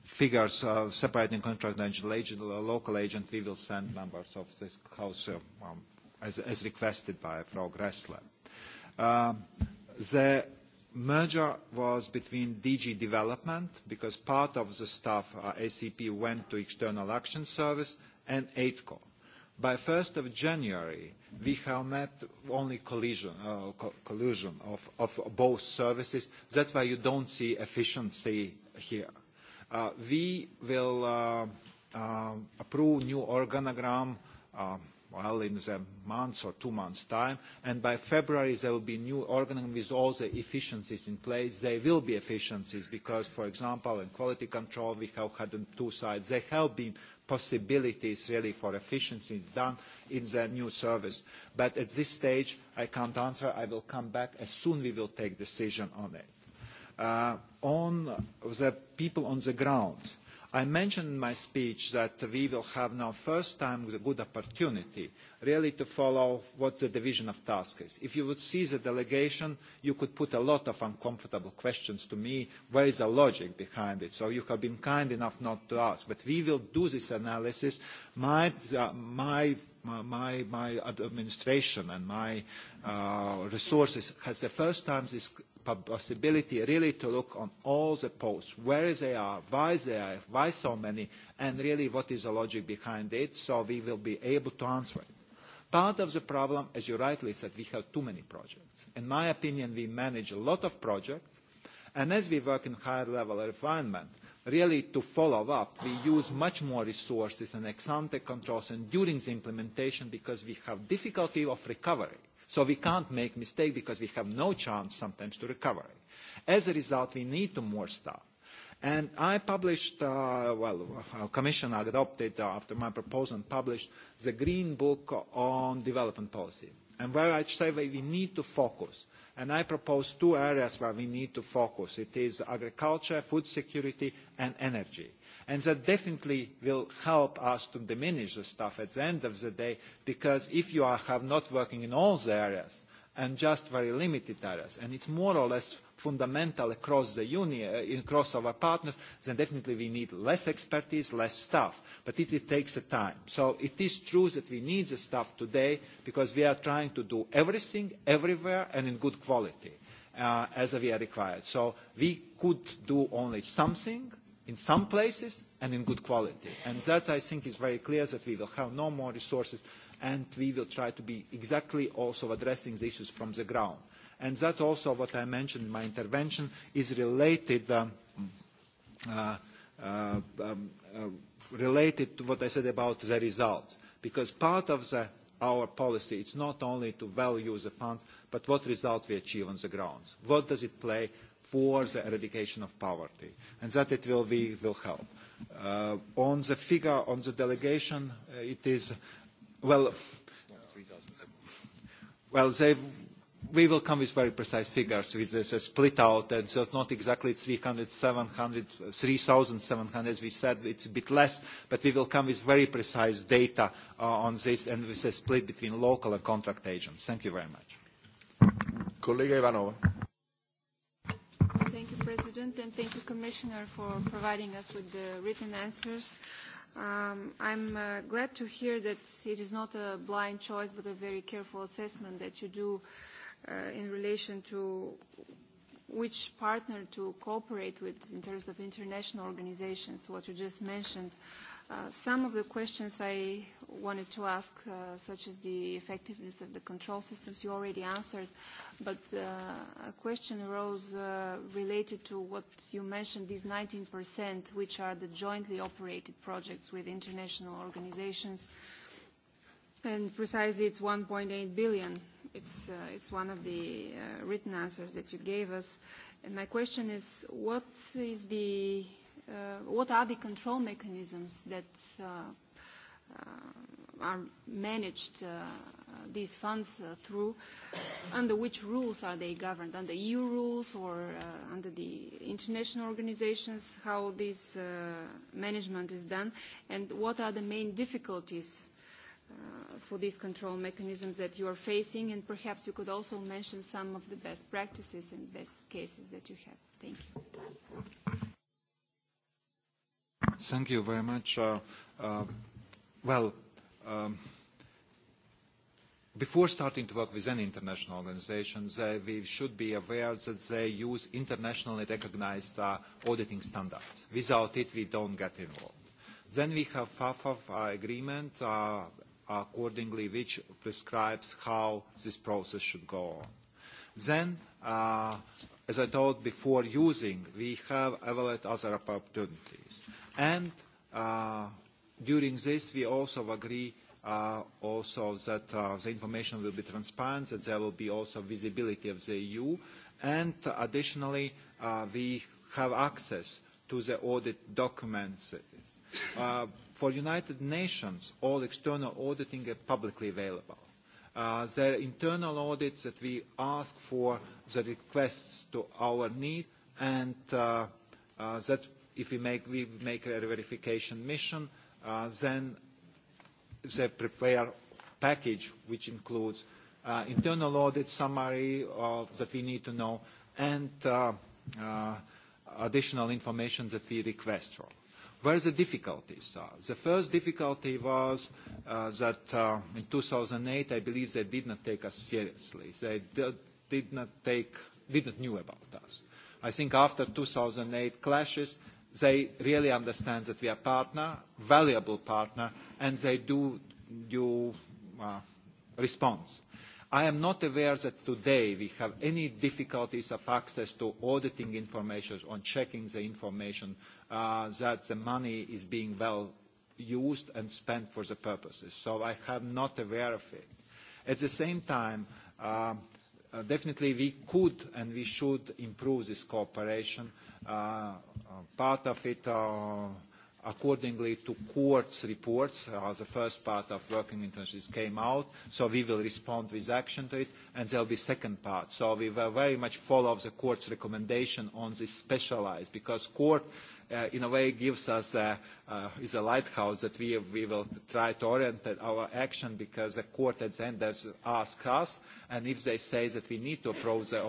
figures uh, separating contract agent, local agent, we will send members of this house uh, um, as, as requested by Frau Gressler. Um, the merger was between DG Development, because part of the staff, uh, ACP, went to External Action Service, and AIDCO. By 1st of January, we have met only collision, uh, co collusion of, of both services. That's why you don't see efficiency here. Uh, we will uh, uh, approve new organogram uh, well, in the months or two months' time, and by February there will be new organogram with all the efficiencies in place. There will be efficiencies because, for example, in quality control we have had on two sides. There have been possibilities really for efficiency done in the new service. But at this stage, I can't answer. I will come back as soon we will take decision on it uh, on the people on the ground. I mentioned in my speech that we will have now first time a good opportunity really to follow what the division of tasks is. If you would see the delegation, you could put a lot of uncomfortable questions to me. Where is the logic behind it? So you have been kind enough not to ask. But we will do this analysis. My, uh, my my, my administration and my uh, resources has the first time this possibility really to look on all the posts, where they are, why they are, why so many, and really what is the logic behind it, so we will be able to answer it. Part of the problem, as you rightly said, we have too many projects. In my opinion, we manage a lot of projects, and as we work in higher level refinement, really to follow up, we use much more resources and ex-ante controls and during the implementation because we have difficulty of recovery So we can't make mistake because we have no chance sometimes to recover As a result, we need to more stuff. And I published, uh, well, uh, Commission adopted uh, after my proposal and published the Green Book on Development Policy. And where I say we need to focus. And I propose two areas where we need to focus. It is agriculture, food security, and energy And that definitely will help us to diminish the stuff at the end of the day, because if you are have not working in all the areas and just very limited areas, and it's more or less fundamental across the union, uh, across our partners, then definitely we need less expertise, less staff. But it, it takes a time. So it is true that we need the staff today because we are trying to do everything, everywhere, and in good quality uh, as we are required. So we could do only something, in some places and in good quality. And that, I think, is very clear that we will have no more resources and we will try to be exactly also addressing the issues from the ground. And that also what I mentioned in my intervention is related, um, uh, uh um, uh, related to what I said about the results. Because part of the, our policy is not only to value the funds, but what results we achieve on the ground. What does it play for the eradication of poverty, and that it will, be, will help. Uh, on the figure, on the delegation, uh, it is, well, well, they we will come with very precise figures with this uh, split out, and so it's not exactly 300, 700, 3,700, we said it's a bit less, but we will come with very precise data uh, on this and with a split between local and contract agents. Thank you very much. Colleague Ivanova. President, and thank you, Commissioner, for providing us with the written answers. Um, I'm uh, glad to hear that it is not a blind choice, but a very careful assessment that you do uh, in relation to which partner to cooperate with in terms of international organizations, what you just mentioned. Uh, Uh, some of the questions I wanted to ask, uh, such as the effectiveness of the control systems, you already answered, but uh, a question arose uh, related to what you mentioned, these 19%, which are the jointly operated projects with international organizations, and precisely it's 1.8 billion. It's, uh, it's one of the uh, written answers that you gave us. And my question is, what is the uh, what are the control mechanisms that uh, uh, are managed uh, these funds uh, through? Under which rules are they governed? Under EU rules or uh, under the international organizations? How this uh, management is done? And what are the main difficulties Uh, for these control mechanisms that you are facing, and perhaps you could also mention some of the best practices and best cases that you have. Thank you. Thank you very much. Uh, uh, well, um, before starting to work with any international organizations, uh, we should be aware that they use internationally recognized uh, auditing standards. Without it, we don't get involved. Then we have FAFAF uh, agreement, uh, accordingly, which prescribes how this process should go on. Then, uh, as I told before, using, we have evaluated other opportunities. And uh, during this, we also agree uh, also that uh, the information will be transparent, that there will be also visibility of the EU, and additionally, uh, we have access to the audit documents. Uh, for United Nations, all external auditing is publicly available. Uh, their internal audits that we ask for the requests to our need and uh, uh, that if we make, we make a verification mission, uh, then they prepare package which includes uh, internal audit summary uh, that we need to know and uh, uh, additional information that we request for. Where the difficulties are? The first difficulty was uh, that uh, in 2008, I believe they did not take us seriously. They did, did not take, did not knew about us. I think after 2008 clashes, they really understand that we are a partner, valuable partner, and they do, do uh, response. I am not aware that today we have any difficulties of access to auditing information on checking the information uh, that the money is being well used and spent for the purposes. So I am not aware of it. At the same time, uh, Uh, definitely we could and we should improve this cooperation. Uh, uh part of it uh, accordingly to court's reports, uh, the first part of working intentions came out, so we will respond with action to it, and there will be second part. So we will very much follow the court's recommendation on this specialized, because court uh, in a way gives us a, uh, is a lighthouse that we, we will try to orient our action, because the court at the end does ask us, And if they say that we need to approach the,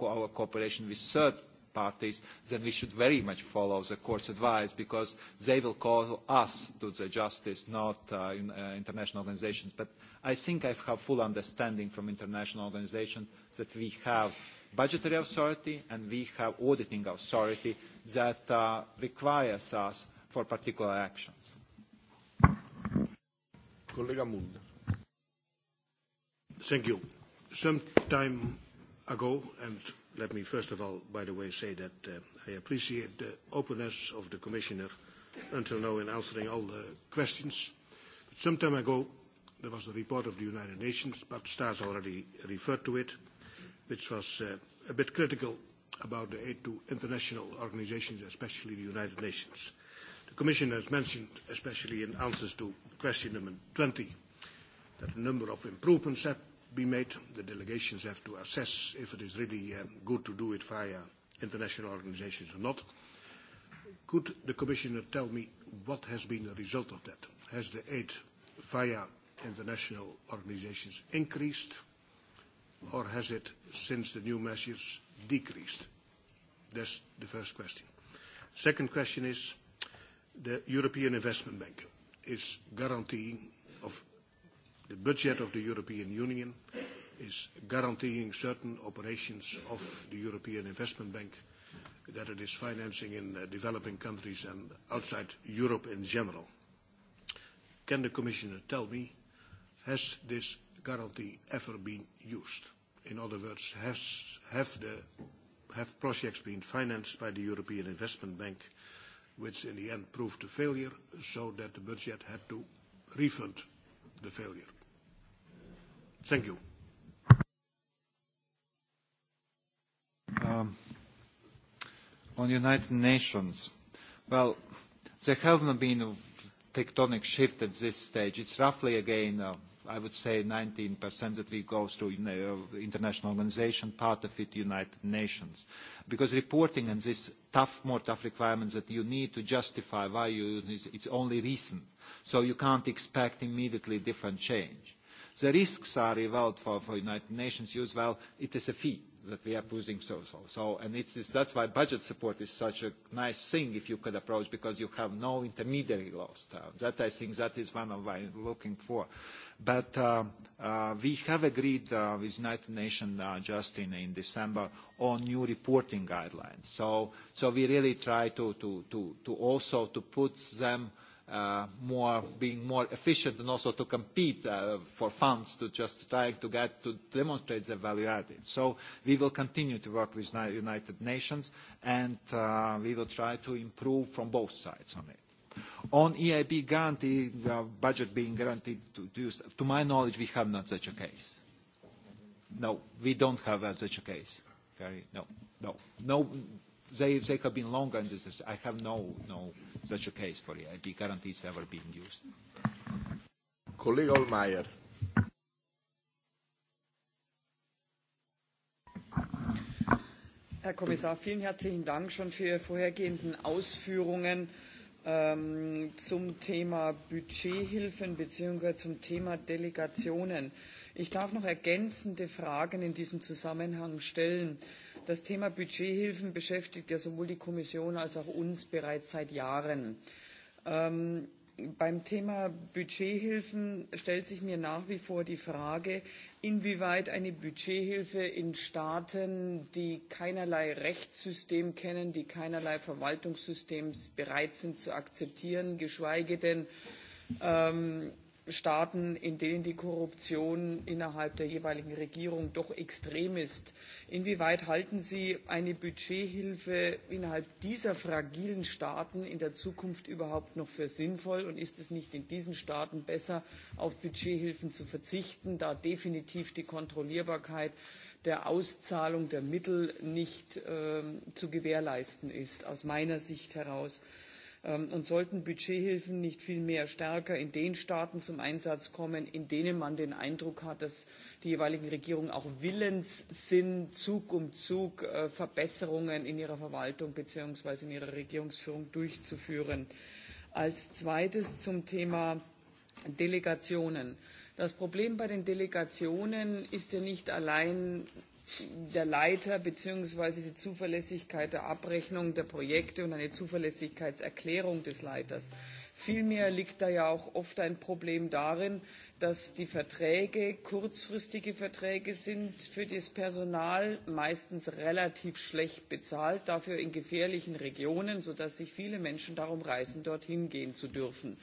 our cooperation with third parties, then we should very much follow the court's advice because they will call us to the justice, not uh, in, uh, international organizations. But I think I have full understanding from international organizations that we have budgetary authority and we have auditing authority that uh, requires us for particular actions. Collega Mulder. Thank you some time ago, and let me first of all, by the way, say that uh, I appreciate the openness of the Commissioner until now in answering all the questions. But some time ago, there was a report of the United Nations, but Stas already referred to it, which was uh, a bit critical about the aid to international organizations, especially the United Nations. The Commission has mentioned, especially in answers to question number 20, that a number of improvements have be made. The delegations have to assess if it is really uh, good to do it via international organizations or not. Could the Commissioner tell me what has been the result of that? Has the aid via international organizations increased or has it, since the new measures, decreased? That's the first question. Second question is the European Investment Bank is guaranteeing the budget of the European Union is guaranteeing certain operations of the European Investment Bank that it is financing in uh, developing countries and outside Europe in general. Can the Commissioner tell me, has this guarantee ever been used? In other words, has, have, the, have projects been financed by the European Investment Bank which in the end proved a failure so that the budget had to refund the failure? Thank you. Um, on United Nations, well, there haven't been a tectonic shift at this stage. It's roughly again, uh, I would say, 19% that we go to uh, international organization, part of it United Nations, because reporting and this tough, more tough requirements that you need to justify why you it's only recent, so you can't expect immediately different change. The risks are evolved for, for United Nations use. Well, it is a fee that we are posing so so so and it's this, that's why budget support is such a nice thing if you could approach because you have no intermediary laws. Uh, that i think that is one of what i'm looking for but uh, uh, we have agreed uh, with united nations uh, just in, in december on new reporting guidelines so so we really try to to to, to also to put them uh, Uh, more being more efficient and also to compete uh, for funds to just try to get to demonstrate the value added. So we will continue to work with United Nations and uh, we will try to improve from both sides on it. On EIB guarantee, the budget being guaranteed to use, to my knowledge, we have not such a case. No, we don't have uh, such a case. Gary, no, no, no, they, they have been longer and this. is, I have no, no such a case for EIB guarantees ever being used. Colleague Olmeyer. Herr Kommissar, vielen herzlichen Dank schon für Ihre vorhergehenden Ausführungen ähm, zum Thema Budgethilfen bzw. zum Thema Delegationen. Ich darf noch ergänzende Fragen in diesem Zusammenhang stellen. Äh, Das Thema Budgethilfen beschäftigt ja sowohl die Kommission als auch uns bereits seit Jahren. Ähm, beim Thema Budgethilfen stellt sich mir nach wie vor die Frage, inwieweit eine Budgethilfe in Staaten, die keinerlei Rechtssystem kennen, die keinerlei Verwaltungssystem bereit sind zu akzeptieren, geschweige denn ähm, Staaten, in denen die Korruption innerhalb der jeweiligen Regierung doch extrem ist. Inwieweit halten Sie eine Budgethilfe innerhalb dieser fragilen Staaten in der Zukunft überhaupt noch für sinnvoll? Und ist es nicht in diesen Staaten besser, auf Budgethilfen zu verzichten, da definitiv die Kontrollierbarkeit der Auszahlung der Mittel nicht äh, zu gewährleisten ist, aus meiner Sicht heraus? Ähm, und sollten Budgethilfen nicht vielmehr stärker in den Staaten zum Einsatz kommen, in denen man den Eindruck hat, dass die jeweiligen Regierungen auch willens sind, Zug um Zug äh, Verbesserungen in ihrer Verwaltung bzw. in ihrer Regierungsführung durchzuführen. Als zweites zum Thema Delegationen. Das Problem bei den Delegationen ist ja nicht allein der Leiter bzw. die Zuverlässigkeit der Abrechnung der Projekte und eine Zuverlässigkeitserklärung des Leiters. Vielmehr liegt da ja auch oft ein Problem darin, dass die Verträge kurzfristige Verträge sind für das Personal, meistens relativ schlecht bezahlt, dafür in gefährlichen Regionen, sodass sich viele Menschen darum reißen, dorthin gehen zu dürfen.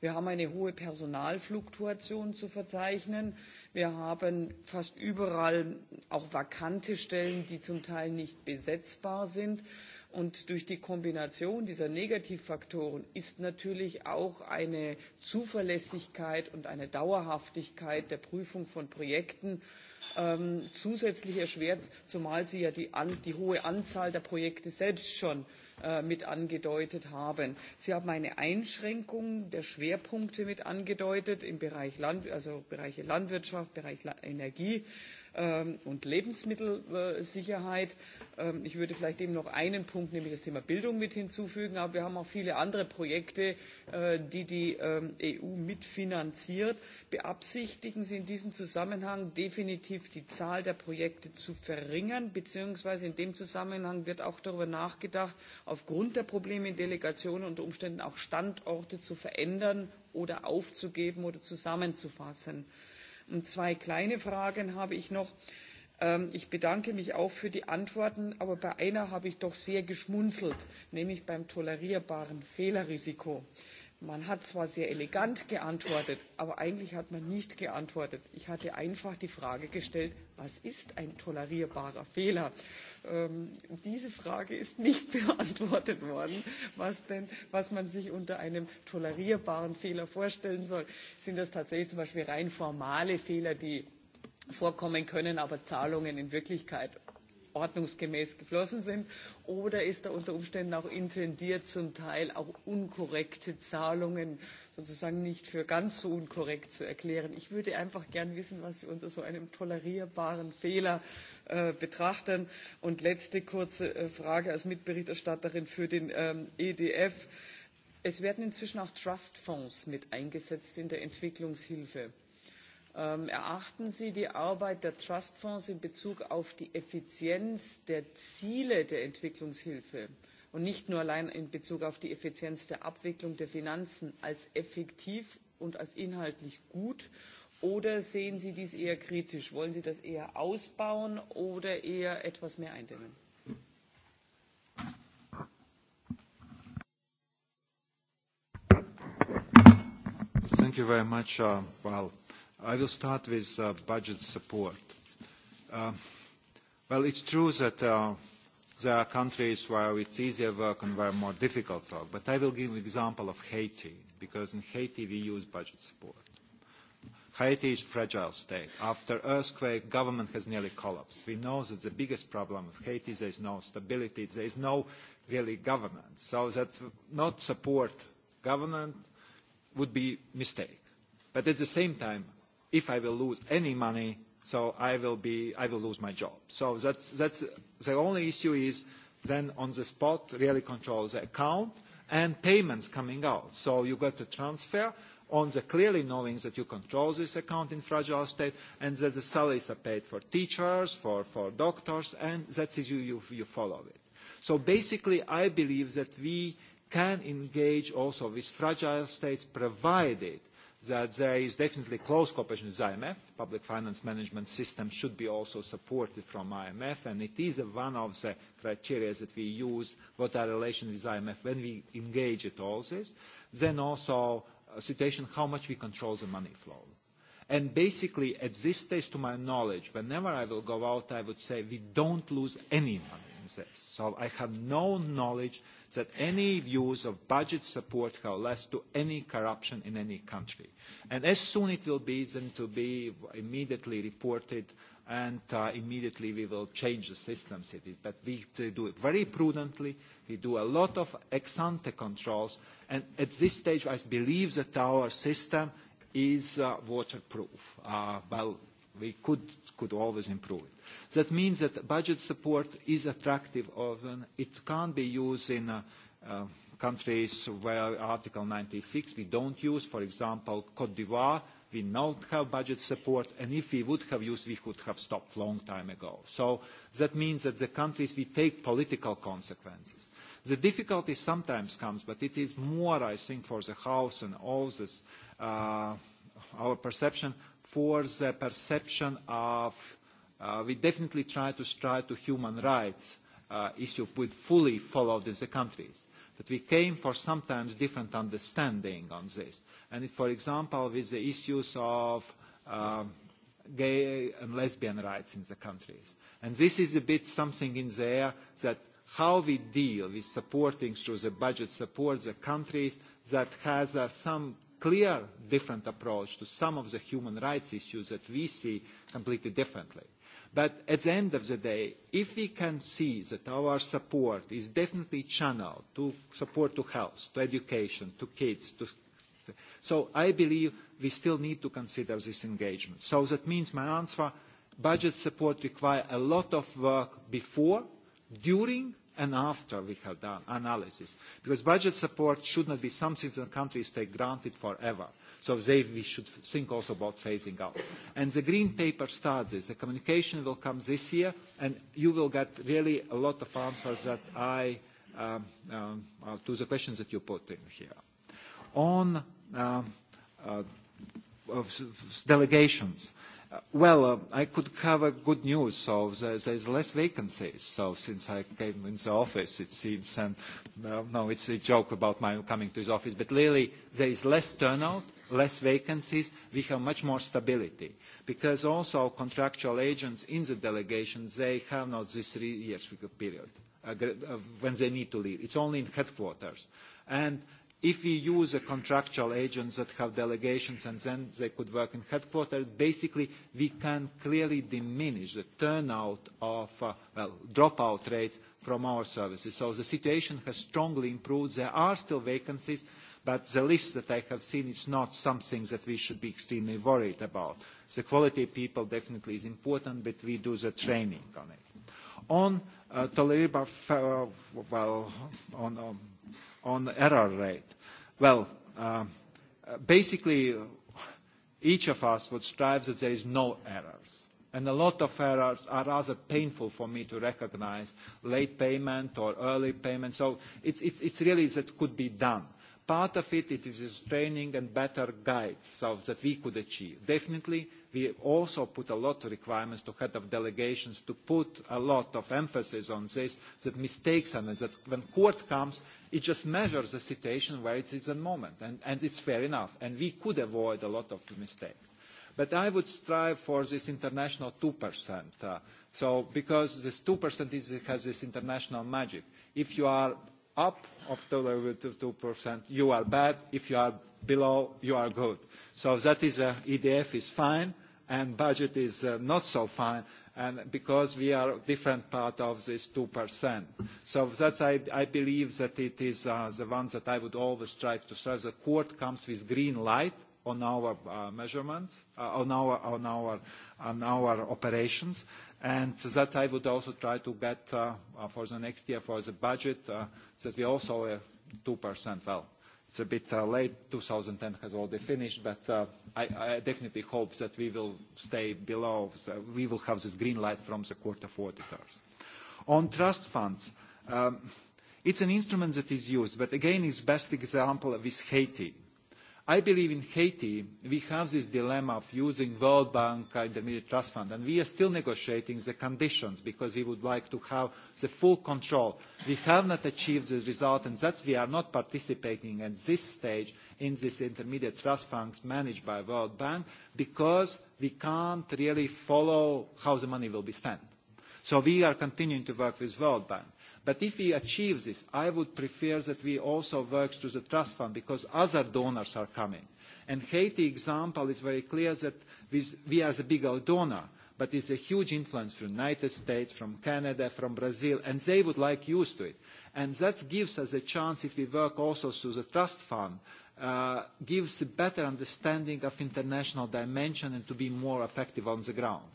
Wir haben eine hohe Personalfluktuation zu verzeichnen. Wir haben fast überall auch vakante Stellen, die zum Teil nicht besetzbar sind. Und durch die Kombination dieser Negativfaktoren ist natürlich auch eine Zuverlässigkeit und eine Dauerhaftigkeit der Prüfung von Projekten ähm, zusätzlich erschwert, zumal sie ja die, an, die hohe Anzahl der Projekte selbst schon Äh, mit angedeutet haben. Sie haben eine Einschränkung der Schwerpunkte mit angedeutet im Bereich Land, also Bereiche Landwirtschaft, Bereich Energie Ähm, und Lebensmittelsicherheit. Ähm, ich würde vielleicht eben noch einen Punkt, nämlich das Thema Bildung, mit hinzufügen. Aber wir haben auch viele andere Projekte, äh, die die ähm, EU mitfinanziert. Beabsichtigen Sie in diesem Zusammenhang definitiv die Zahl der Projekte zu verringern, beziehungsweise in dem Zusammenhang wird auch darüber nachgedacht, aufgrund der Probleme in Delegationen unter Umständen auch Standorte zu verändern oder aufzugeben oder zusammenzufassen. Und zwei kleine Fragen habe ich noch. Ähm, ich bedanke mich auch für die Antworten, aber bei einer habe ich doch sehr geschmunzelt, nämlich beim tolerierbaren Fehlerrisiko Man hat zwar sehr elegant geantwortet, aber eigentlich hat man nicht geantwortet. Ich hatte einfach die Frage gestellt, was ist ein tolerierbarer Fehler? Ähm, diese Frage ist nicht [LAUGHS] beantwortet worden, was, denn, was man sich unter einem tolerierbaren Fehler vorstellen soll. Sind das tatsächlich zum Beispiel rein formale Fehler, die vorkommen können, aber Zahlungen in Wirklichkeit ordnungsgemäß geflossen sind? Oder ist da unter Umständen auch intendiert, zum Teil auch unkorrekte Zahlungen sozusagen nicht für ganz so unkorrekt zu erklären? Ich würde einfach gern wissen, was Sie unter so einem tolerierbaren Fehler äh, betrachten. Und letzte kurze äh, Frage als Mitberichterstatterin für den ähm, EDF. Es werden inzwischen auch Trustfonds mit eingesetzt in der Entwicklungshilfe Ähm, erachten Sie die Arbeit der Trustfonds in Bezug auf die Effizienz der Ziele der Entwicklungshilfe und nicht nur allein in Bezug auf die Effizienz der Abwicklung der Finanzen als effektiv und als inhaltlich gut? Oder sehen Sie dies eher kritisch? Wollen Sie das eher ausbauen oder eher etwas mehr eindämmen? Thank you very much. Uh, well, I will start with uh, budget support. Uh, well, it's true that uh, there are countries where it's easier work and where more difficult work, but I will give an example of Haiti, because in Haiti we use budget support. Haiti is a fragile state. After earthquake, government has nearly collapsed. We know that the biggest problem of Haiti, there is no stability, there is no really government. So that not support government would be a mistake. But at the same time, if I will lose any money, so I will, be, I will lose my job. So that's, that's the only issue is then on the spot really control the account and payments coming out. So you get the transfer on the clearly knowing that you control this account in fragile state and that the salaries are paid for teachers, for, for doctors, and that is you, you, you follow it. So basically, I believe that we can engage also with fragile states provided – that there is definitely close cooperation with IMF. Public finance management system should be also supported from IMF, and it is one of the criteria that we use, what our relation with IMF when we engage at all this. Then also a situation how much we control the money flow. And basically, at this stage, to my knowledge, whenever I will go out, I would say we don't lose any money in this. So I have no knowledge that any use of budget support have led to any corruption in any country. And as soon it will be, then to be immediately reported and uh, immediately we will change the system. but we uh, do it very prudently. We do a lot of ex-ante controls. And at this stage, I believe that our system is uh, waterproof. Uh, well, we could, could always improve it. That means that budget support is attractive often. It can't be used in uh, uh, countries where Article 96 we don't use, for example, Cote d'Ivoire, we not have budget support, and if we would have used, we could have stopped long time ago. So that means that the countries, we take political consequences. The difficulty sometimes comes, but it is more, I think, for the House and all this, uh, our perception, for the perception of Uh, we definitely try to strive to human rights uh, issue put fully followed in the countries. But we came for sometimes different understanding on this. And it, for example, with the issues of um, gay and lesbian rights in the countries. And this is a bit something in there that how we deal with supporting through the budget support the countries that has uh, some clear different approach to some of the human rights issues that we see completely differently. But at the end of the day, if we can see that our support is definitely channeled to support to health, to education, to kids, so I believe we still need to consider this engagement. So that means my answer, budget support requires a lot of work before, during, and after we have done analysis. Because budget support should not be something that countries take granted forever. So they, we should think also about phasing out. And the green paper starts this. The communication will come this year, and you will get really a lot of answers that I, um, um, uh, to the questions that you put in here. On um, uh, of delegations, uh, Well, uh, I could cover good news. So there, there's less vacancies. So since I came into the office, it seems, and uh, no, it's a joke about my coming to his office, but really there is less turnout less vacancies, we have much more stability. Because also our contractual agents in the delegations, they have not this three years period uh, uh, when they need to leave. It's only in headquarters. And if we use the contractual agents that have delegations and then they could work in headquarters, basically we can clearly diminish the turnout of, uh, well, dropout rates from our services. So the situation has strongly improved. There are still vacancies, but the list that I have seen is not something that we should be extremely worried about. The quality of people definitely is important, but we do the training on it. On uh, tolerable, uh, well, on, um, on error rate, well, uh, basically each of us would strive that there is no errors and a lot of errors are rather painful for me to recognise late payment or early payment. So it's, it's, it's really that could be done. Part of it, it is training and better guides so that we could achieve. Definitely, we also put a lot of requirements to head of delegations to put a lot of emphasis on this, that mistakes and that when court comes, it just measures the situation where it is at the moment. And, and it's fair enough. And we could avoid a lot of mistakes. But I would strive for this international 2%. Uh, so because this 2% is, has this international magic. If you are up of the 2%, you are bad. If you are below, you are good. So that is, uh, EDF is fine, and budget is uh, not so fine, and because we are different part of this 2%. So that's, I, I believe that it is uh, the one that I would always try to stress. The court comes with green light on our measurements, on our, on, our, on our operations, And that I would also try to get uh, uh, for the next year for the budget uh, that we also are uh, 2%. Well, it's a bit uh, late. 2010 has already finished, but uh, I, I definitely hope that we will stay below. So we will have this green light from the Court of Auditors. On trust funds, um, it's an instrument that is used, but again, it's best example with Haiti I believe in Haiti, we have this dilemma of using World Bank uh, Intermediate Trust Fund, and we are still negotiating the conditions because we would like to have the full control. We have not achieved the result, and that we are not participating at this stage in this intermediate trust funds managed by World Bank because we can't really follow how the money will be spent. So we are continuing to work with World Bank. But if we achieve this, I would prefer that we also work through the trust fund because other donors are coming. And Haiti example is very clear that we are the bigger donor, but it's a huge influence from the United States, from Canada, from Brazil, and they would like used to it. And that gives us a chance if we work also through the trust fund, uh, gives a better understanding of international dimension and to be more effective on the ground.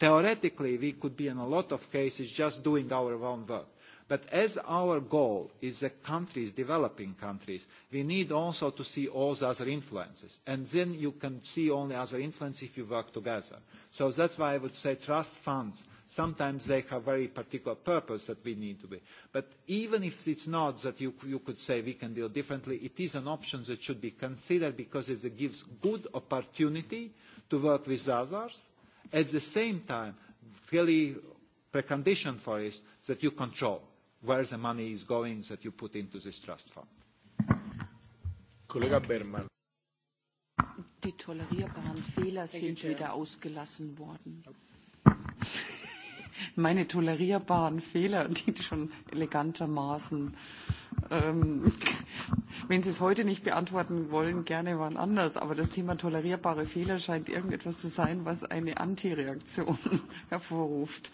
Theoretically, we could be in a lot of cases just doing our own work But as our goal is the countries, developing countries, we need also to see all the other influences. And then you can see only other influences if you work together. So that's why I would say trust funds, sometimes they have very particular purpose that we need to be. But even if it's not that you, you could say we can deal differently, it is an option that should be considered because it gives good opportunity to work with others. At the same time, really precondition for is that you control where the money is going that you put into this trust fund. Kollege Bergmann. Die tolerierbaren Fehler sind wieder ausgelassen worden. [LAUGHS] Meine tolerierbaren Fehler, die schon elegantermaßen. Ähm, [LAUGHS] wenn Sie es heute nicht beantworten wollen, gerne wann anders. Aber das Thema tolerierbare Fehler scheint irgendetwas zu sein, was eine Antireaktion [LAUGHS] hervorruft.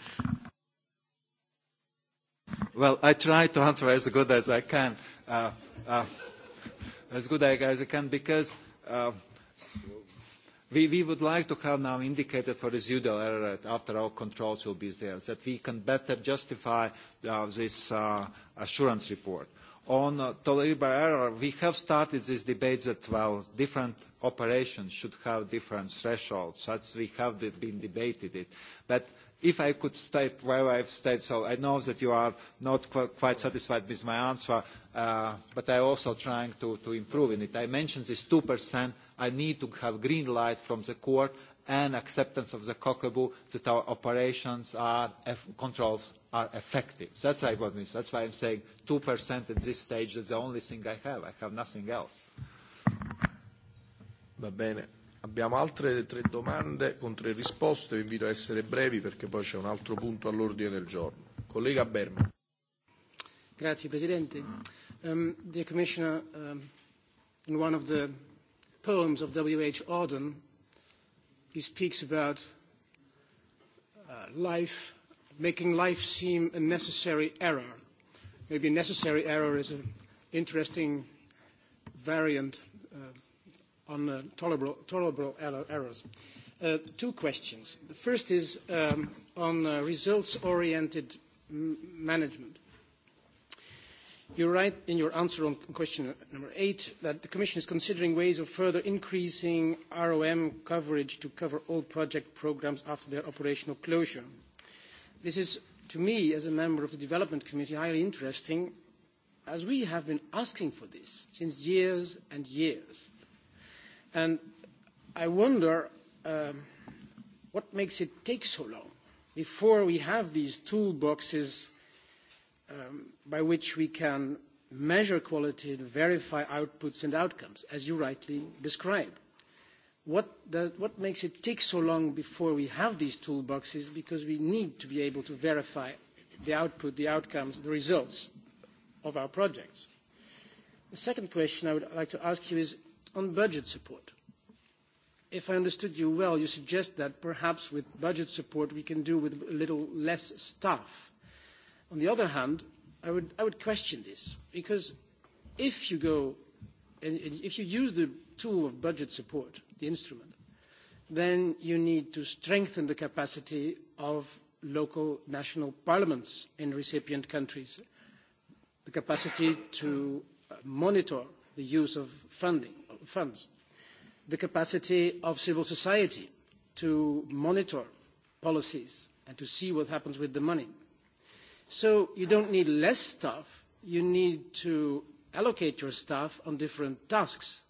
Well, I try to answer as good as I can, uh, uh, as good as I can, because uh, we, we would like to have now indicated for residual error after our controls will be there, that we can better justify uh, this uh, assurance report. On uh, tolerable error, we have started this debate that, well, different operations should have different thresholds. That's we have been debated it. But If I could state where I've stayed, so I know that you are not qu quite satisfied with my answer, uh, but I'm also trying to, to improve in it. I mentioned this 2%. I need to have green light from the court and acceptance of the cockaboo that our operations are controls are effective. That's like what means. That's why I'm saying 2% at this stage is the only thing I have. I have nothing else. Va bene. Abbiamo altre tre domande con tre risposte, vi invito a essere brevi perché poi c'è un altro punto all'ordine del giorno. Collega Berman. Grazie Presidente. Um, dear Commissioner, um, in one of the poems of W.H. Auden, he speaks about uh, life, making life seem a necessary error. Maybe necessary error is an interesting variant uh, on uh, tolerable, errors. Uh, two questions. The first is um, on uh, results-oriented management. You write in your answer on question number eight that the Commission is considering ways of further increasing ROM coverage to cover all project programs after their operational closure. This is, to me, as a member of the Development Committee, highly interesting, as we have been asking for this since years and years And I wonder um, what makes it take so long before we have these toolboxes um, by which we can measure quality and verify outputs and outcomes, as you rightly describe. What, what makes it take so long before we have these toolboxes? Because we need to be able to verify the output, the outcomes, the results of our projects. The second question I would like to ask you is, on budget support. If I understood you well, you suggest that perhaps with budget support we can do with a little less staff. On the other hand, I would, I would question this, because if you go and if you use the tool of budget support, the instrument, then you need to strengthen the capacity of local national parliaments in recipient countries, the capacity to monitor the use of funding funds, the capacity of civil society to monitor policies and to see what happens with the money. So you don't need less staff, you need to allocate your staff on different tasks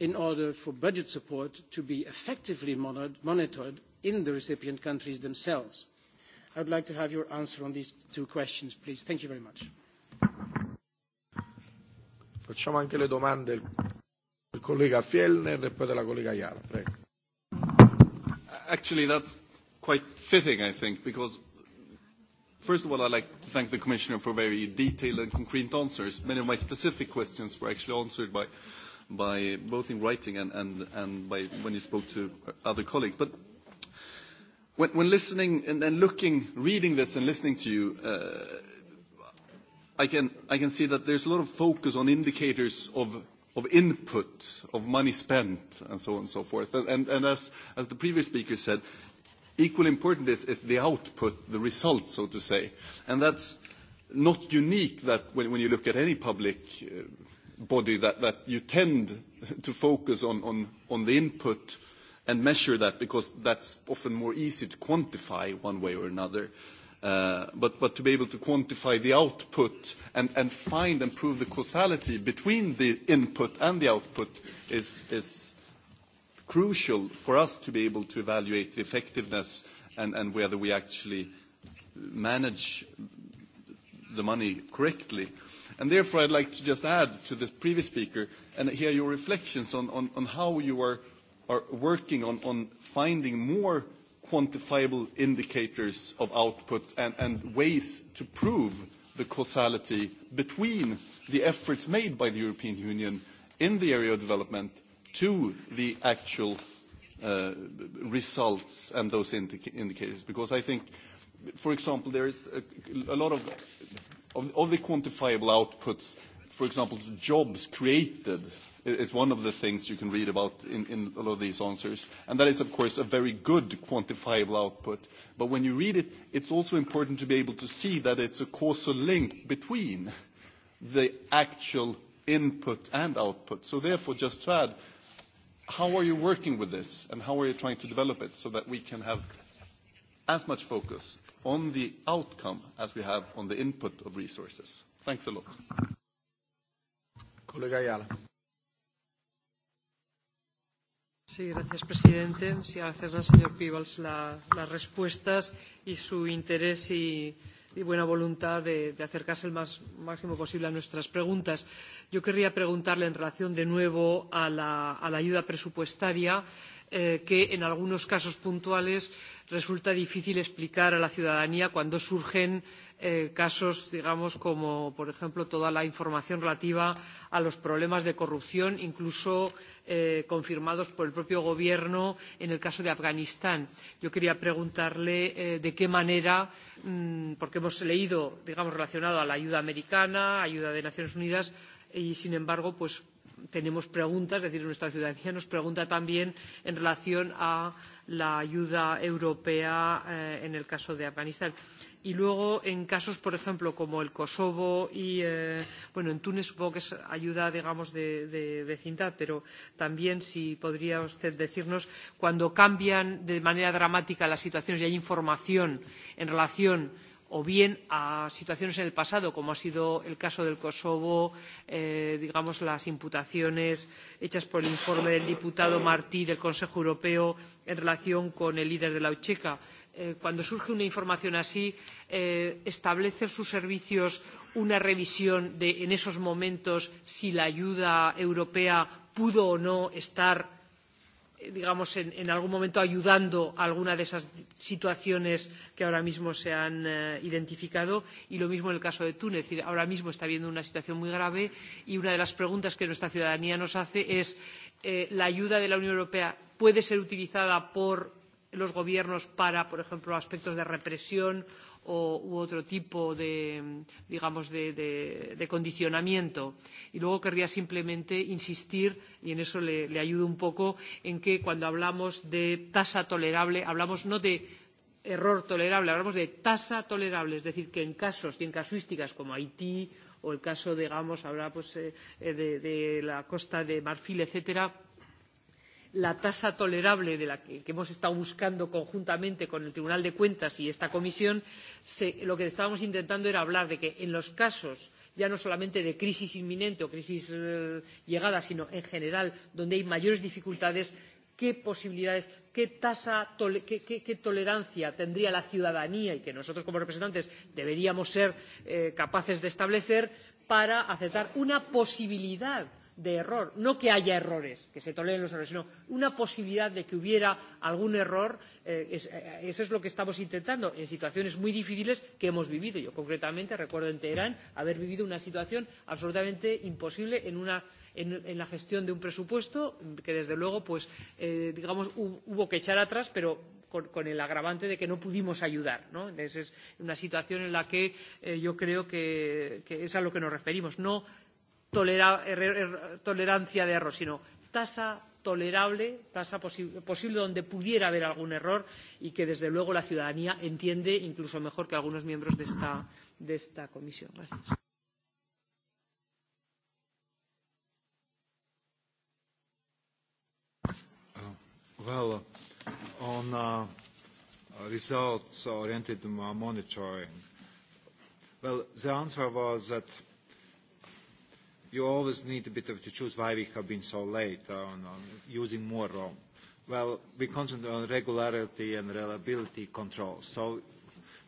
in order for budget support to be effectively monitored in the recipient countries themselves. I would like to have your answer on these two questions, please. Thank you very much. Facciamo anche le domande collega Fjellner e poi della collega Yara. Actually, that's quite fitting, I think, because First of all, I'd like to thank the Commissioner for very detailed and concrete answers. Many of my specific questions were actually answered by, by both in writing and, and, and by when you spoke to other colleagues. But when, when listening and, looking, reading this and listening to you, uh, I, can, I can see that there's a lot of focus on indicators of of input, of money spent, and so on and so forth. And, and, and as, as the previous speaker said, equally important is, is the output, the result, so to say. And that's not unique that when, when you look at any public uh, body that, that you tend to focus on, on, on the input and measure that because that's often more easy to quantify one way or another. Uh, but, to be able to quantify the output and, find and prove the causality between the input and the output is, crucial for us to be able to evaluate the effectiveness and, whether we actually manage the money correctly. And therefore, I'd like to just add to the previous speaker and hear your reflections on, how you are, working on finding more – quantifiable indicators of output and, and ways to prove the causality between the efforts made by the European Union in the area of development to the actual uh, results and those indica indicators. Because I think, for example, there is a, a lot of, of, of the quantifiable outputs, for example, jobs created is one of the things you can read about in, in a lot of these answers. And that is, of course, a very good quantifiable output. But when you read it, it's also important to be able to see that it's a causal link between the actual input and output. So therefore, just to add, how are you working with this and how are you trying to develop it so that we can have as much focus on the outcome as we have on the input of resources? Thanks a lot. Kollega Ayala. Sí, gracias, presidente. Sí, agradecerle al señor Pibals la, las respuestas y su interés y, y buena voluntad de, de acercarse el más, máximo posible a nuestras preguntas. Yo querría preguntarle en relación de nuevo a la, a la ayuda presupuestaria eh, que en algunos casos puntuales eh, resulta difícil explicar a la ciudadanía cuando surgen eh, casos digamos como por ejemplo toda la información relativa a los problemas de corrupción incluso eh, confirmados por el propio gobierno en el caso de afganistán. yo quería preguntarle eh, de qué manera mmm, porque hemos leído digamos relacionado a la ayuda americana ayuda de las naciones unidas y sin embargo pues tenemos preguntas es decir nuestra ciudadanía nos pregunta también en relación con la ayuda europea eh, en el caso de Afganistán. Y luego, en casos, por ejemplo, como el Kosovo y, eh, bueno, en Túnez supongo que es ayuda, digamos, de, de vecindad, pero también, si podría usted decirnos, cuando cambian de manera dramática las situaciones y hay información en relación o bien a situaciones en el pasado, como ha sido el caso del Kosovo, eh, digamos, las imputaciones hechas por el informe del diputado Martí del Consejo Europeo en relación con el líder de la Ucheca. Eh, cuando surge una información así, eh, establecen sus servicios una revisión de, en esos momentos, si la ayuda europea pudo o no estar digamos, en, en algún momento ayudando a alguna de esas situaciones que ahora mismo se han eh, identificado. Y lo mismo en el caso de Túnez. Es decir, ahora mismo está habiendo una situación muy grave y una de las preguntas que nuestra ciudadanía nos hace es eh, ¿la ayuda de la Unión Europea puede ser utilizada por los gobiernos para, por ejemplo, aspectos de represión o, u otro tipo de, digamos, de, de, de condicionamiento. Y luego querría simplemente insistir, y en eso le, le ayudo un poco, en que cuando hablamos de tasa tolerable, hablamos no de error tolerable, hablamos de tasa tolerable, es decir, que en casos y en casuísticas como Haití o el caso, digamos, ahora pues, eh, eh de, de la costa de Marfil, etcétera, la tasa tolerable de la que, que hemos estado buscando conjuntamente con el Tribunal de Cuentas y esta comisión, se, lo que estábamos intentando era hablar de que en los casos ya no solamente de crisis inminente o crisis eh, llegada, sino en general donde hay mayores dificultades, qué posibilidades, qué tasa, tole, qué, qué, qué tolerancia tendría la ciudadanía y que nosotros como representantes deberíamos ser eh, capaces de establecer para aceptar una posibilidad de error. No que haya errores, que se toleren los errores, sino una posibilidad de que hubiera algún error. Eh, es, eh, eso es lo que estamos intentando en situaciones muy difíciles que hemos vivido. Yo concretamente recuerdo en Teherán haber vivido una situación absolutamente imposible en una en, en la gestión de un presupuesto que desde luego pues eh, digamos hubo que echar atrás pero con, con el agravante de que no pudimos ayudar. ¿no? Esa es una situación en la que eh, yo creo que, que es a lo que nos referimos. No Er, er, er, tolerancia de error, sino tasa tolerable, tasa posible donde pudiera haber algún error y que desde luego la ciudadanía entiende incluso mejor que algunos miembros de esta, de esta comisión. Gracias. Well, on uh, results-oriented monitoring, well, the answer was that you always need a bit of to choose why we have been so late on, on using more ROM. Well, we concentrate on regularity and reliability control. So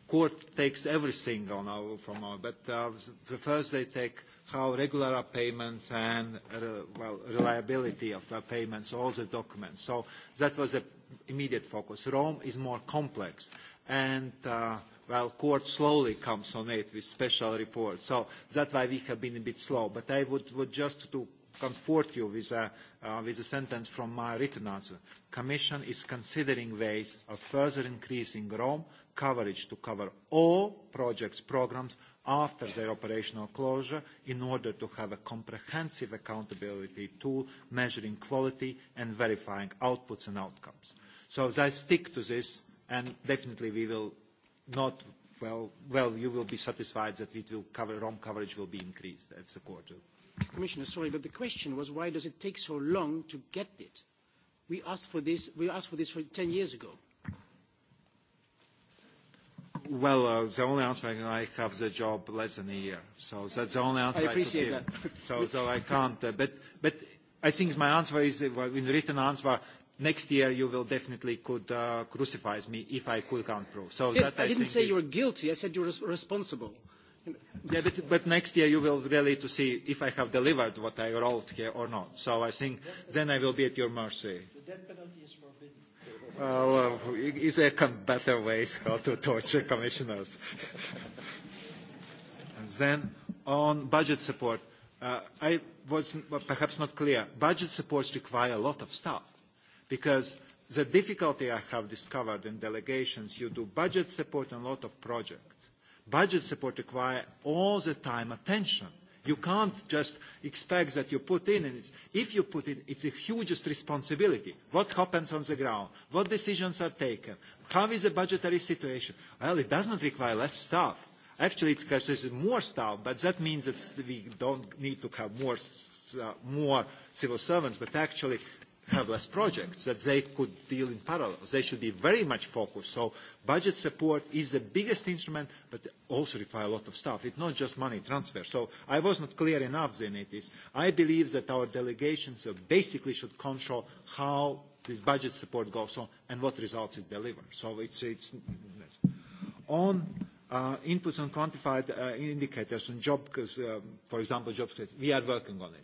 court takes everything on our, from our, but uh, the first they take how regular are payments and uh, well, reliability of the payments, all the documents. So that was the immediate focus. Rome is more complex. And uh, well, court slowly comes on it with special reports. So that's why we have been a bit slow. But I would, would just to comfort you with a, uh, with a sentence from my written answer. Commission is considering ways of further increasing Rome coverage to cover all projects, programs after their operational closure in order to have a comprehensive accountability tool measuring quality and verifying outputs and outcomes. So I stick to this and definitely we will not well, well, you will be satisfied that it will cover, ROM coverage will be increased. That's the quarter. Commissioner, sorry, but the question was why does it take so long to get it? We asked for this, we asked for this for 10 years ago. Well, uh, the only answer I have the job less than a year, so that's the only answer I appreciate I could give. That. so, so I can't. Uh, but, but I think my answer is uh, in written answer next year you will definitely could uh, crucify me if I could count pro. So yeah, that I, I didn't say is... you're guilty. I said you're responsible. Yeah, but, but next year you will really to see if I have delivered what I wrote here or not. So I think then I will be at your mercy. The death uh, penalty is forbidden. Well, uh, is there better ways how to torture commissioners? [LAUGHS] then on budget support, uh, I was perhaps not clear. Budget supports require a lot of staff because the difficulty I have discovered in delegations, you do budget support and a lot of projects. Budget support requires all the time attention. You can't just expect that you put in, and it's, if you put in, it's the hugest responsibility. What happens on the ground? What decisions are taken? How is the budgetary situation? Well, it doesn't require less staff. Actually, it's because there's more staff, but that means that we don't need to have more, uh, more civil servants, but actually have less projects that they could deal in parallel. They should be very much focused. So budget support is the biggest instrument, but also require a lot of stuff. It's not just money transfer. So I was not clear enough, Zenitis. I believe that our delegations basically should control how this budget support goes on and what results it delivers. So it's, it's on uh, inputs on quantified uh, indicators and job, uh, for example, jobs. We are working on it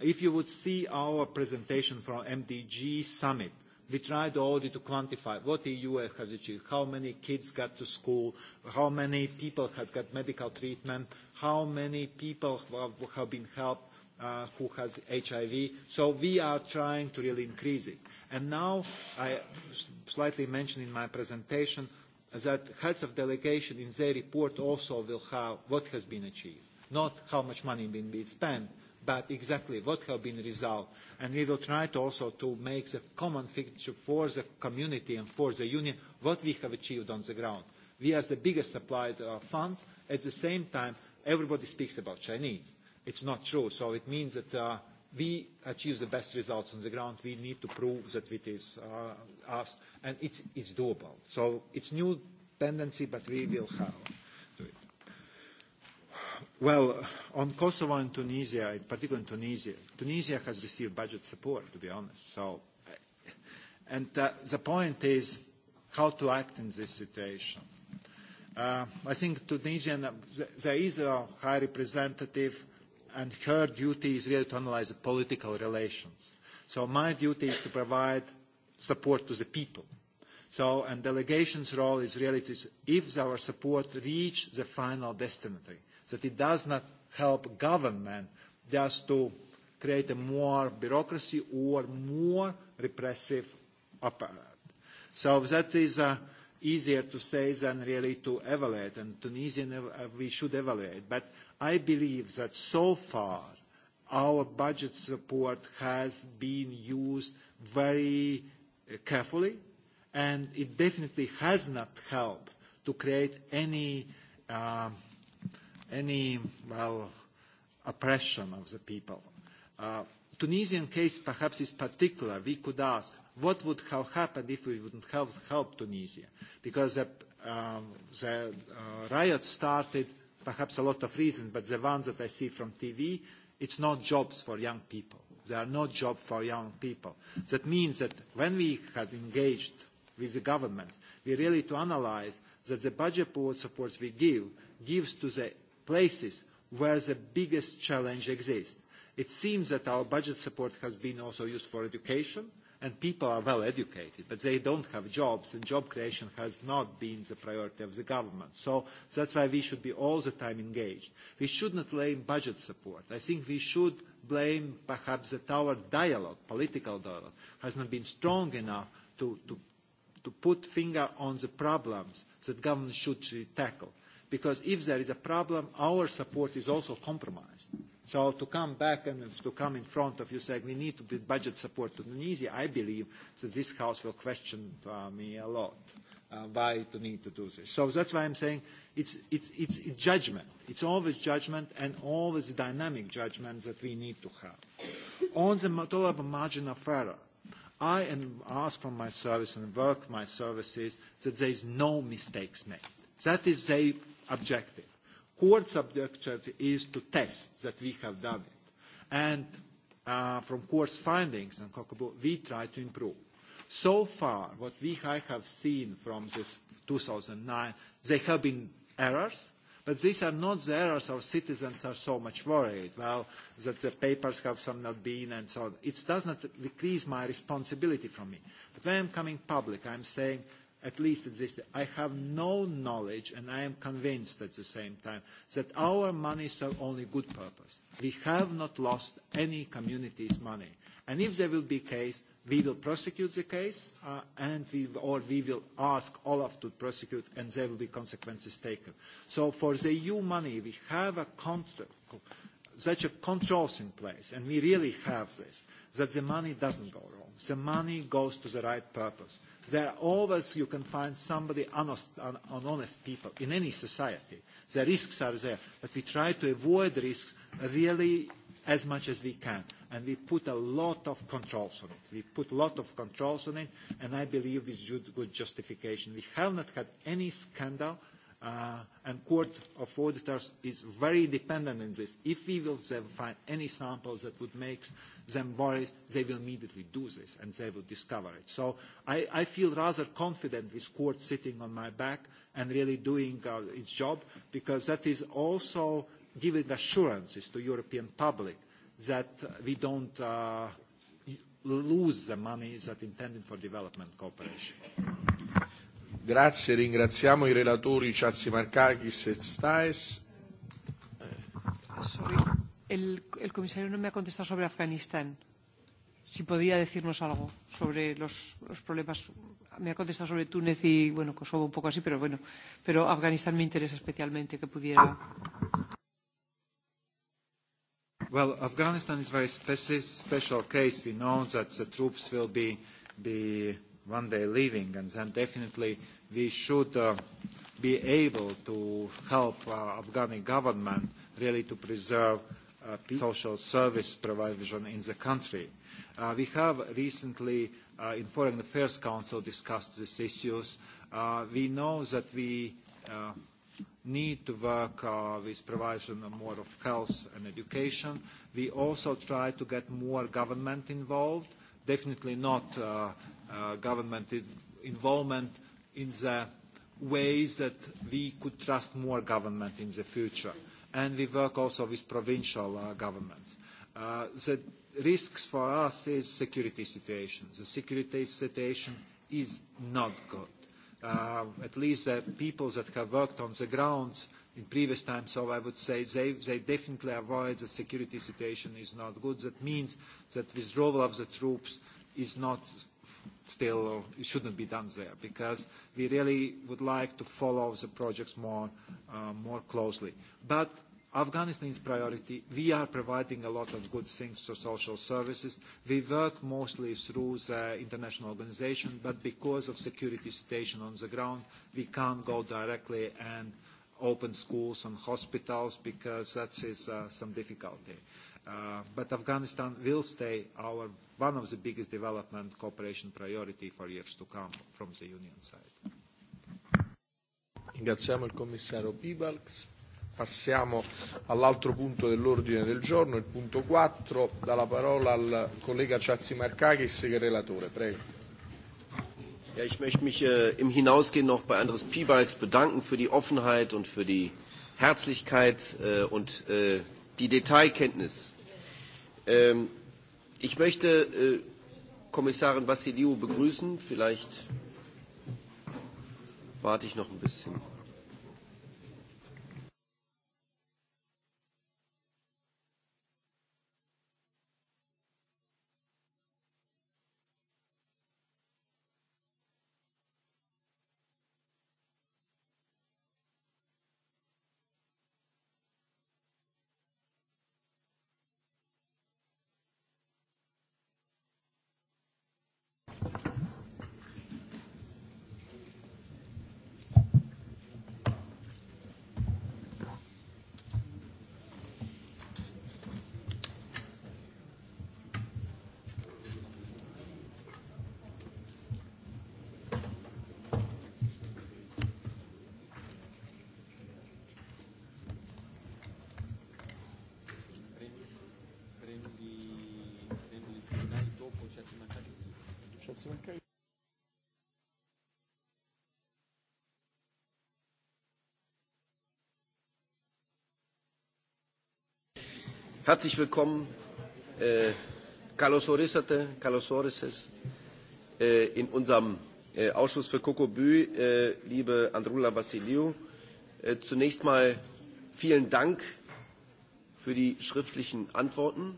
If you would see our presentation from MDG Summit, we tried already to quantify what the EU has achieved, how many kids got to school, how many people have got medical treatment, how many people have been helped uh, who has HIV. So we are trying to really increase it. And now I slightly mentioned in my presentation that heads of delegation in their report also will have what has been achieved, not how much money has been spent, but exactly what have been resolved. And we will try to also to make the common picture for the community and for the union what we have achieved on the ground. We are the biggest supplier of funds. At the same time, everybody speaks about Chinese. It's not true. So it means that uh, we achieve the best results on the ground. We need to prove that it is uh, us, and it's, it's doable. So it's new tendency, but we will have. Well, on Kosovo and Tunisia, in particular in Tunisia, Tunisia has received budget support, to be honest. So, eh, and uh, the point is how to act in this situation. Uh, I think Tunisian, there is a high representative, and her duty is really to analyze the political relations. So my duty is to provide support to the people. So, and delegation's role is really to, if our support reach the final destinatory, that it does not help government just to create a more bureaucracy or more repressive apparatus. So that is uh, easier to say than really to evaluate, and Tunisian uh, we should evaluate. But I believe that so far our budget support has been used very uh, carefully, and it definitely has not helped to create any uh, any, well, oppression of the people. Uh, Tunisian case perhaps is particular. We could ask, what would have happened if we wouldn't have helped Tunisia? Because the, um, the uh, riots started, perhaps a lot of reasons, but the ones that I see from TV, it's not jobs for young people. There are no jobs for young people. That means that when we had engaged with the governments, we really to analyze that the budget support we give gives to the places where the biggest challenge exists. It seems that our budget support has been also used for education, and people are well educated, but they don't have jobs, and job creation has not been the priority of the government. So that's why we should be all the time engaged. We should not blame budget support. I think we should blame perhaps that our dialogue, political dialogue, has not been strong enough to, to, to put finger on the problems that governments should tackle because if there is a problem, our support is also compromised. So to come back and to come in front of you saying we need to give budget support to Tunisia, I believe that this House will question uh, me a lot uh, why to need to do this. So that's why I'm saying it's, it's, it's judgment. It's always judgment and always dynamic judgment that we need to have. On the tolerable margin of error, I am asked from my service and work my services that there is no mistakes made. That is a objective. Court's objective is to test that we have done it. And uh, from Court's findings and Kokobo, we try to improve. So far, what we have seen from this 2009, there have been errors, but these are not the errors our citizens are so much worried, well, that the papers have some not been and so on. It does not decrease my responsibility from me. But when I'm coming public, I'm saying at least at this, I have no knowledge, and I am convinced at the same time, that our money serve only good purpose. We have not lost any community's money. And if there will be case, we will prosecute the case, uh, and we, or we will ask Olaf to prosecute, and there will be consequences taken. So for the EU money, we have a such a controls in place, and we really have this, that the money doesn't go wrong. The money goes to the right purpose. There always, you can find somebody honest, un, honest people in any society. The risks are there, but we try to avoid risks really as much as we can. And we put a lot of controls on it. We put a lot of controls on it, and I believe with good justification. We have not had any scandal Uh, and Court of Auditors is very dependent on this. If we will find any samples that would make them worried, they will immediately do this and they will discover it. So I, I feel rather confident with Court sitting on my back and really doing uh, its job because that is also giving assurances to European public that we don't uh, lose the money that intended for development cooperation. Grazie, ringraziamo i relatori Ciazzi Marcakis e Staes. Ah, sorry, el, el comisario no me ha contestado sobre Afganistán. Si podía decirnos algo sobre los, los problemas. Me ha contestado sobre Túnez y, bueno, Kosovo un poco así, pero bueno. Pero Afganistán me interesa especialmente que pudiera. Well, Afghanistan is a very special case. We know that the troops will be, be one day leaving, and then definitely we should uh, be able to help uh, Afghani government really to preserve uh, social service provision in the country. Uh, we have recently uh, in Foreign Affairs Council discussed these issues. Uh, we know that we uh, need to work uh, with provision of more of health and education. We also try to get more government involved, definitely not uh, uh, government involvement in the ways that we could trust more government in the future. And we work also with provincial uh, governments. Uh, the risks for us is security situation. The security situation is not good. Uh, at least the people that have worked on the grounds in previous times, so I would say they, they definitely avoid the security situation is not good. That means that withdrawal of the troops is not still it shouldn't be done there because we really would like to follow the projects more, uh, more closely. But Afghanistan's priority, we are providing a lot of good things for social services. We work mostly through the international organization, but because of security situation on the ground, we can't go directly and open schools and hospitals because that is uh, some difficulty. Uh, Uh, but Afghanistan will stay our, one of the biggest development cooperation priority for years to come from the Union side. Ringraziamo il commissario Pibalks. Passiamo all'altro punto dell'ordine del giorno, il punto 4. Dà la parola al collega Ciazzimarcakis, che è relatore. Prego. Ja, ich möchte mich äh, im Hinausgehen noch bei Andres Piebalgs bedanken für die Offenheit und für die Herzlichkeit äh, und äh, die Detailkenntnis Ähm, ich möchte äh, Kommissarin Vassiliou begrüßen. Vielleicht warte ich noch ein bisschen. Herzlich willkommen. Äh, Carlos Orisate, Carlos Orises äh, in unserem äh, Ausschuss für Kokobü, äh, liebe Andrula Vassiliou. Äh, zunächst mal vielen Dank für die schriftlichen Antworten.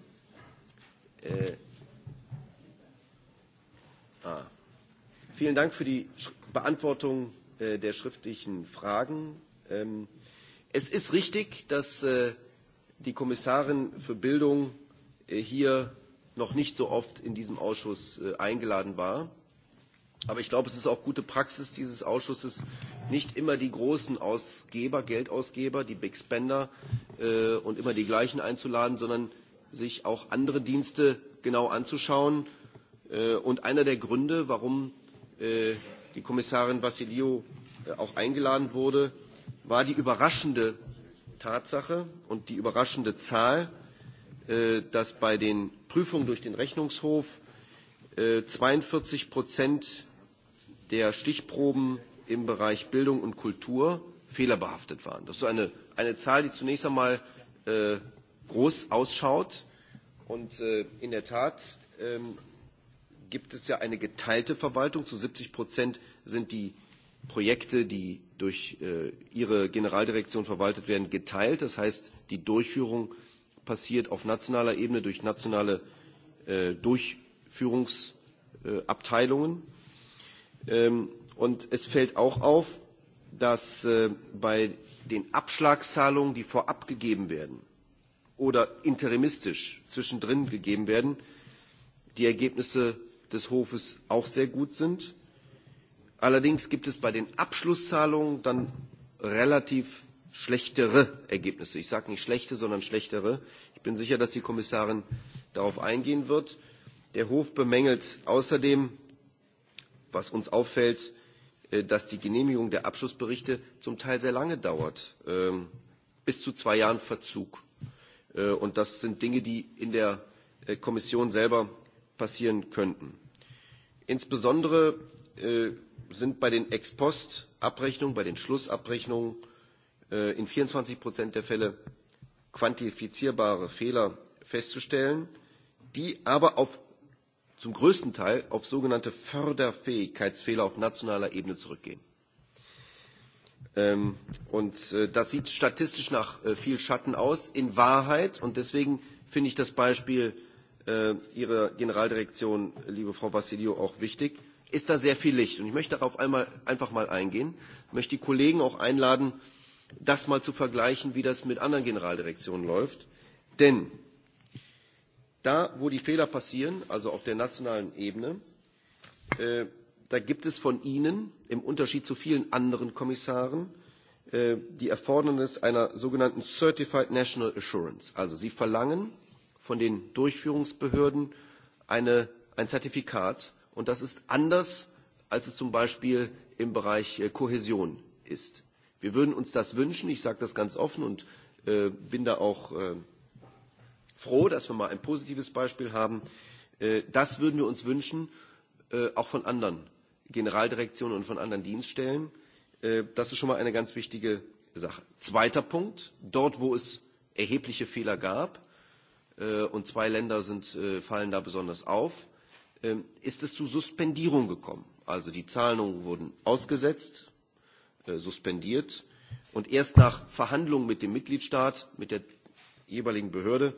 Äh, ah, vielen Dank für die Sch Beantwortung äh, der schriftlichen Fragen. Ähm, es ist richtig, dass äh, die Kommissarin für Bildung äh, hier noch nicht so oft in diesem Ausschuss äh, eingeladen war. Aber ich glaube, es ist auch gute Praxis dieses Ausschusses, nicht immer die großen Ausgeber, Geldausgeber, die Big Spender äh, und immer die gleichen einzuladen, sondern sich auch andere Dienste genau anzuschauen. und einer der Gründe, warum die Kommissarin Vassiliou auch eingeladen wurde, war die überraschende Tatsache und die überraschende Zahl, äh, dass bei den Prüfungen durch den Rechnungshof 42 äh, Prozent der Stichproben im Bereich Bildung und Kultur fehlerbehaftet waren. Das ist eine, eine Zahl, die zunächst einmal äh, groß ausschaut. Und in der Tat ähm, gibt es ja eine geteilte Verwaltung. Zu 70 Prozent sind die Projekte, die durch äh, ihre Generaldirektion verwaltet werden, geteilt. Das heißt, die Durchführung passiert auf nationaler Ebene durch nationale äh, Durchführungsabteilungen. Ähm, und es fällt auch auf, dass äh, bei den Abschlagszahlungen, die vorab gegeben werden oder interimistisch zwischendrin gegeben werden, die Ergebnisse des Hofes auch sehr gut sind. Allerdings gibt es bei den Abschlusszahlungen dann relativ schlechtere Ergebnisse. Ich sage nicht schlechte, sondern schlechtere. Ich bin sicher, dass die Kommissarin darauf eingehen wird. Der Hof bemängelt außerdem, was uns auffällt, äh, dass die Genehmigung der Abschlussberichte zum Teil sehr lange dauert, ähm, bis zu zwei Jahren Verzug. Äh, und das sind Dinge, die in der äh, Kommission selber passieren könnten. Insbesondere sind bei den Ex-Post-Abrechnungen, bei den Schlussabrechnungen äh, in 24 Prozent der Fälle quantifizierbare Fehler festzustellen, die aber auf, zum größten Teil auf sogenannte Förderfähigkeitsfehler auf nationaler Ebene zurückgehen. Ähm, und äh, das sieht statistisch nach äh, viel Schatten aus, in Wahrheit. Und deswegen finde ich das Beispiel Ihrer Generaldirektion, liebe Frau Basilio, auch wichtig ist da sehr viel Licht. Und ich möchte darauf einmal, einfach mal eingehen, ich möchte die Kollegen auch einladen, das mal zu vergleichen, wie das mit anderen Generaldirektionen läuft. Denn da, wo die Fehler passieren, also auf der nationalen Ebene, äh, da gibt es von Ihnen im Unterschied zu vielen anderen Kommissaren äh, die Erfordernis einer sogenannten Certified National Assurance. Also Sie verlangen von den Durchführungsbehörden eine, ein Zertifikat, Und das ist anders, als es zum Beispiel im Bereich äh, Kohäsion ist. Wir würden uns das wünschen. Ich sage das ganz offen und äh, bin da auch äh, froh, dass wir mal ein positives Beispiel haben. Äh, das würden wir uns wünschen, äh, auch von anderen Generaldirektionen und von anderen Dienststellen. Äh, das ist schon mal eine ganz wichtige Sache. Zweiter Punkt, dort wo es erhebliche Fehler gab, äh, und zwei Länder sind, äh, fallen da besonders auf, Ähm, ist es zu Suspendierung gekommen. Also die Zahlungen wurden ausgesetzt, äh, suspendiert und erst nach Verhandlungen mit dem Mitgliedstaat, mit der jeweiligen Behörde,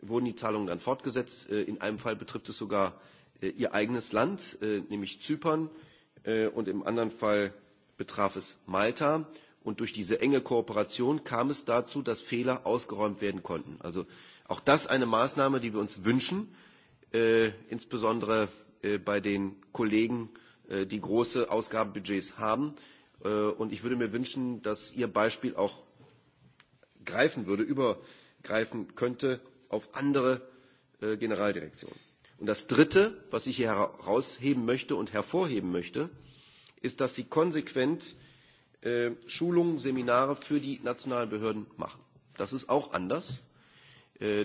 wurden die Zahlungen dann fortgesetzt. Äh, in einem Fall betrifft es sogar äh, ihr eigenes Land, nämlich Zypern, und im anderen Fall betraf es Malta. Und durch diese enge Kooperation kam es dazu, dass Fehler ausgeräumt werden konnten. Also auch das eine Maßnahme, die wir uns wünschen, Äh, insbesondere äh, bei den Kollegen, äh, die große Ausgabenbudgets haben. und ich würde mir wünschen, dass Ihr Beispiel auch greifen würde, übergreifen könnte auf andere Generaldirektionen. Und das Dritte, was ich hier herausheben möchte und hervorheben möchte, ist, dass Sie konsequent Schulungen, Seminare für die nationalen Behörden machen. Das ist auch anders.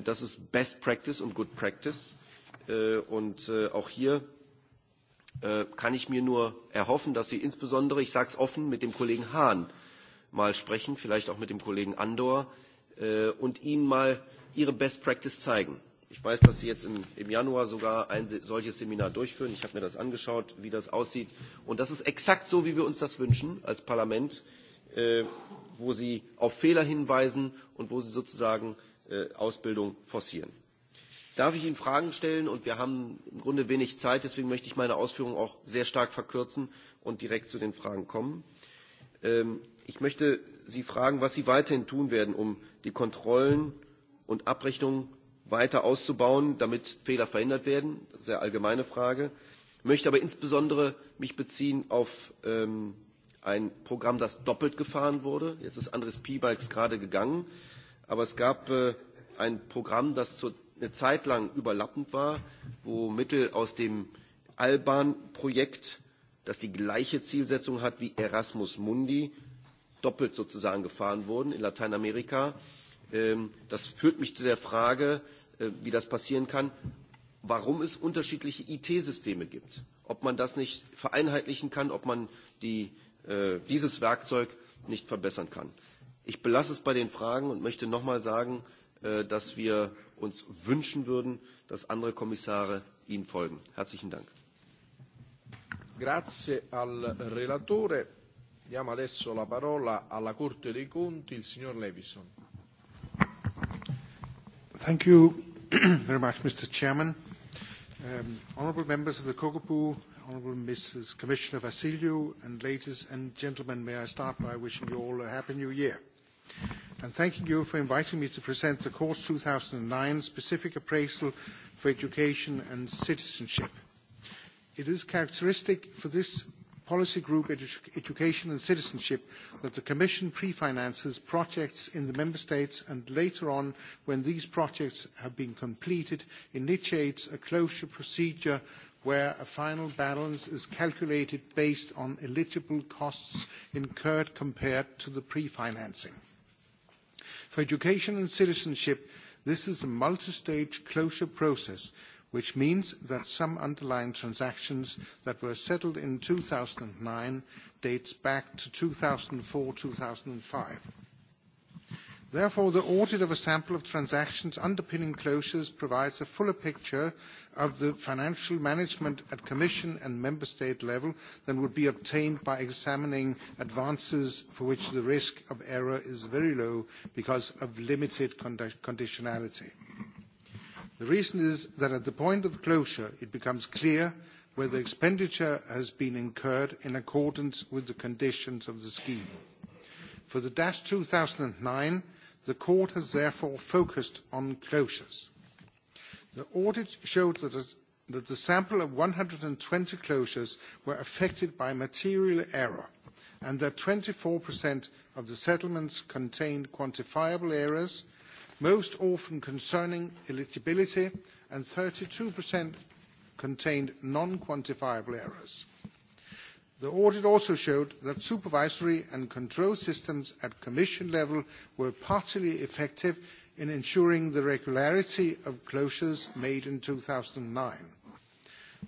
das ist Best Practice und Good Practice. Äh, und äh, auch hier äh, kann ich mir nur erhoffen, dass Sie insbesondere, ich sage es offen, mit dem Kollegen Hahn mal sprechen, vielleicht auch mit dem Kollegen Andor und Ihnen mal Ihre Best Practice zeigen. Ich weiß, dass Sie jetzt im, Januar sogar ein solches Seminar durchführen. Ich habe mir das angeschaut, wie das aussieht. Und das ist exakt so, wie wir uns das wünschen als Parlament, wo Sie auf Fehler hinweisen und wo Sie sozusagen Ausbildung forcieren. Darf ich Ihnen Fragen stellen? Und wir haben im Grunde wenig Zeit, deswegen möchte ich meine Ausführungen auch sehr stark verkürzen und direkt zu den Fragen kommen. Ähm, ich möchte Sie fragen, was Sie weiterhin tun werden, um die Kontrollen und Abrechnungen weiter auszubauen, damit Fehler verhindert werden. Das ist eine Sehr allgemeine Frage. Ich möchte aber insbesondere mich beziehen auf ähm, ein Programm, das doppelt gefahren wurde. Jetzt ist Andres Piebalgs gerade gegangen. Aber es gab äh, ein Programm, das zur eine Zeit lang überlappend war, wo Mittel aus dem Alban-Projekt, das die gleiche Zielsetzung hat wie Erasmus Mundi, doppelt sozusagen gefahren wurden in Lateinamerika. Ähm, das führt mich zu der Frage, äh, wie das passieren kann, warum es unterschiedliche IT-Systeme gibt, ob man das nicht vereinheitlichen kann, ob man die, äh, dieses Werkzeug nicht verbessern kann. Ich belasse es bei den Fragen und möchte nochmal sagen, äh, dass wir uns wünschen würden, dass andere Kommissare Ihnen folgen. Herzlichen Dank. Grazie al relatore. Diamo adesso la parola alla Corte dei Conti, il signor Levison. Thank you [CLEARS THROAT] very much, Mr. Chairman. Um, honorable members of the Kokopu, honorable Mrs. Commissioner Vassiliou, and ladies and gentlemen, may I start by wishing you all a happy new year and thanking you for inviting me to present the course 2009 specific appraisal for education and citizenship. It is characteristic for this policy group edu education and citizenship that the commission pre-finances projects in the member states and later on when these projects have been completed initiates a closure procedure where a final balance is calculated based on eligible costs incurred compared to the pre-financing. For education and citizenship, this is a multi-stage closure process, which means that some underlying transactions that were settled in 2009 dates back to 2004, 2005. Therefore, the audit of a sample of transactions underpinning closures provides a fuller picture of the financial management at Commission and Member State level than would be obtained by examining advances for which the risk of error is very low because of limited conditionality. The reason is that at the point of closure, it becomes clear whether expenditure has been incurred in accordance with the conditions of the scheme. For the DAS 2009, The court has therefore focused on closures. The audit showed that as, that the sample of 120 closures were affected by material error and that 24% of the settlements contained quantifiable errors, most often concerning eligibility, and 32% contained non-quantifiable errors. The audit also showed that supervisory and control systems at Commission level were partly effective in ensuring the regularity of closures made in 2009.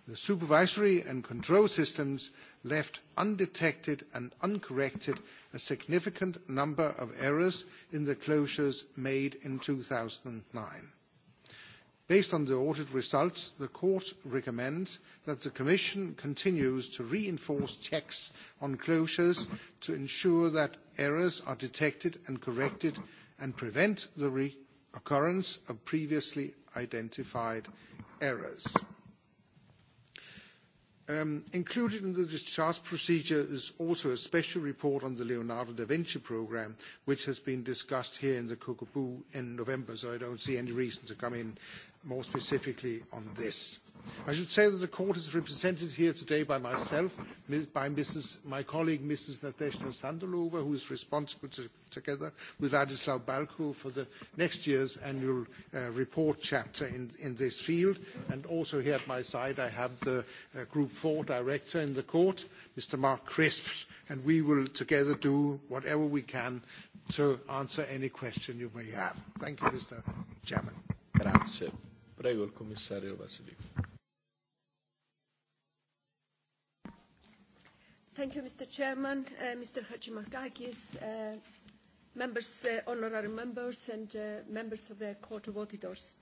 The supervisory and control systems left undetected and uncorrected a significant number of errors in the closures made in 2009. Based on the audit results, the Court recommends that the Commission continues to reinforce checks on closures to ensure that errors are detected and corrected and prevent the reoccurrence of previously identified errors. Um, included in the discharge procedure is also a special report on the Leonardo da Vinci program, which has been discussed here in the Kokobu in November, so I don't see any reason to come in more specifically on this. I should say that the court is represented here today by myself, by Mrs., my colleague Mrs. Nadezhda Sandalova, who is responsible to, together with Ladislav Balko for the next year's annual uh, report chapter in, in this field. And also here at my side, I have the uh, Group 4 director in the court, Mr. Mark Crisp, and we will together do whatever we can to answer any question you may have. Thank you, Mr. Chairman. Grazie. Prego il commissario Vasiliev. Thank you, Mr. Chairman, uh, Mr. Hachimarkakis, uh, members, uh, honorary members, and uh, members of the Court of Auditors.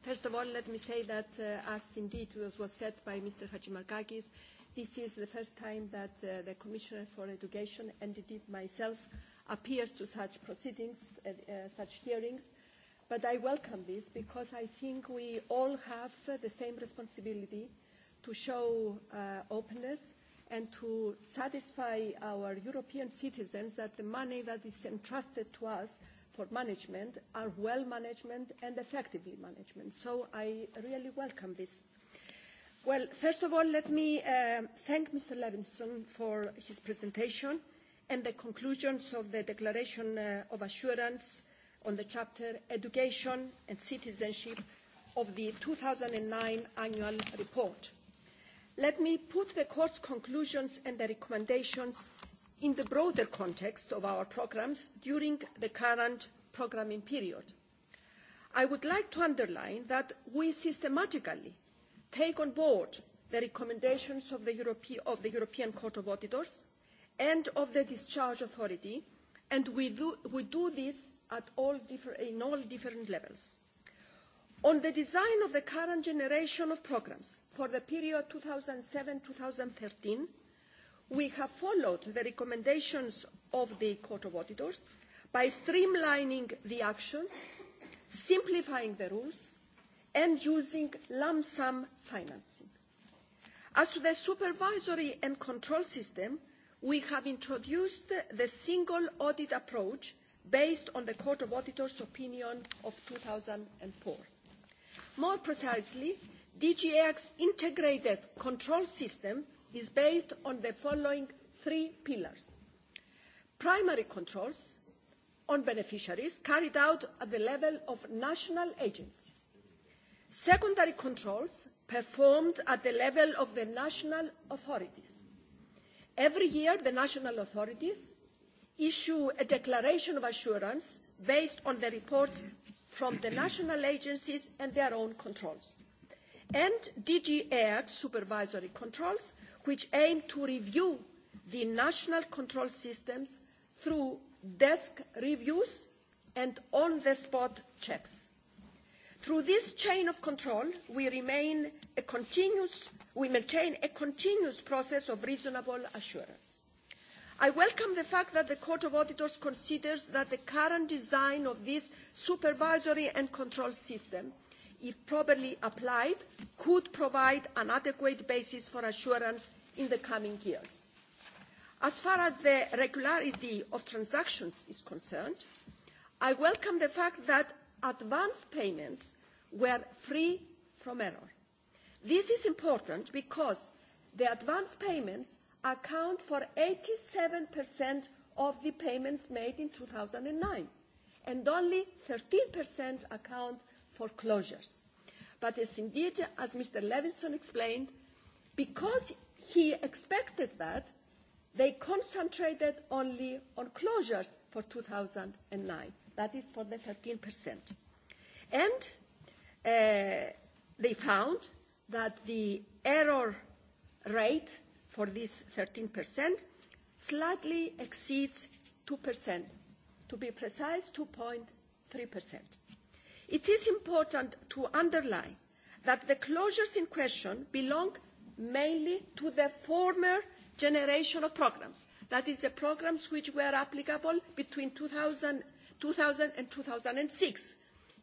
First of all, let me say that, uh, as indeed was, was said by Mr. Hachimarkakis, this is the first time that uh, the Commissioner for Education and indeed myself appears to such proceedings, uh, uh, such hearings. But I welcome this because I think we all have uh, the same responsibility to show uh, openness and to satisfy our European citizens that the money that is entrusted to us for management are well management and effectively management. So I really welcome this. Well, first of all, let me uh, thank Mr. Levinson for his presentation and the conclusions of the Declaration uh, of Assurance on the chapter Education and Citizenship of the 2009 Annual Report let me put the court's conclusions and the recommendations in the broader context of our programmes during the current programming period. I would like to underline that we systematically take on board the recommendations of the, Europe of the European Court of Auditors and of the Discharge Authority, and we do, we do this at all in all different levels on the design of the current generation of programmes for the period two thousand and seven two thousand and thirteen we have followed the recommendations of the court of auditors by streamlining the actions simplifying the rules and using lump sum financing. as to the supervisory and control system we have introduced the single audit approach based on the court of auditors' opinion of two thousand and four More precisely, DG integrated control system is based on the following three pillars. Primary controls on beneficiaries carried out at the level of national agencies. Secondary controls performed at the level of the national authorities. Every year, the national authorities issue a declaration of assurance based on the reports from the national agencies and their own controls. And DG Air supervisory controls, which aim to review the national control systems through desk reviews and on-the-spot checks. Through this chain of control, we, remain a continuous, we maintain a continuous process of reasonable assurance. I welcome the fact that the Court of Auditors considers that the current design of this supervisory and control system, if properly applied, could provide an adequate basis for assurance in the coming years. As far as the regularity of transactions is concerned, I welcome the fact that advance payments were free from error. This is important because the advance payments account for 87% of the payments made in 2009, and only 13% account for closures. But as indeed, as Mr. Levinson explained, because he expected that, they concentrated only on closures for 2009, that is for the 13%. And uh, they found that the error rate for this 13%, slightly exceeds 2%, to be precise, 2.3%. It is important to underline that the closures in question belong mainly to the former generation of programs. That is the programs which were applicable between 2000, 2000 and 2006.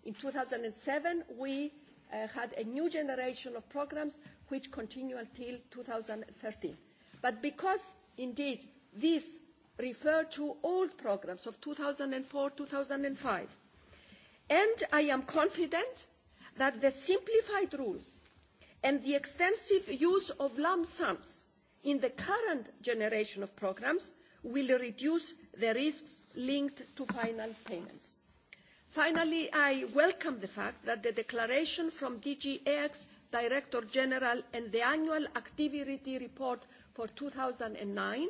In 2007, we uh, had a new generation of programs which continue until 2013. But because, indeed, these refer to old programs of 2004, 2005, and I am confident that the simplified rules and the extensive use of lump sums in the current generation of programmes will reduce the risks linked to final payments. Finally, I welcome the fact that the declaration from DG EX Director General and the annual activity report for 2009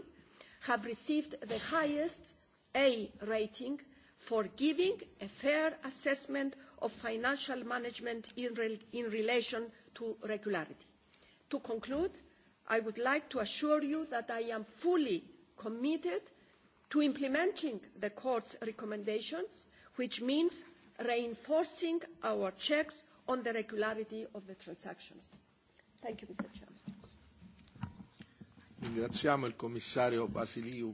have received the highest A rating for giving a fair assessment of financial management in, re in relation to regularity. To conclude, I would like to assure you that I am fully committed to implementing the Court's recommendations, which means reinforcing our checks on the regularity of the transactions. Thank you, Mr. Chairman. Ringraziamo il commissario Basiliu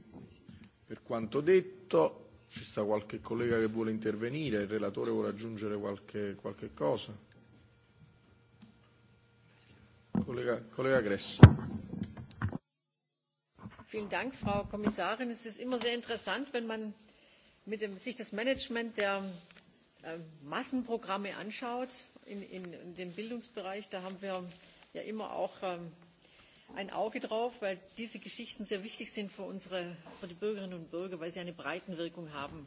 per quanto detto. Ci sta qualche collega che vuole intervenire? Il relatore vuole aggiungere qualche, qualche cosa? Kollega, Kollega Gress. Vielen Dank, Frau Kommissarin. Es ist immer sehr interessant, wenn man mit dem, sich das Management der äh, Massenprogramme anschaut in, in, in dem Bildungsbereich, da haben wir ja immer auch ähm, ein Auge drauf, weil diese Geschichten sehr wichtig sind für, unsere, für die Bürgerinnen und Bürger, weil sie eine Breitenwirkung haben.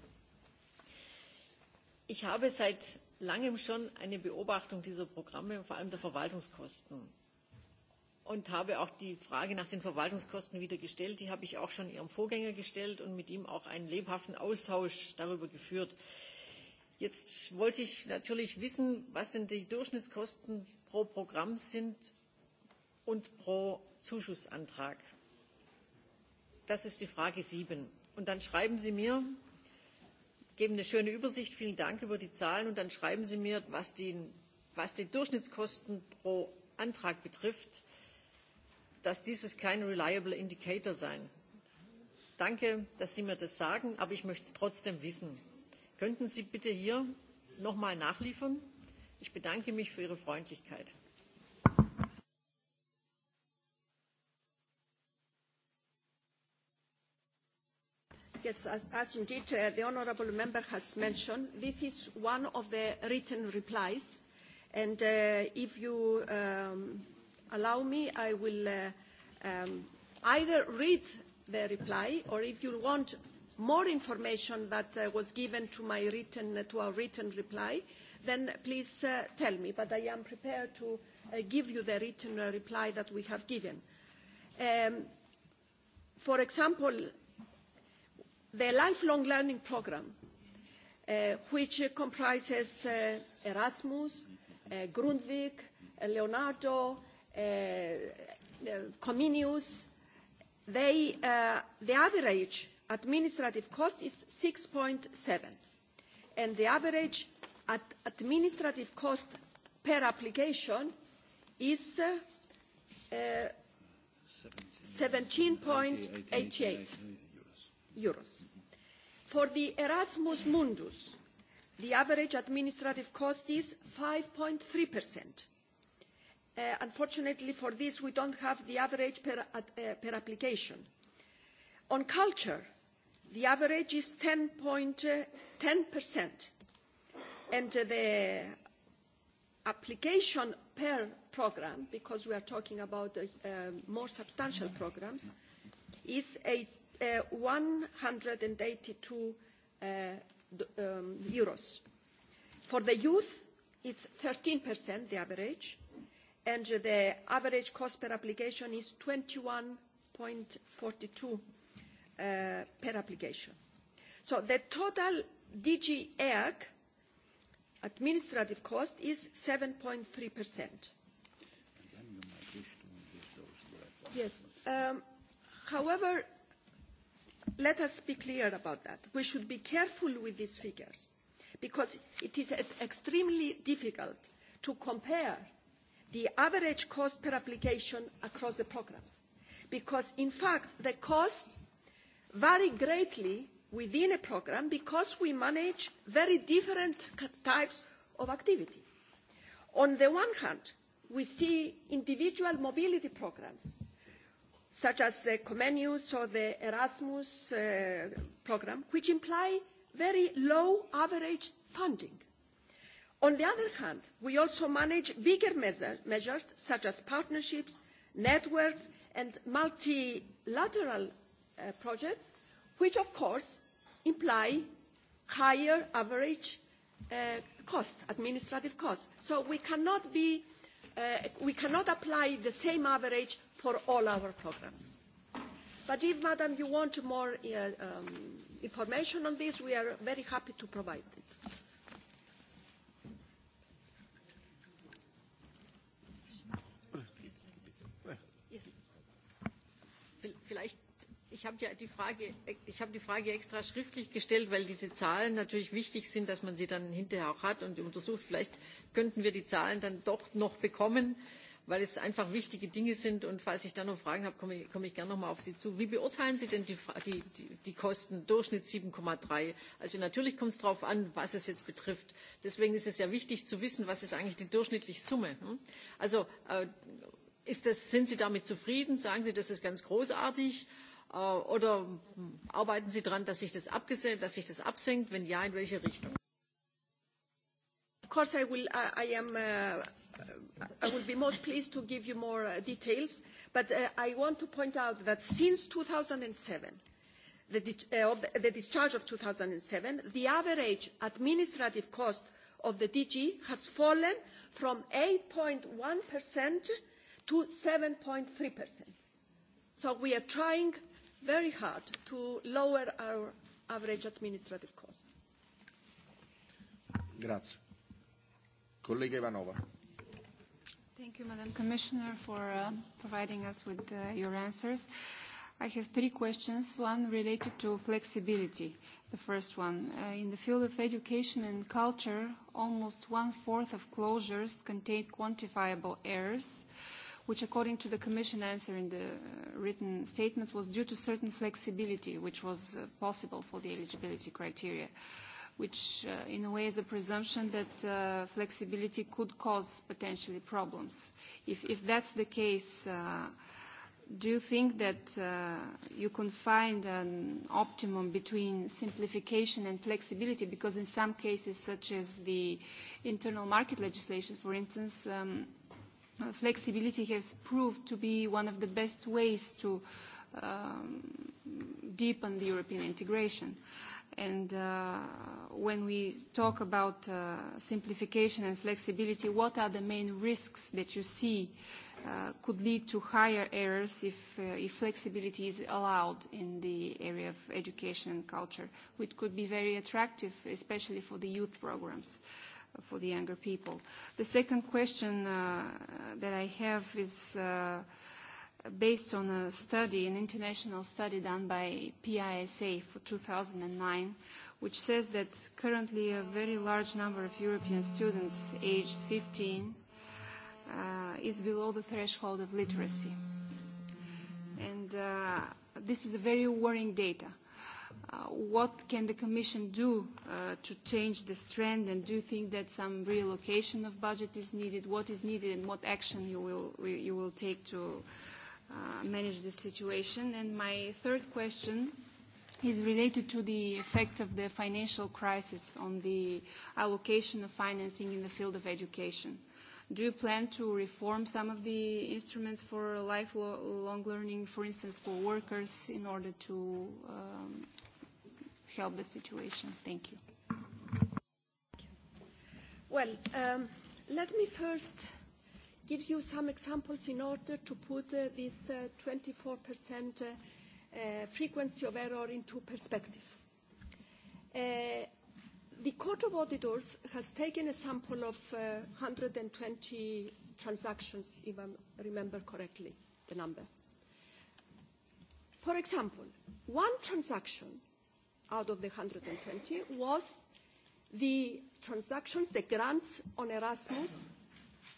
Ich habe seit langem schon eine Beobachtung dieser Programme, vor allem der Verwaltungskosten. Und habe auch die Frage nach den Verwaltungskosten wieder gestellt. Die habe ich auch schon Ihrem Vorgänger gestellt und mit ihm auch einen lebhaften Austausch darüber geführt. Äh, jetzt wollte ich natürlich wissen was denn die durchschnittskosten pro programm sind und pro zuschussantrag. das ist die frage sieben und dann schreiben sie mir geben eine schöne übersicht vielen dank über die zahlen und dann schreiben sie mir was die, was die durchschnittskosten pro antrag betrifft dass dieses kein reliable indicator sei. danke dass sie mir das sagen aber ich möchte es trotzdem wissen könnten sie bitte hier noch mal nachliefern? ich bedanke mich für ihre freundlichkeit. Yes, as, as indeed uh, the honourable member has mentioned, this is one of the written replies, and uh, if you um, allow me, I will uh, um, either read the reply, or if you want, more information that uh, was given to, my written, uh, to our written reply, then please uh, tell me. But I am prepared to uh, give you the written uh, reply that we have given. Um, for example, the lifelong learning programme, uh, which comprises Erasmus, Grundvik, Leonardo, Comenius, they, the average administrative cost is. six seven and the average administrative cost per application is uh, uh, seventeen eighty eight euros. For the Erasmus Mundus, the average administrative cost is 5.3%. Uh, unfortunately for this, we don't have the average per, uh, per application. On culture, the average is 10.10%, 10%, uh, and uh, the application per program, because we are talking about uh, um, more substantial programs, is a, uh, 182 uh, um, euros. For the youth, it's 13%, the average, and the average cost per application is 21.42 Uh, per application. So the total DG EAC administrative cost is 7.3%. Yes. Um, however, let us be clear about that. We should be careful with these figures because it is e-, extremely difficult to compare the average cost per application across the programs because in fact the costs vary greatly within a programme because we manage very different types of activity. On the one hand, we see individual mobility programmes, such as the Comenius or the Erasmus uh, programme, which imply very low average funding. On the other hand, we also manage bigger measures such as partnerships, networks and multilateral Uh, projects, which of course imply higher average uh, cost, administrative cost. So we cannot, be, uh, we cannot apply the same average for all our programs. But if, Madam, you want more um, information on this, we are very happy to provide it. ich habe ja die Frage, ich habe die Frage extra schriftlich gestellt, weil diese Zahlen natürlich wichtig sind, dass man sie dann hinterher auch hat und untersucht. Vielleicht könnten wir die Zahlen dann doch noch bekommen, weil es einfach wichtige Dinge sind. Und falls ich dann noch Fragen habe, komme ich, komme ich gerne nochmal auf Sie zu. Wie beurteilen Sie denn die, die, die Kosten? Durchschnitt 7,3. Also natürlich kommt es darauf an, was es jetzt betrifft. Deswegen ist es ja wichtig zu wissen, was ist eigentlich die durchschnittliche Summe. Hm? Also äh, ist das, sind Sie damit zufrieden? Sagen Sie, das ist ganz großartig? Äh, oder arbeiten Sie daran, dass sich das, dass sich das absenkt? Wenn ja, in welche Richtung? Of course, I will, I, I am, uh, I will be most pleased to give you more uh, details, but uh, I want to point out that since 2007, the, uh, the discharge of 2007, the average administrative cost of the DG has fallen from 8.1% to 7.3%. So we are trying very hard to lower our average administrative cost. Grazie. Collega Ivanova. Thank you, Madam Commissioner, for uh, providing us with uh, your answers. I have three questions, one related to flexibility, the first one. Uh, in the field of education and culture, almost one-fourth of closures contain quantifiable errors. Uh, which according to the Commission answer in the uh, written statements was due to certain flexibility which was uh, possible for the eligibility criteria, which uh, in a way is a presumption that uh, flexibility could cause potentially problems. If, if that's the case, uh, do you think that uh, you can find an optimum between simplification and flexibility? Because in some cases, such as the internal market legislation, for instance, um, Uh, flexibility has proved to be one of the best ways to um, deepen the European integration. And uh, when we talk about uh, simplification and flexibility, what are the main risks that you see uh, could lead to higher errors if, uh, if flexibility is allowed in the area of education and culture, which could be very attractive, especially for the youth programs? Uh, for the younger people. The second question uh, that I have is uh, based on a study, an international study done by PISA for 2009, which says that currently a very large number of European students aged 15 uh, is below the threshold of literacy. And uh, this is a very worrying data Uh, what can the Commission do uh, to change this trend? And do you think that some reallocation of budget is needed? What is needed and what action you will, you will take to uh, manage this situation? And my third question is related to the effect of the financial crisis on the allocation of financing in the field of education. Do you plan to reform some of the instruments for lifelong learning, for instance, for workers, in order to um, help the situation. Thank you. Well, um, let me first give you some examples in order to put uh, this uh, 24% uh, uh, frequency of error into perspective. Uh, the Court of Auditors has taken a sample of uh, 120 transactions, if I remember correctly, the number. For example, one transaction out of the 120 was the transactions, the grants on Erasmus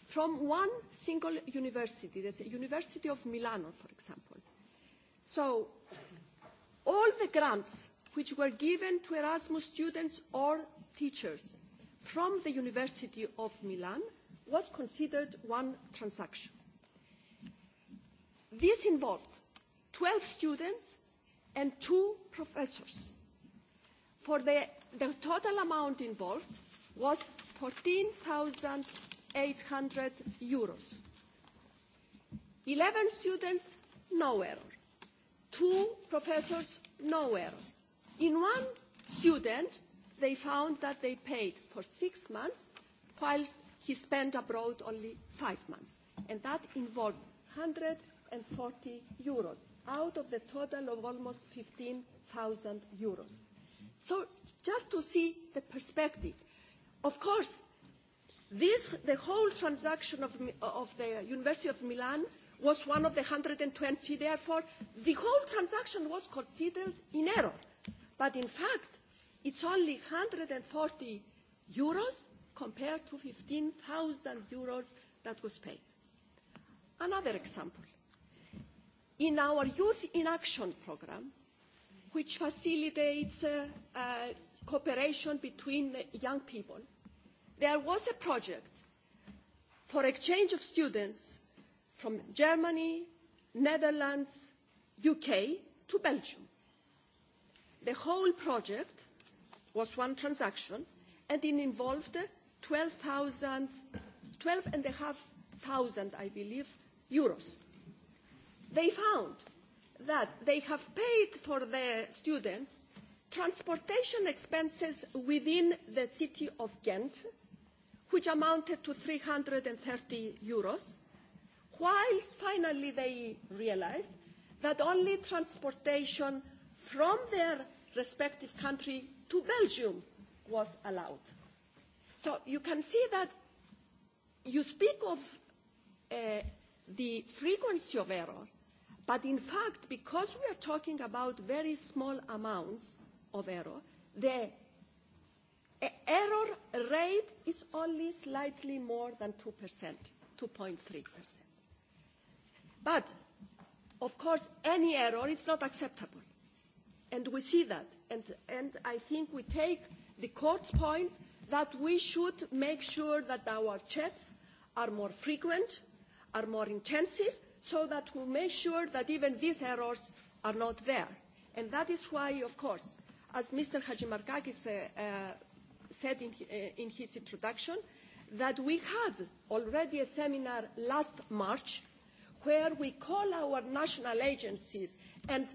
from one single university, the University of Milano, for example. So all the grants which were given to Erasmus students or teachers from the University of Milan was considered one transaction. This involved 12 students and two professors for the, the total amount involved was 14,800 euros. 11 students, no error. Two professors, no error. In one student, they found that they paid for six months, whilst he spent abroad only five months. And that involved 140 euros out of the total of almost 15,000 euros. So just to see the perspective, of course, this, the whole transaction of, of the University of Milan was one of the 120, therefore the whole transaction was considered in error. But in fact, it's only 140 euros compared to 15,000 euros that was paid. Another example. In our Youth in Action programme, which facilitates uh, uh, cooperation between young people. There was a project for exchange of students from Germany, Netherlands, UK to Belgium. The whole project was one transaction and it involved 12,000, 12,500, I believe, euros. They found that they have paid for the students transportation expenses within the city of Ghent, which amounted to 330 euros, whilst finally they realized that only transportation from their respective country to Belgium was allowed. So you can see that you speak of uh, the frequency of error, But in fact, because we are talking about very small amounts of error, the e-, error rate is only slightly more than 2%, 2.3%. But, of course, any error is not acceptable. And we see that. And, and I think we take the court's point that we should make sure that our checks are more frequent, are more intensive, so that we make sure that even these errors are not there. And that is why, of course, as Mr. Hajimarkakis uh, uh, said in, uh, in his introduction, that we had already a seminar last March where we call our national agencies and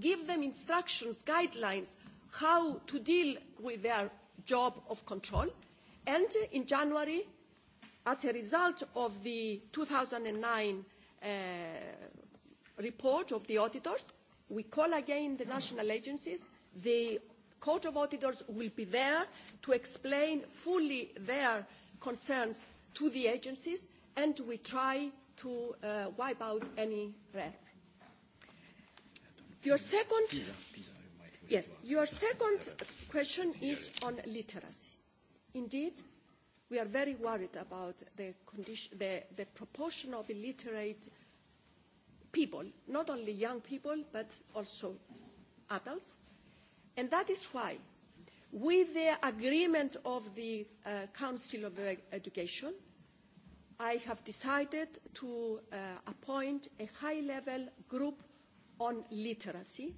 give them instructions, guidelines, how to deal with their job of control. And in January, as a result of the 2009 Uh, report of the auditors. We call again the national agencies. The Court of Auditors will be there to explain fully their concerns to the agencies, and we try to uh, wipe out any error. Your second, yes, your second question is on literacy. Indeed, we are very worried about the, condition, the, the proportion of illiterate people, not only young people, but also adults. And that is why, with the agreement of the uh, Council of Education, I have decided to uh, appoint a high-level group on literacy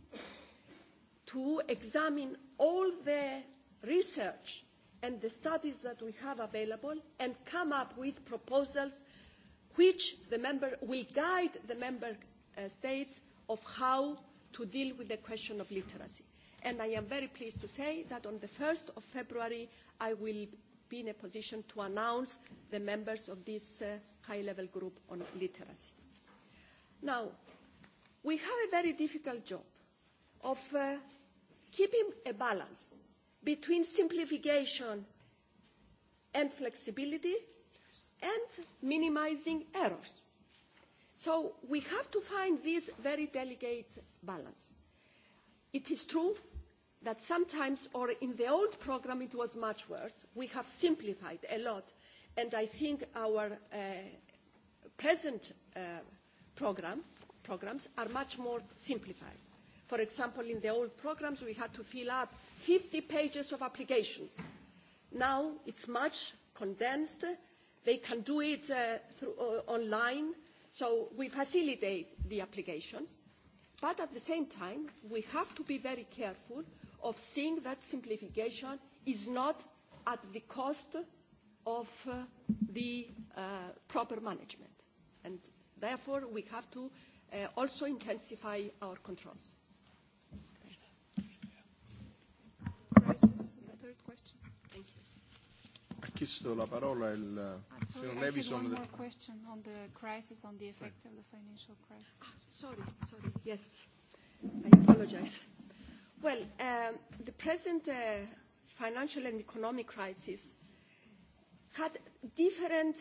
to examine all the research and the studies that we have available and come up with proposals which the member will guide the member uh, states of how to deal with the question of literacy. And I am very pleased to say that on the 1st of February, I will be in a position to announce the members of this uh, high-level group on literacy. Now, we have a very difficult job of uh, keeping a balance between simplification and flexibility and minimizing errors. So we have to find this very delicate balance. It is true that sometimes, or in the old program it was much worse, we have simplified a lot, and I think our uh, present uh, program, programs are much more simplified. For example, in the old programs, we had to fill up 50 pages of applications. Now it's much condensed. They can do it uh, through, uh, online, so we facilitate the applications. But at the same time, we have to be very careful of seeing that simplification is not at the cost of uh, the uh, proper management. And therefore, we have to uh, also intensify our controls. prices. The third question. Thank you. Ha chiesto la parola il ah, eh, sorry, signor Levison. One more question on the crisis, on the effect of the financial crisis. Ah, sorry, sorry. Yes, I apologize. Well, um, the present uh, financial and economic crisis had different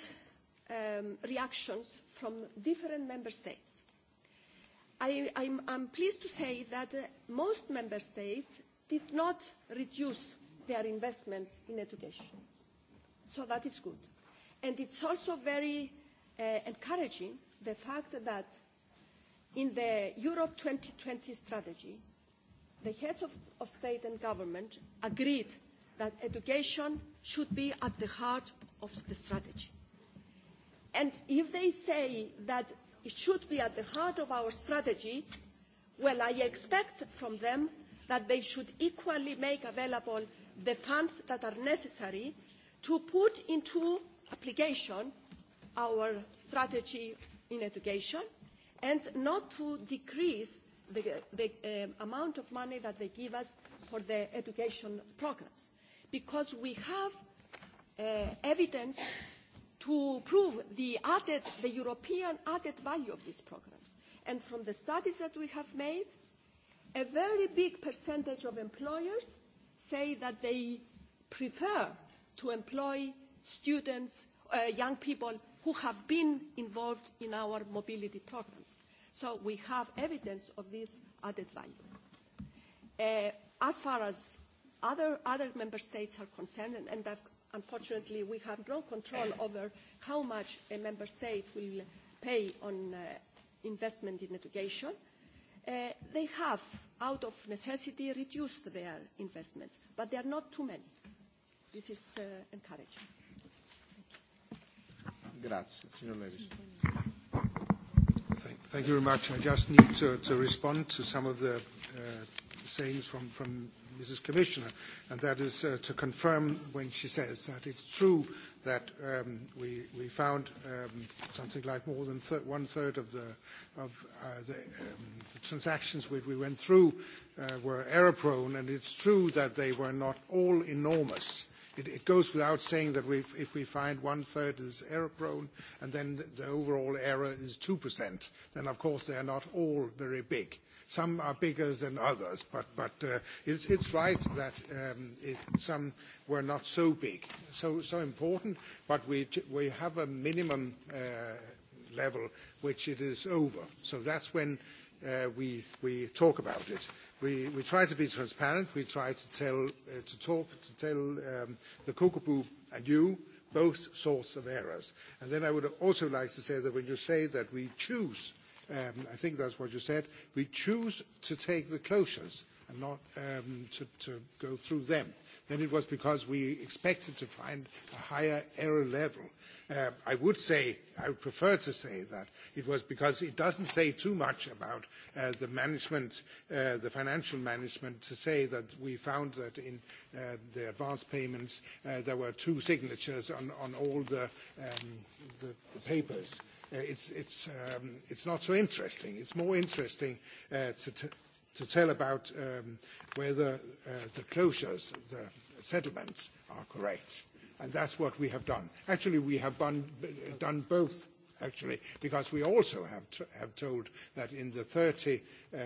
um, reactions from different member states. I, I'm, I'm pleased to say that uh, most member states did not reduce their investments in education. So that is good. And it's also very uh, encouraging the fact that in the Europe 2020 strategy, the heads of, of state and government agreed that education should be at the heart of the strategy. And if they say that it should be at the heart of our strategy, well, I expect from them that they should equally make available the funds that are necessary to put into application our strategy in education and not to decrease the, the um, amount of money that they give us for the education programs. Because we have uh, evidence to prove the, added, the European added value of these programs. And from the studies that we have made, a very big percentage of employers say that they prefer to employ students, uh, young people who have been involved in our mobility programs. So we have evidence of this added value. Uh, as far as other, other member states are concerned, and, and that, unfortunately we have no control over how much a member state will pay on uh, investment in education, uh, uh, they have, out of necessity, reduced their investments, but they are not too many. This is uh, encouraging. Grazie. Signor Levis. Thank, thank you very much. I just need to, to respond to some of the uh, sayings from, from Mrs. Commissioner, and that is uh, to confirm when she says that it's true that um, we, we found um, something like more than thir- one third of the, of, uh, the, um, the transactions which we went through uh, were error prone, and it's true that they were not all enormous. It, it goes without saying that if we find one-third is error-prone and then the overall error is 2%, then of course they are not all very big. Some are bigger than others, but, uh, it's, right that um, some were not so big, so, important, but we, have a minimum uh, level which it is over. So that's when uh, we, talk about it. We, try to be transparent. We try to tell, talk, to tell um, the Cuckoo and you both sorts of errors. And then I would also like to say that when you say that we choose um, I think that's what you said, we choose to take the closures and not um, to, to go through them. Then it was because we expected to find a higher error level. Uh, I would say, I would prefer to say that it was because it doesn't say too much about uh, the management, uh, the financial management, to say that we found that in uh, the advance payments uh, there were two signatures on, on all the, um, the, the papers. Uh, Uh, it's, it's, um, it's not so interesting. It's more interesting uh, to, t- to tell about um, whether uh, the closures, the settlements are correct. And that's what we have done. Actually, we have done, uh, done both actually, because we also have, have told that in the 30 um,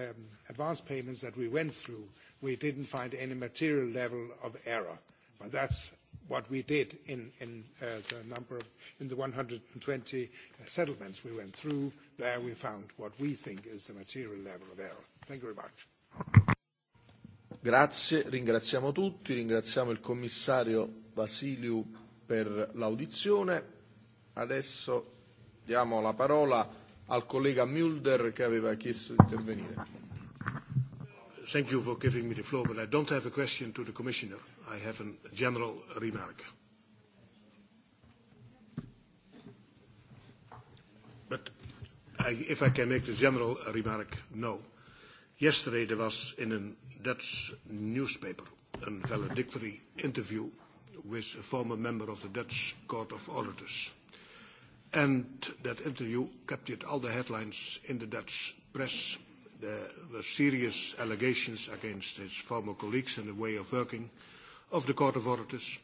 advance payments that we went through, we didn't find any material level of error. But that's what we did in, in uh, the number of, in the 120 uh, settlements we went through. There we found what we think is the material level of error. Thank you very much. Grazie, ringraziamo tutti, ringraziamo il commissario Vassiliou per l'audizione. Adesso diamo la parola al collega Mulder che aveva chiesto di intervenire. Thank you for giving me the floor, but I don't have a question to the Commissioner. I have a general remark. But I, if I can make the general remark, no. Yesterday there was in a Dutch newspaper a valedictory interview with a former member of the Dutch Court of Auditors. And that interview captured all the headlines in the Dutch press the, the serious allegations against his former colleagues and the way of working of the Court of Auditors,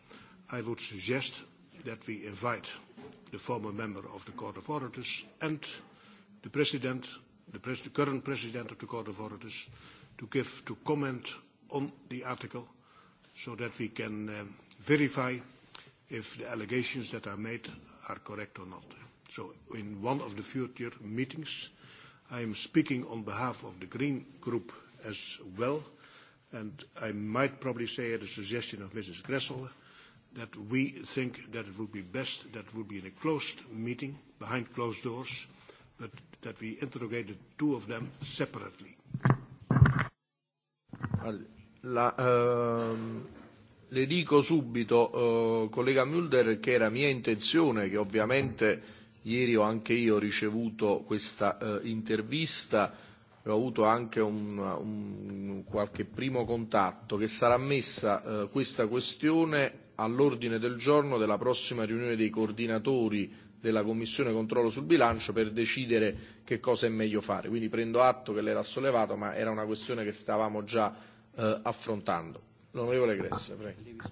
I would suggest that we invite the former member of the Court of Auditors and the President, the, pres the current President of the Court of Auditors, to give to comment on the article so that we can uh, verify if the allegations that are made are correct or not. So in one of the future meetings, I am speaking on behalf of the Green Group as well, and I might probably say at the suggestion of Mrs. Gressel that we think that it would be best that would be in a closed meeting behind closed doors, but that we interrogate the two of them separately. La, ehm, le dico subito, eh, collega Mulder, che era mia intenzione che ovviamente Ieri ho anche io ricevuto questa eh, intervista ho avuto anche un, un, qualche primo contatto, che sarà messa eh, questa questione all'ordine del giorno della prossima riunione dei coordinatori della Commissione controllo sul bilancio per decidere che cosa è meglio fare. Quindi prendo atto che l'era sollevato, ma era una questione che stavamo già eh, affrontando. L'onorevole Gressa, prego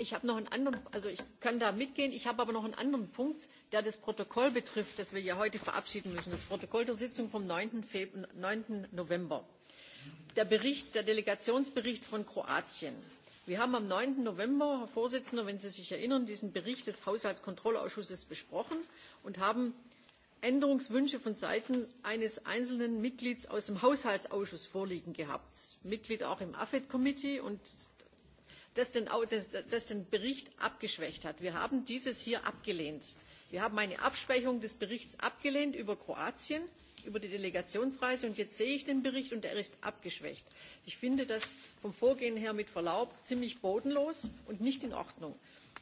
ich habe noch einen anderen, also ich kann da mitgehen. Ich habe aber noch einen anderen Punkt, der das Protokoll betrifft, das wir ja heute verabschieden müssen. Das Protokoll der Sitzung vom 9. Februar, 9. November. Der Bericht, der Delegationsbericht von Kroatien. Wir haben am 9. November, Herr Vorsitzender, wenn Sie sich erinnern, diesen Bericht des Haushaltskontrollausschusses besprochen und haben änderungswünsche von seiten eines einzelnen mitglieds aus dem haushaltsausschuss vorliegen gehabt mitglied auch im afet ausschuss und das den, das den Bericht abgeschwächt hat. Wir haben dieses hier abgelehnt. Wir haben eine Abschwächung des Berichts abgelehnt über Kroatien, über die Delegationsreise und jetzt sehe ich den Bericht und er ist abgeschwächt. Ich finde das vom Vorgehen her mit Verlaub ziemlich bodenlos und nicht in Ordnung.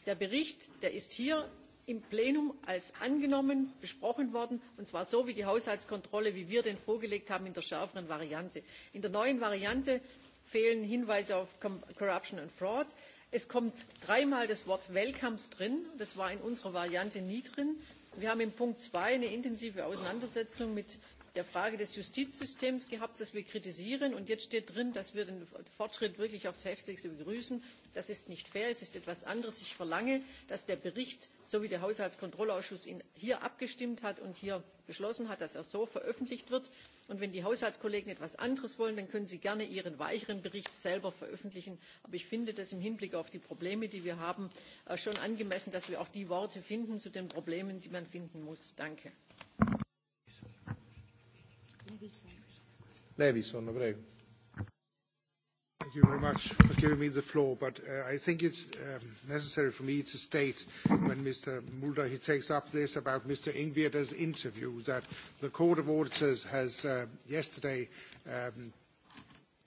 Der Bericht, der ist hier im Plenum als angenommen besprochen worden, und zwar so wie die Haushaltskontrolle, wie wir den vorgelegt haben, in der schärferen Variante. In der neuen Variante fehlen hinweise auf corruption and fraud. es kommt dreimal das wort welcomes drin das war in unserer variante nie drin. wir haben in punkt zwei eine intensive auseinandersetzung mit der frage des justizsystems gehabt das wir kritisieren und jetzt steht drin dass wir den fortschritt wirklich aufs heftigste begrüßen. Das ist nicht fair, es ist etwas anderes. Ich verlange, dass der Bericht, so wie der Haushaltskontrollausschuss ihn hier abgestimmt hat und hier beschlossen hat, dass er so veröffentlicht wird. Und wenn die Haushaltskollegen etwas anderes wollen, dann können sie gerne ihren weicheren Bericht selber veröffentlichen. Aber ich finde das im Hinblick auf die Probleme, die wir haben, äh, schon angemessen, dass wir auch die Worte finden zu den Problemen, die man finden muss. Danke. Levison, prego you very much for giving me the floor, but uh, I think it's um, necessary for me to state when Mr. Mulder he takes up this about Mr. Ingvirda's interview that the Court of Auditors has uh, yesterday um,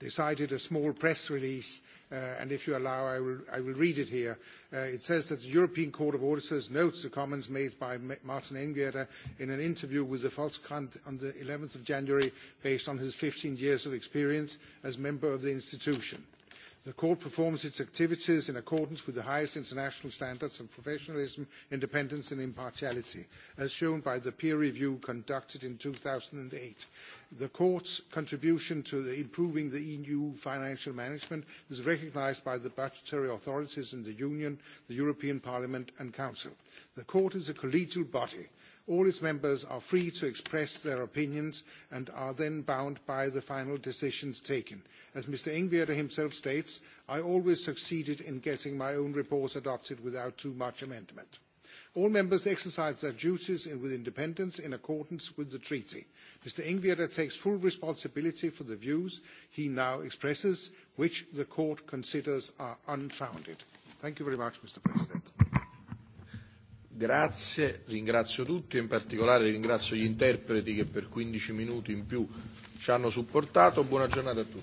decided a small press release uh, and if you allow, I will, I will read it here. Uh, it says that the European Court of Auditors notes the comments made by Martin Engwerder in an interview with the Volkskrant on the 11th of January based on his 15 years of experience as member of the institution. Uh, The court performs its activities in accordance with the highest international standards of professionalism, independence and impartiality, as shown by the peer review conducted in 2008. The court's contribution to the improving the EU financial management is recognised by the budgetary authorities in the Union, the European Parliament and Council. The court is a collegial body All its members are free to express their opinions and are then bound by the final decisions taken. As Mr Ingwerder himself states, I always succeeded in getting my own reports adopted without too much amendment. All members exercise their duties with independence in accordance with the treaty. Mr Ingwerder takes full responsibility for the views he now expresses, which the court considers are unfounded. Thank you very much, Mr President. Grazie, ringrazio tutti, in particolare ringrazio gli interpreti che per 15 minuti in più ci hanno supportato. Buona giornata a tutti.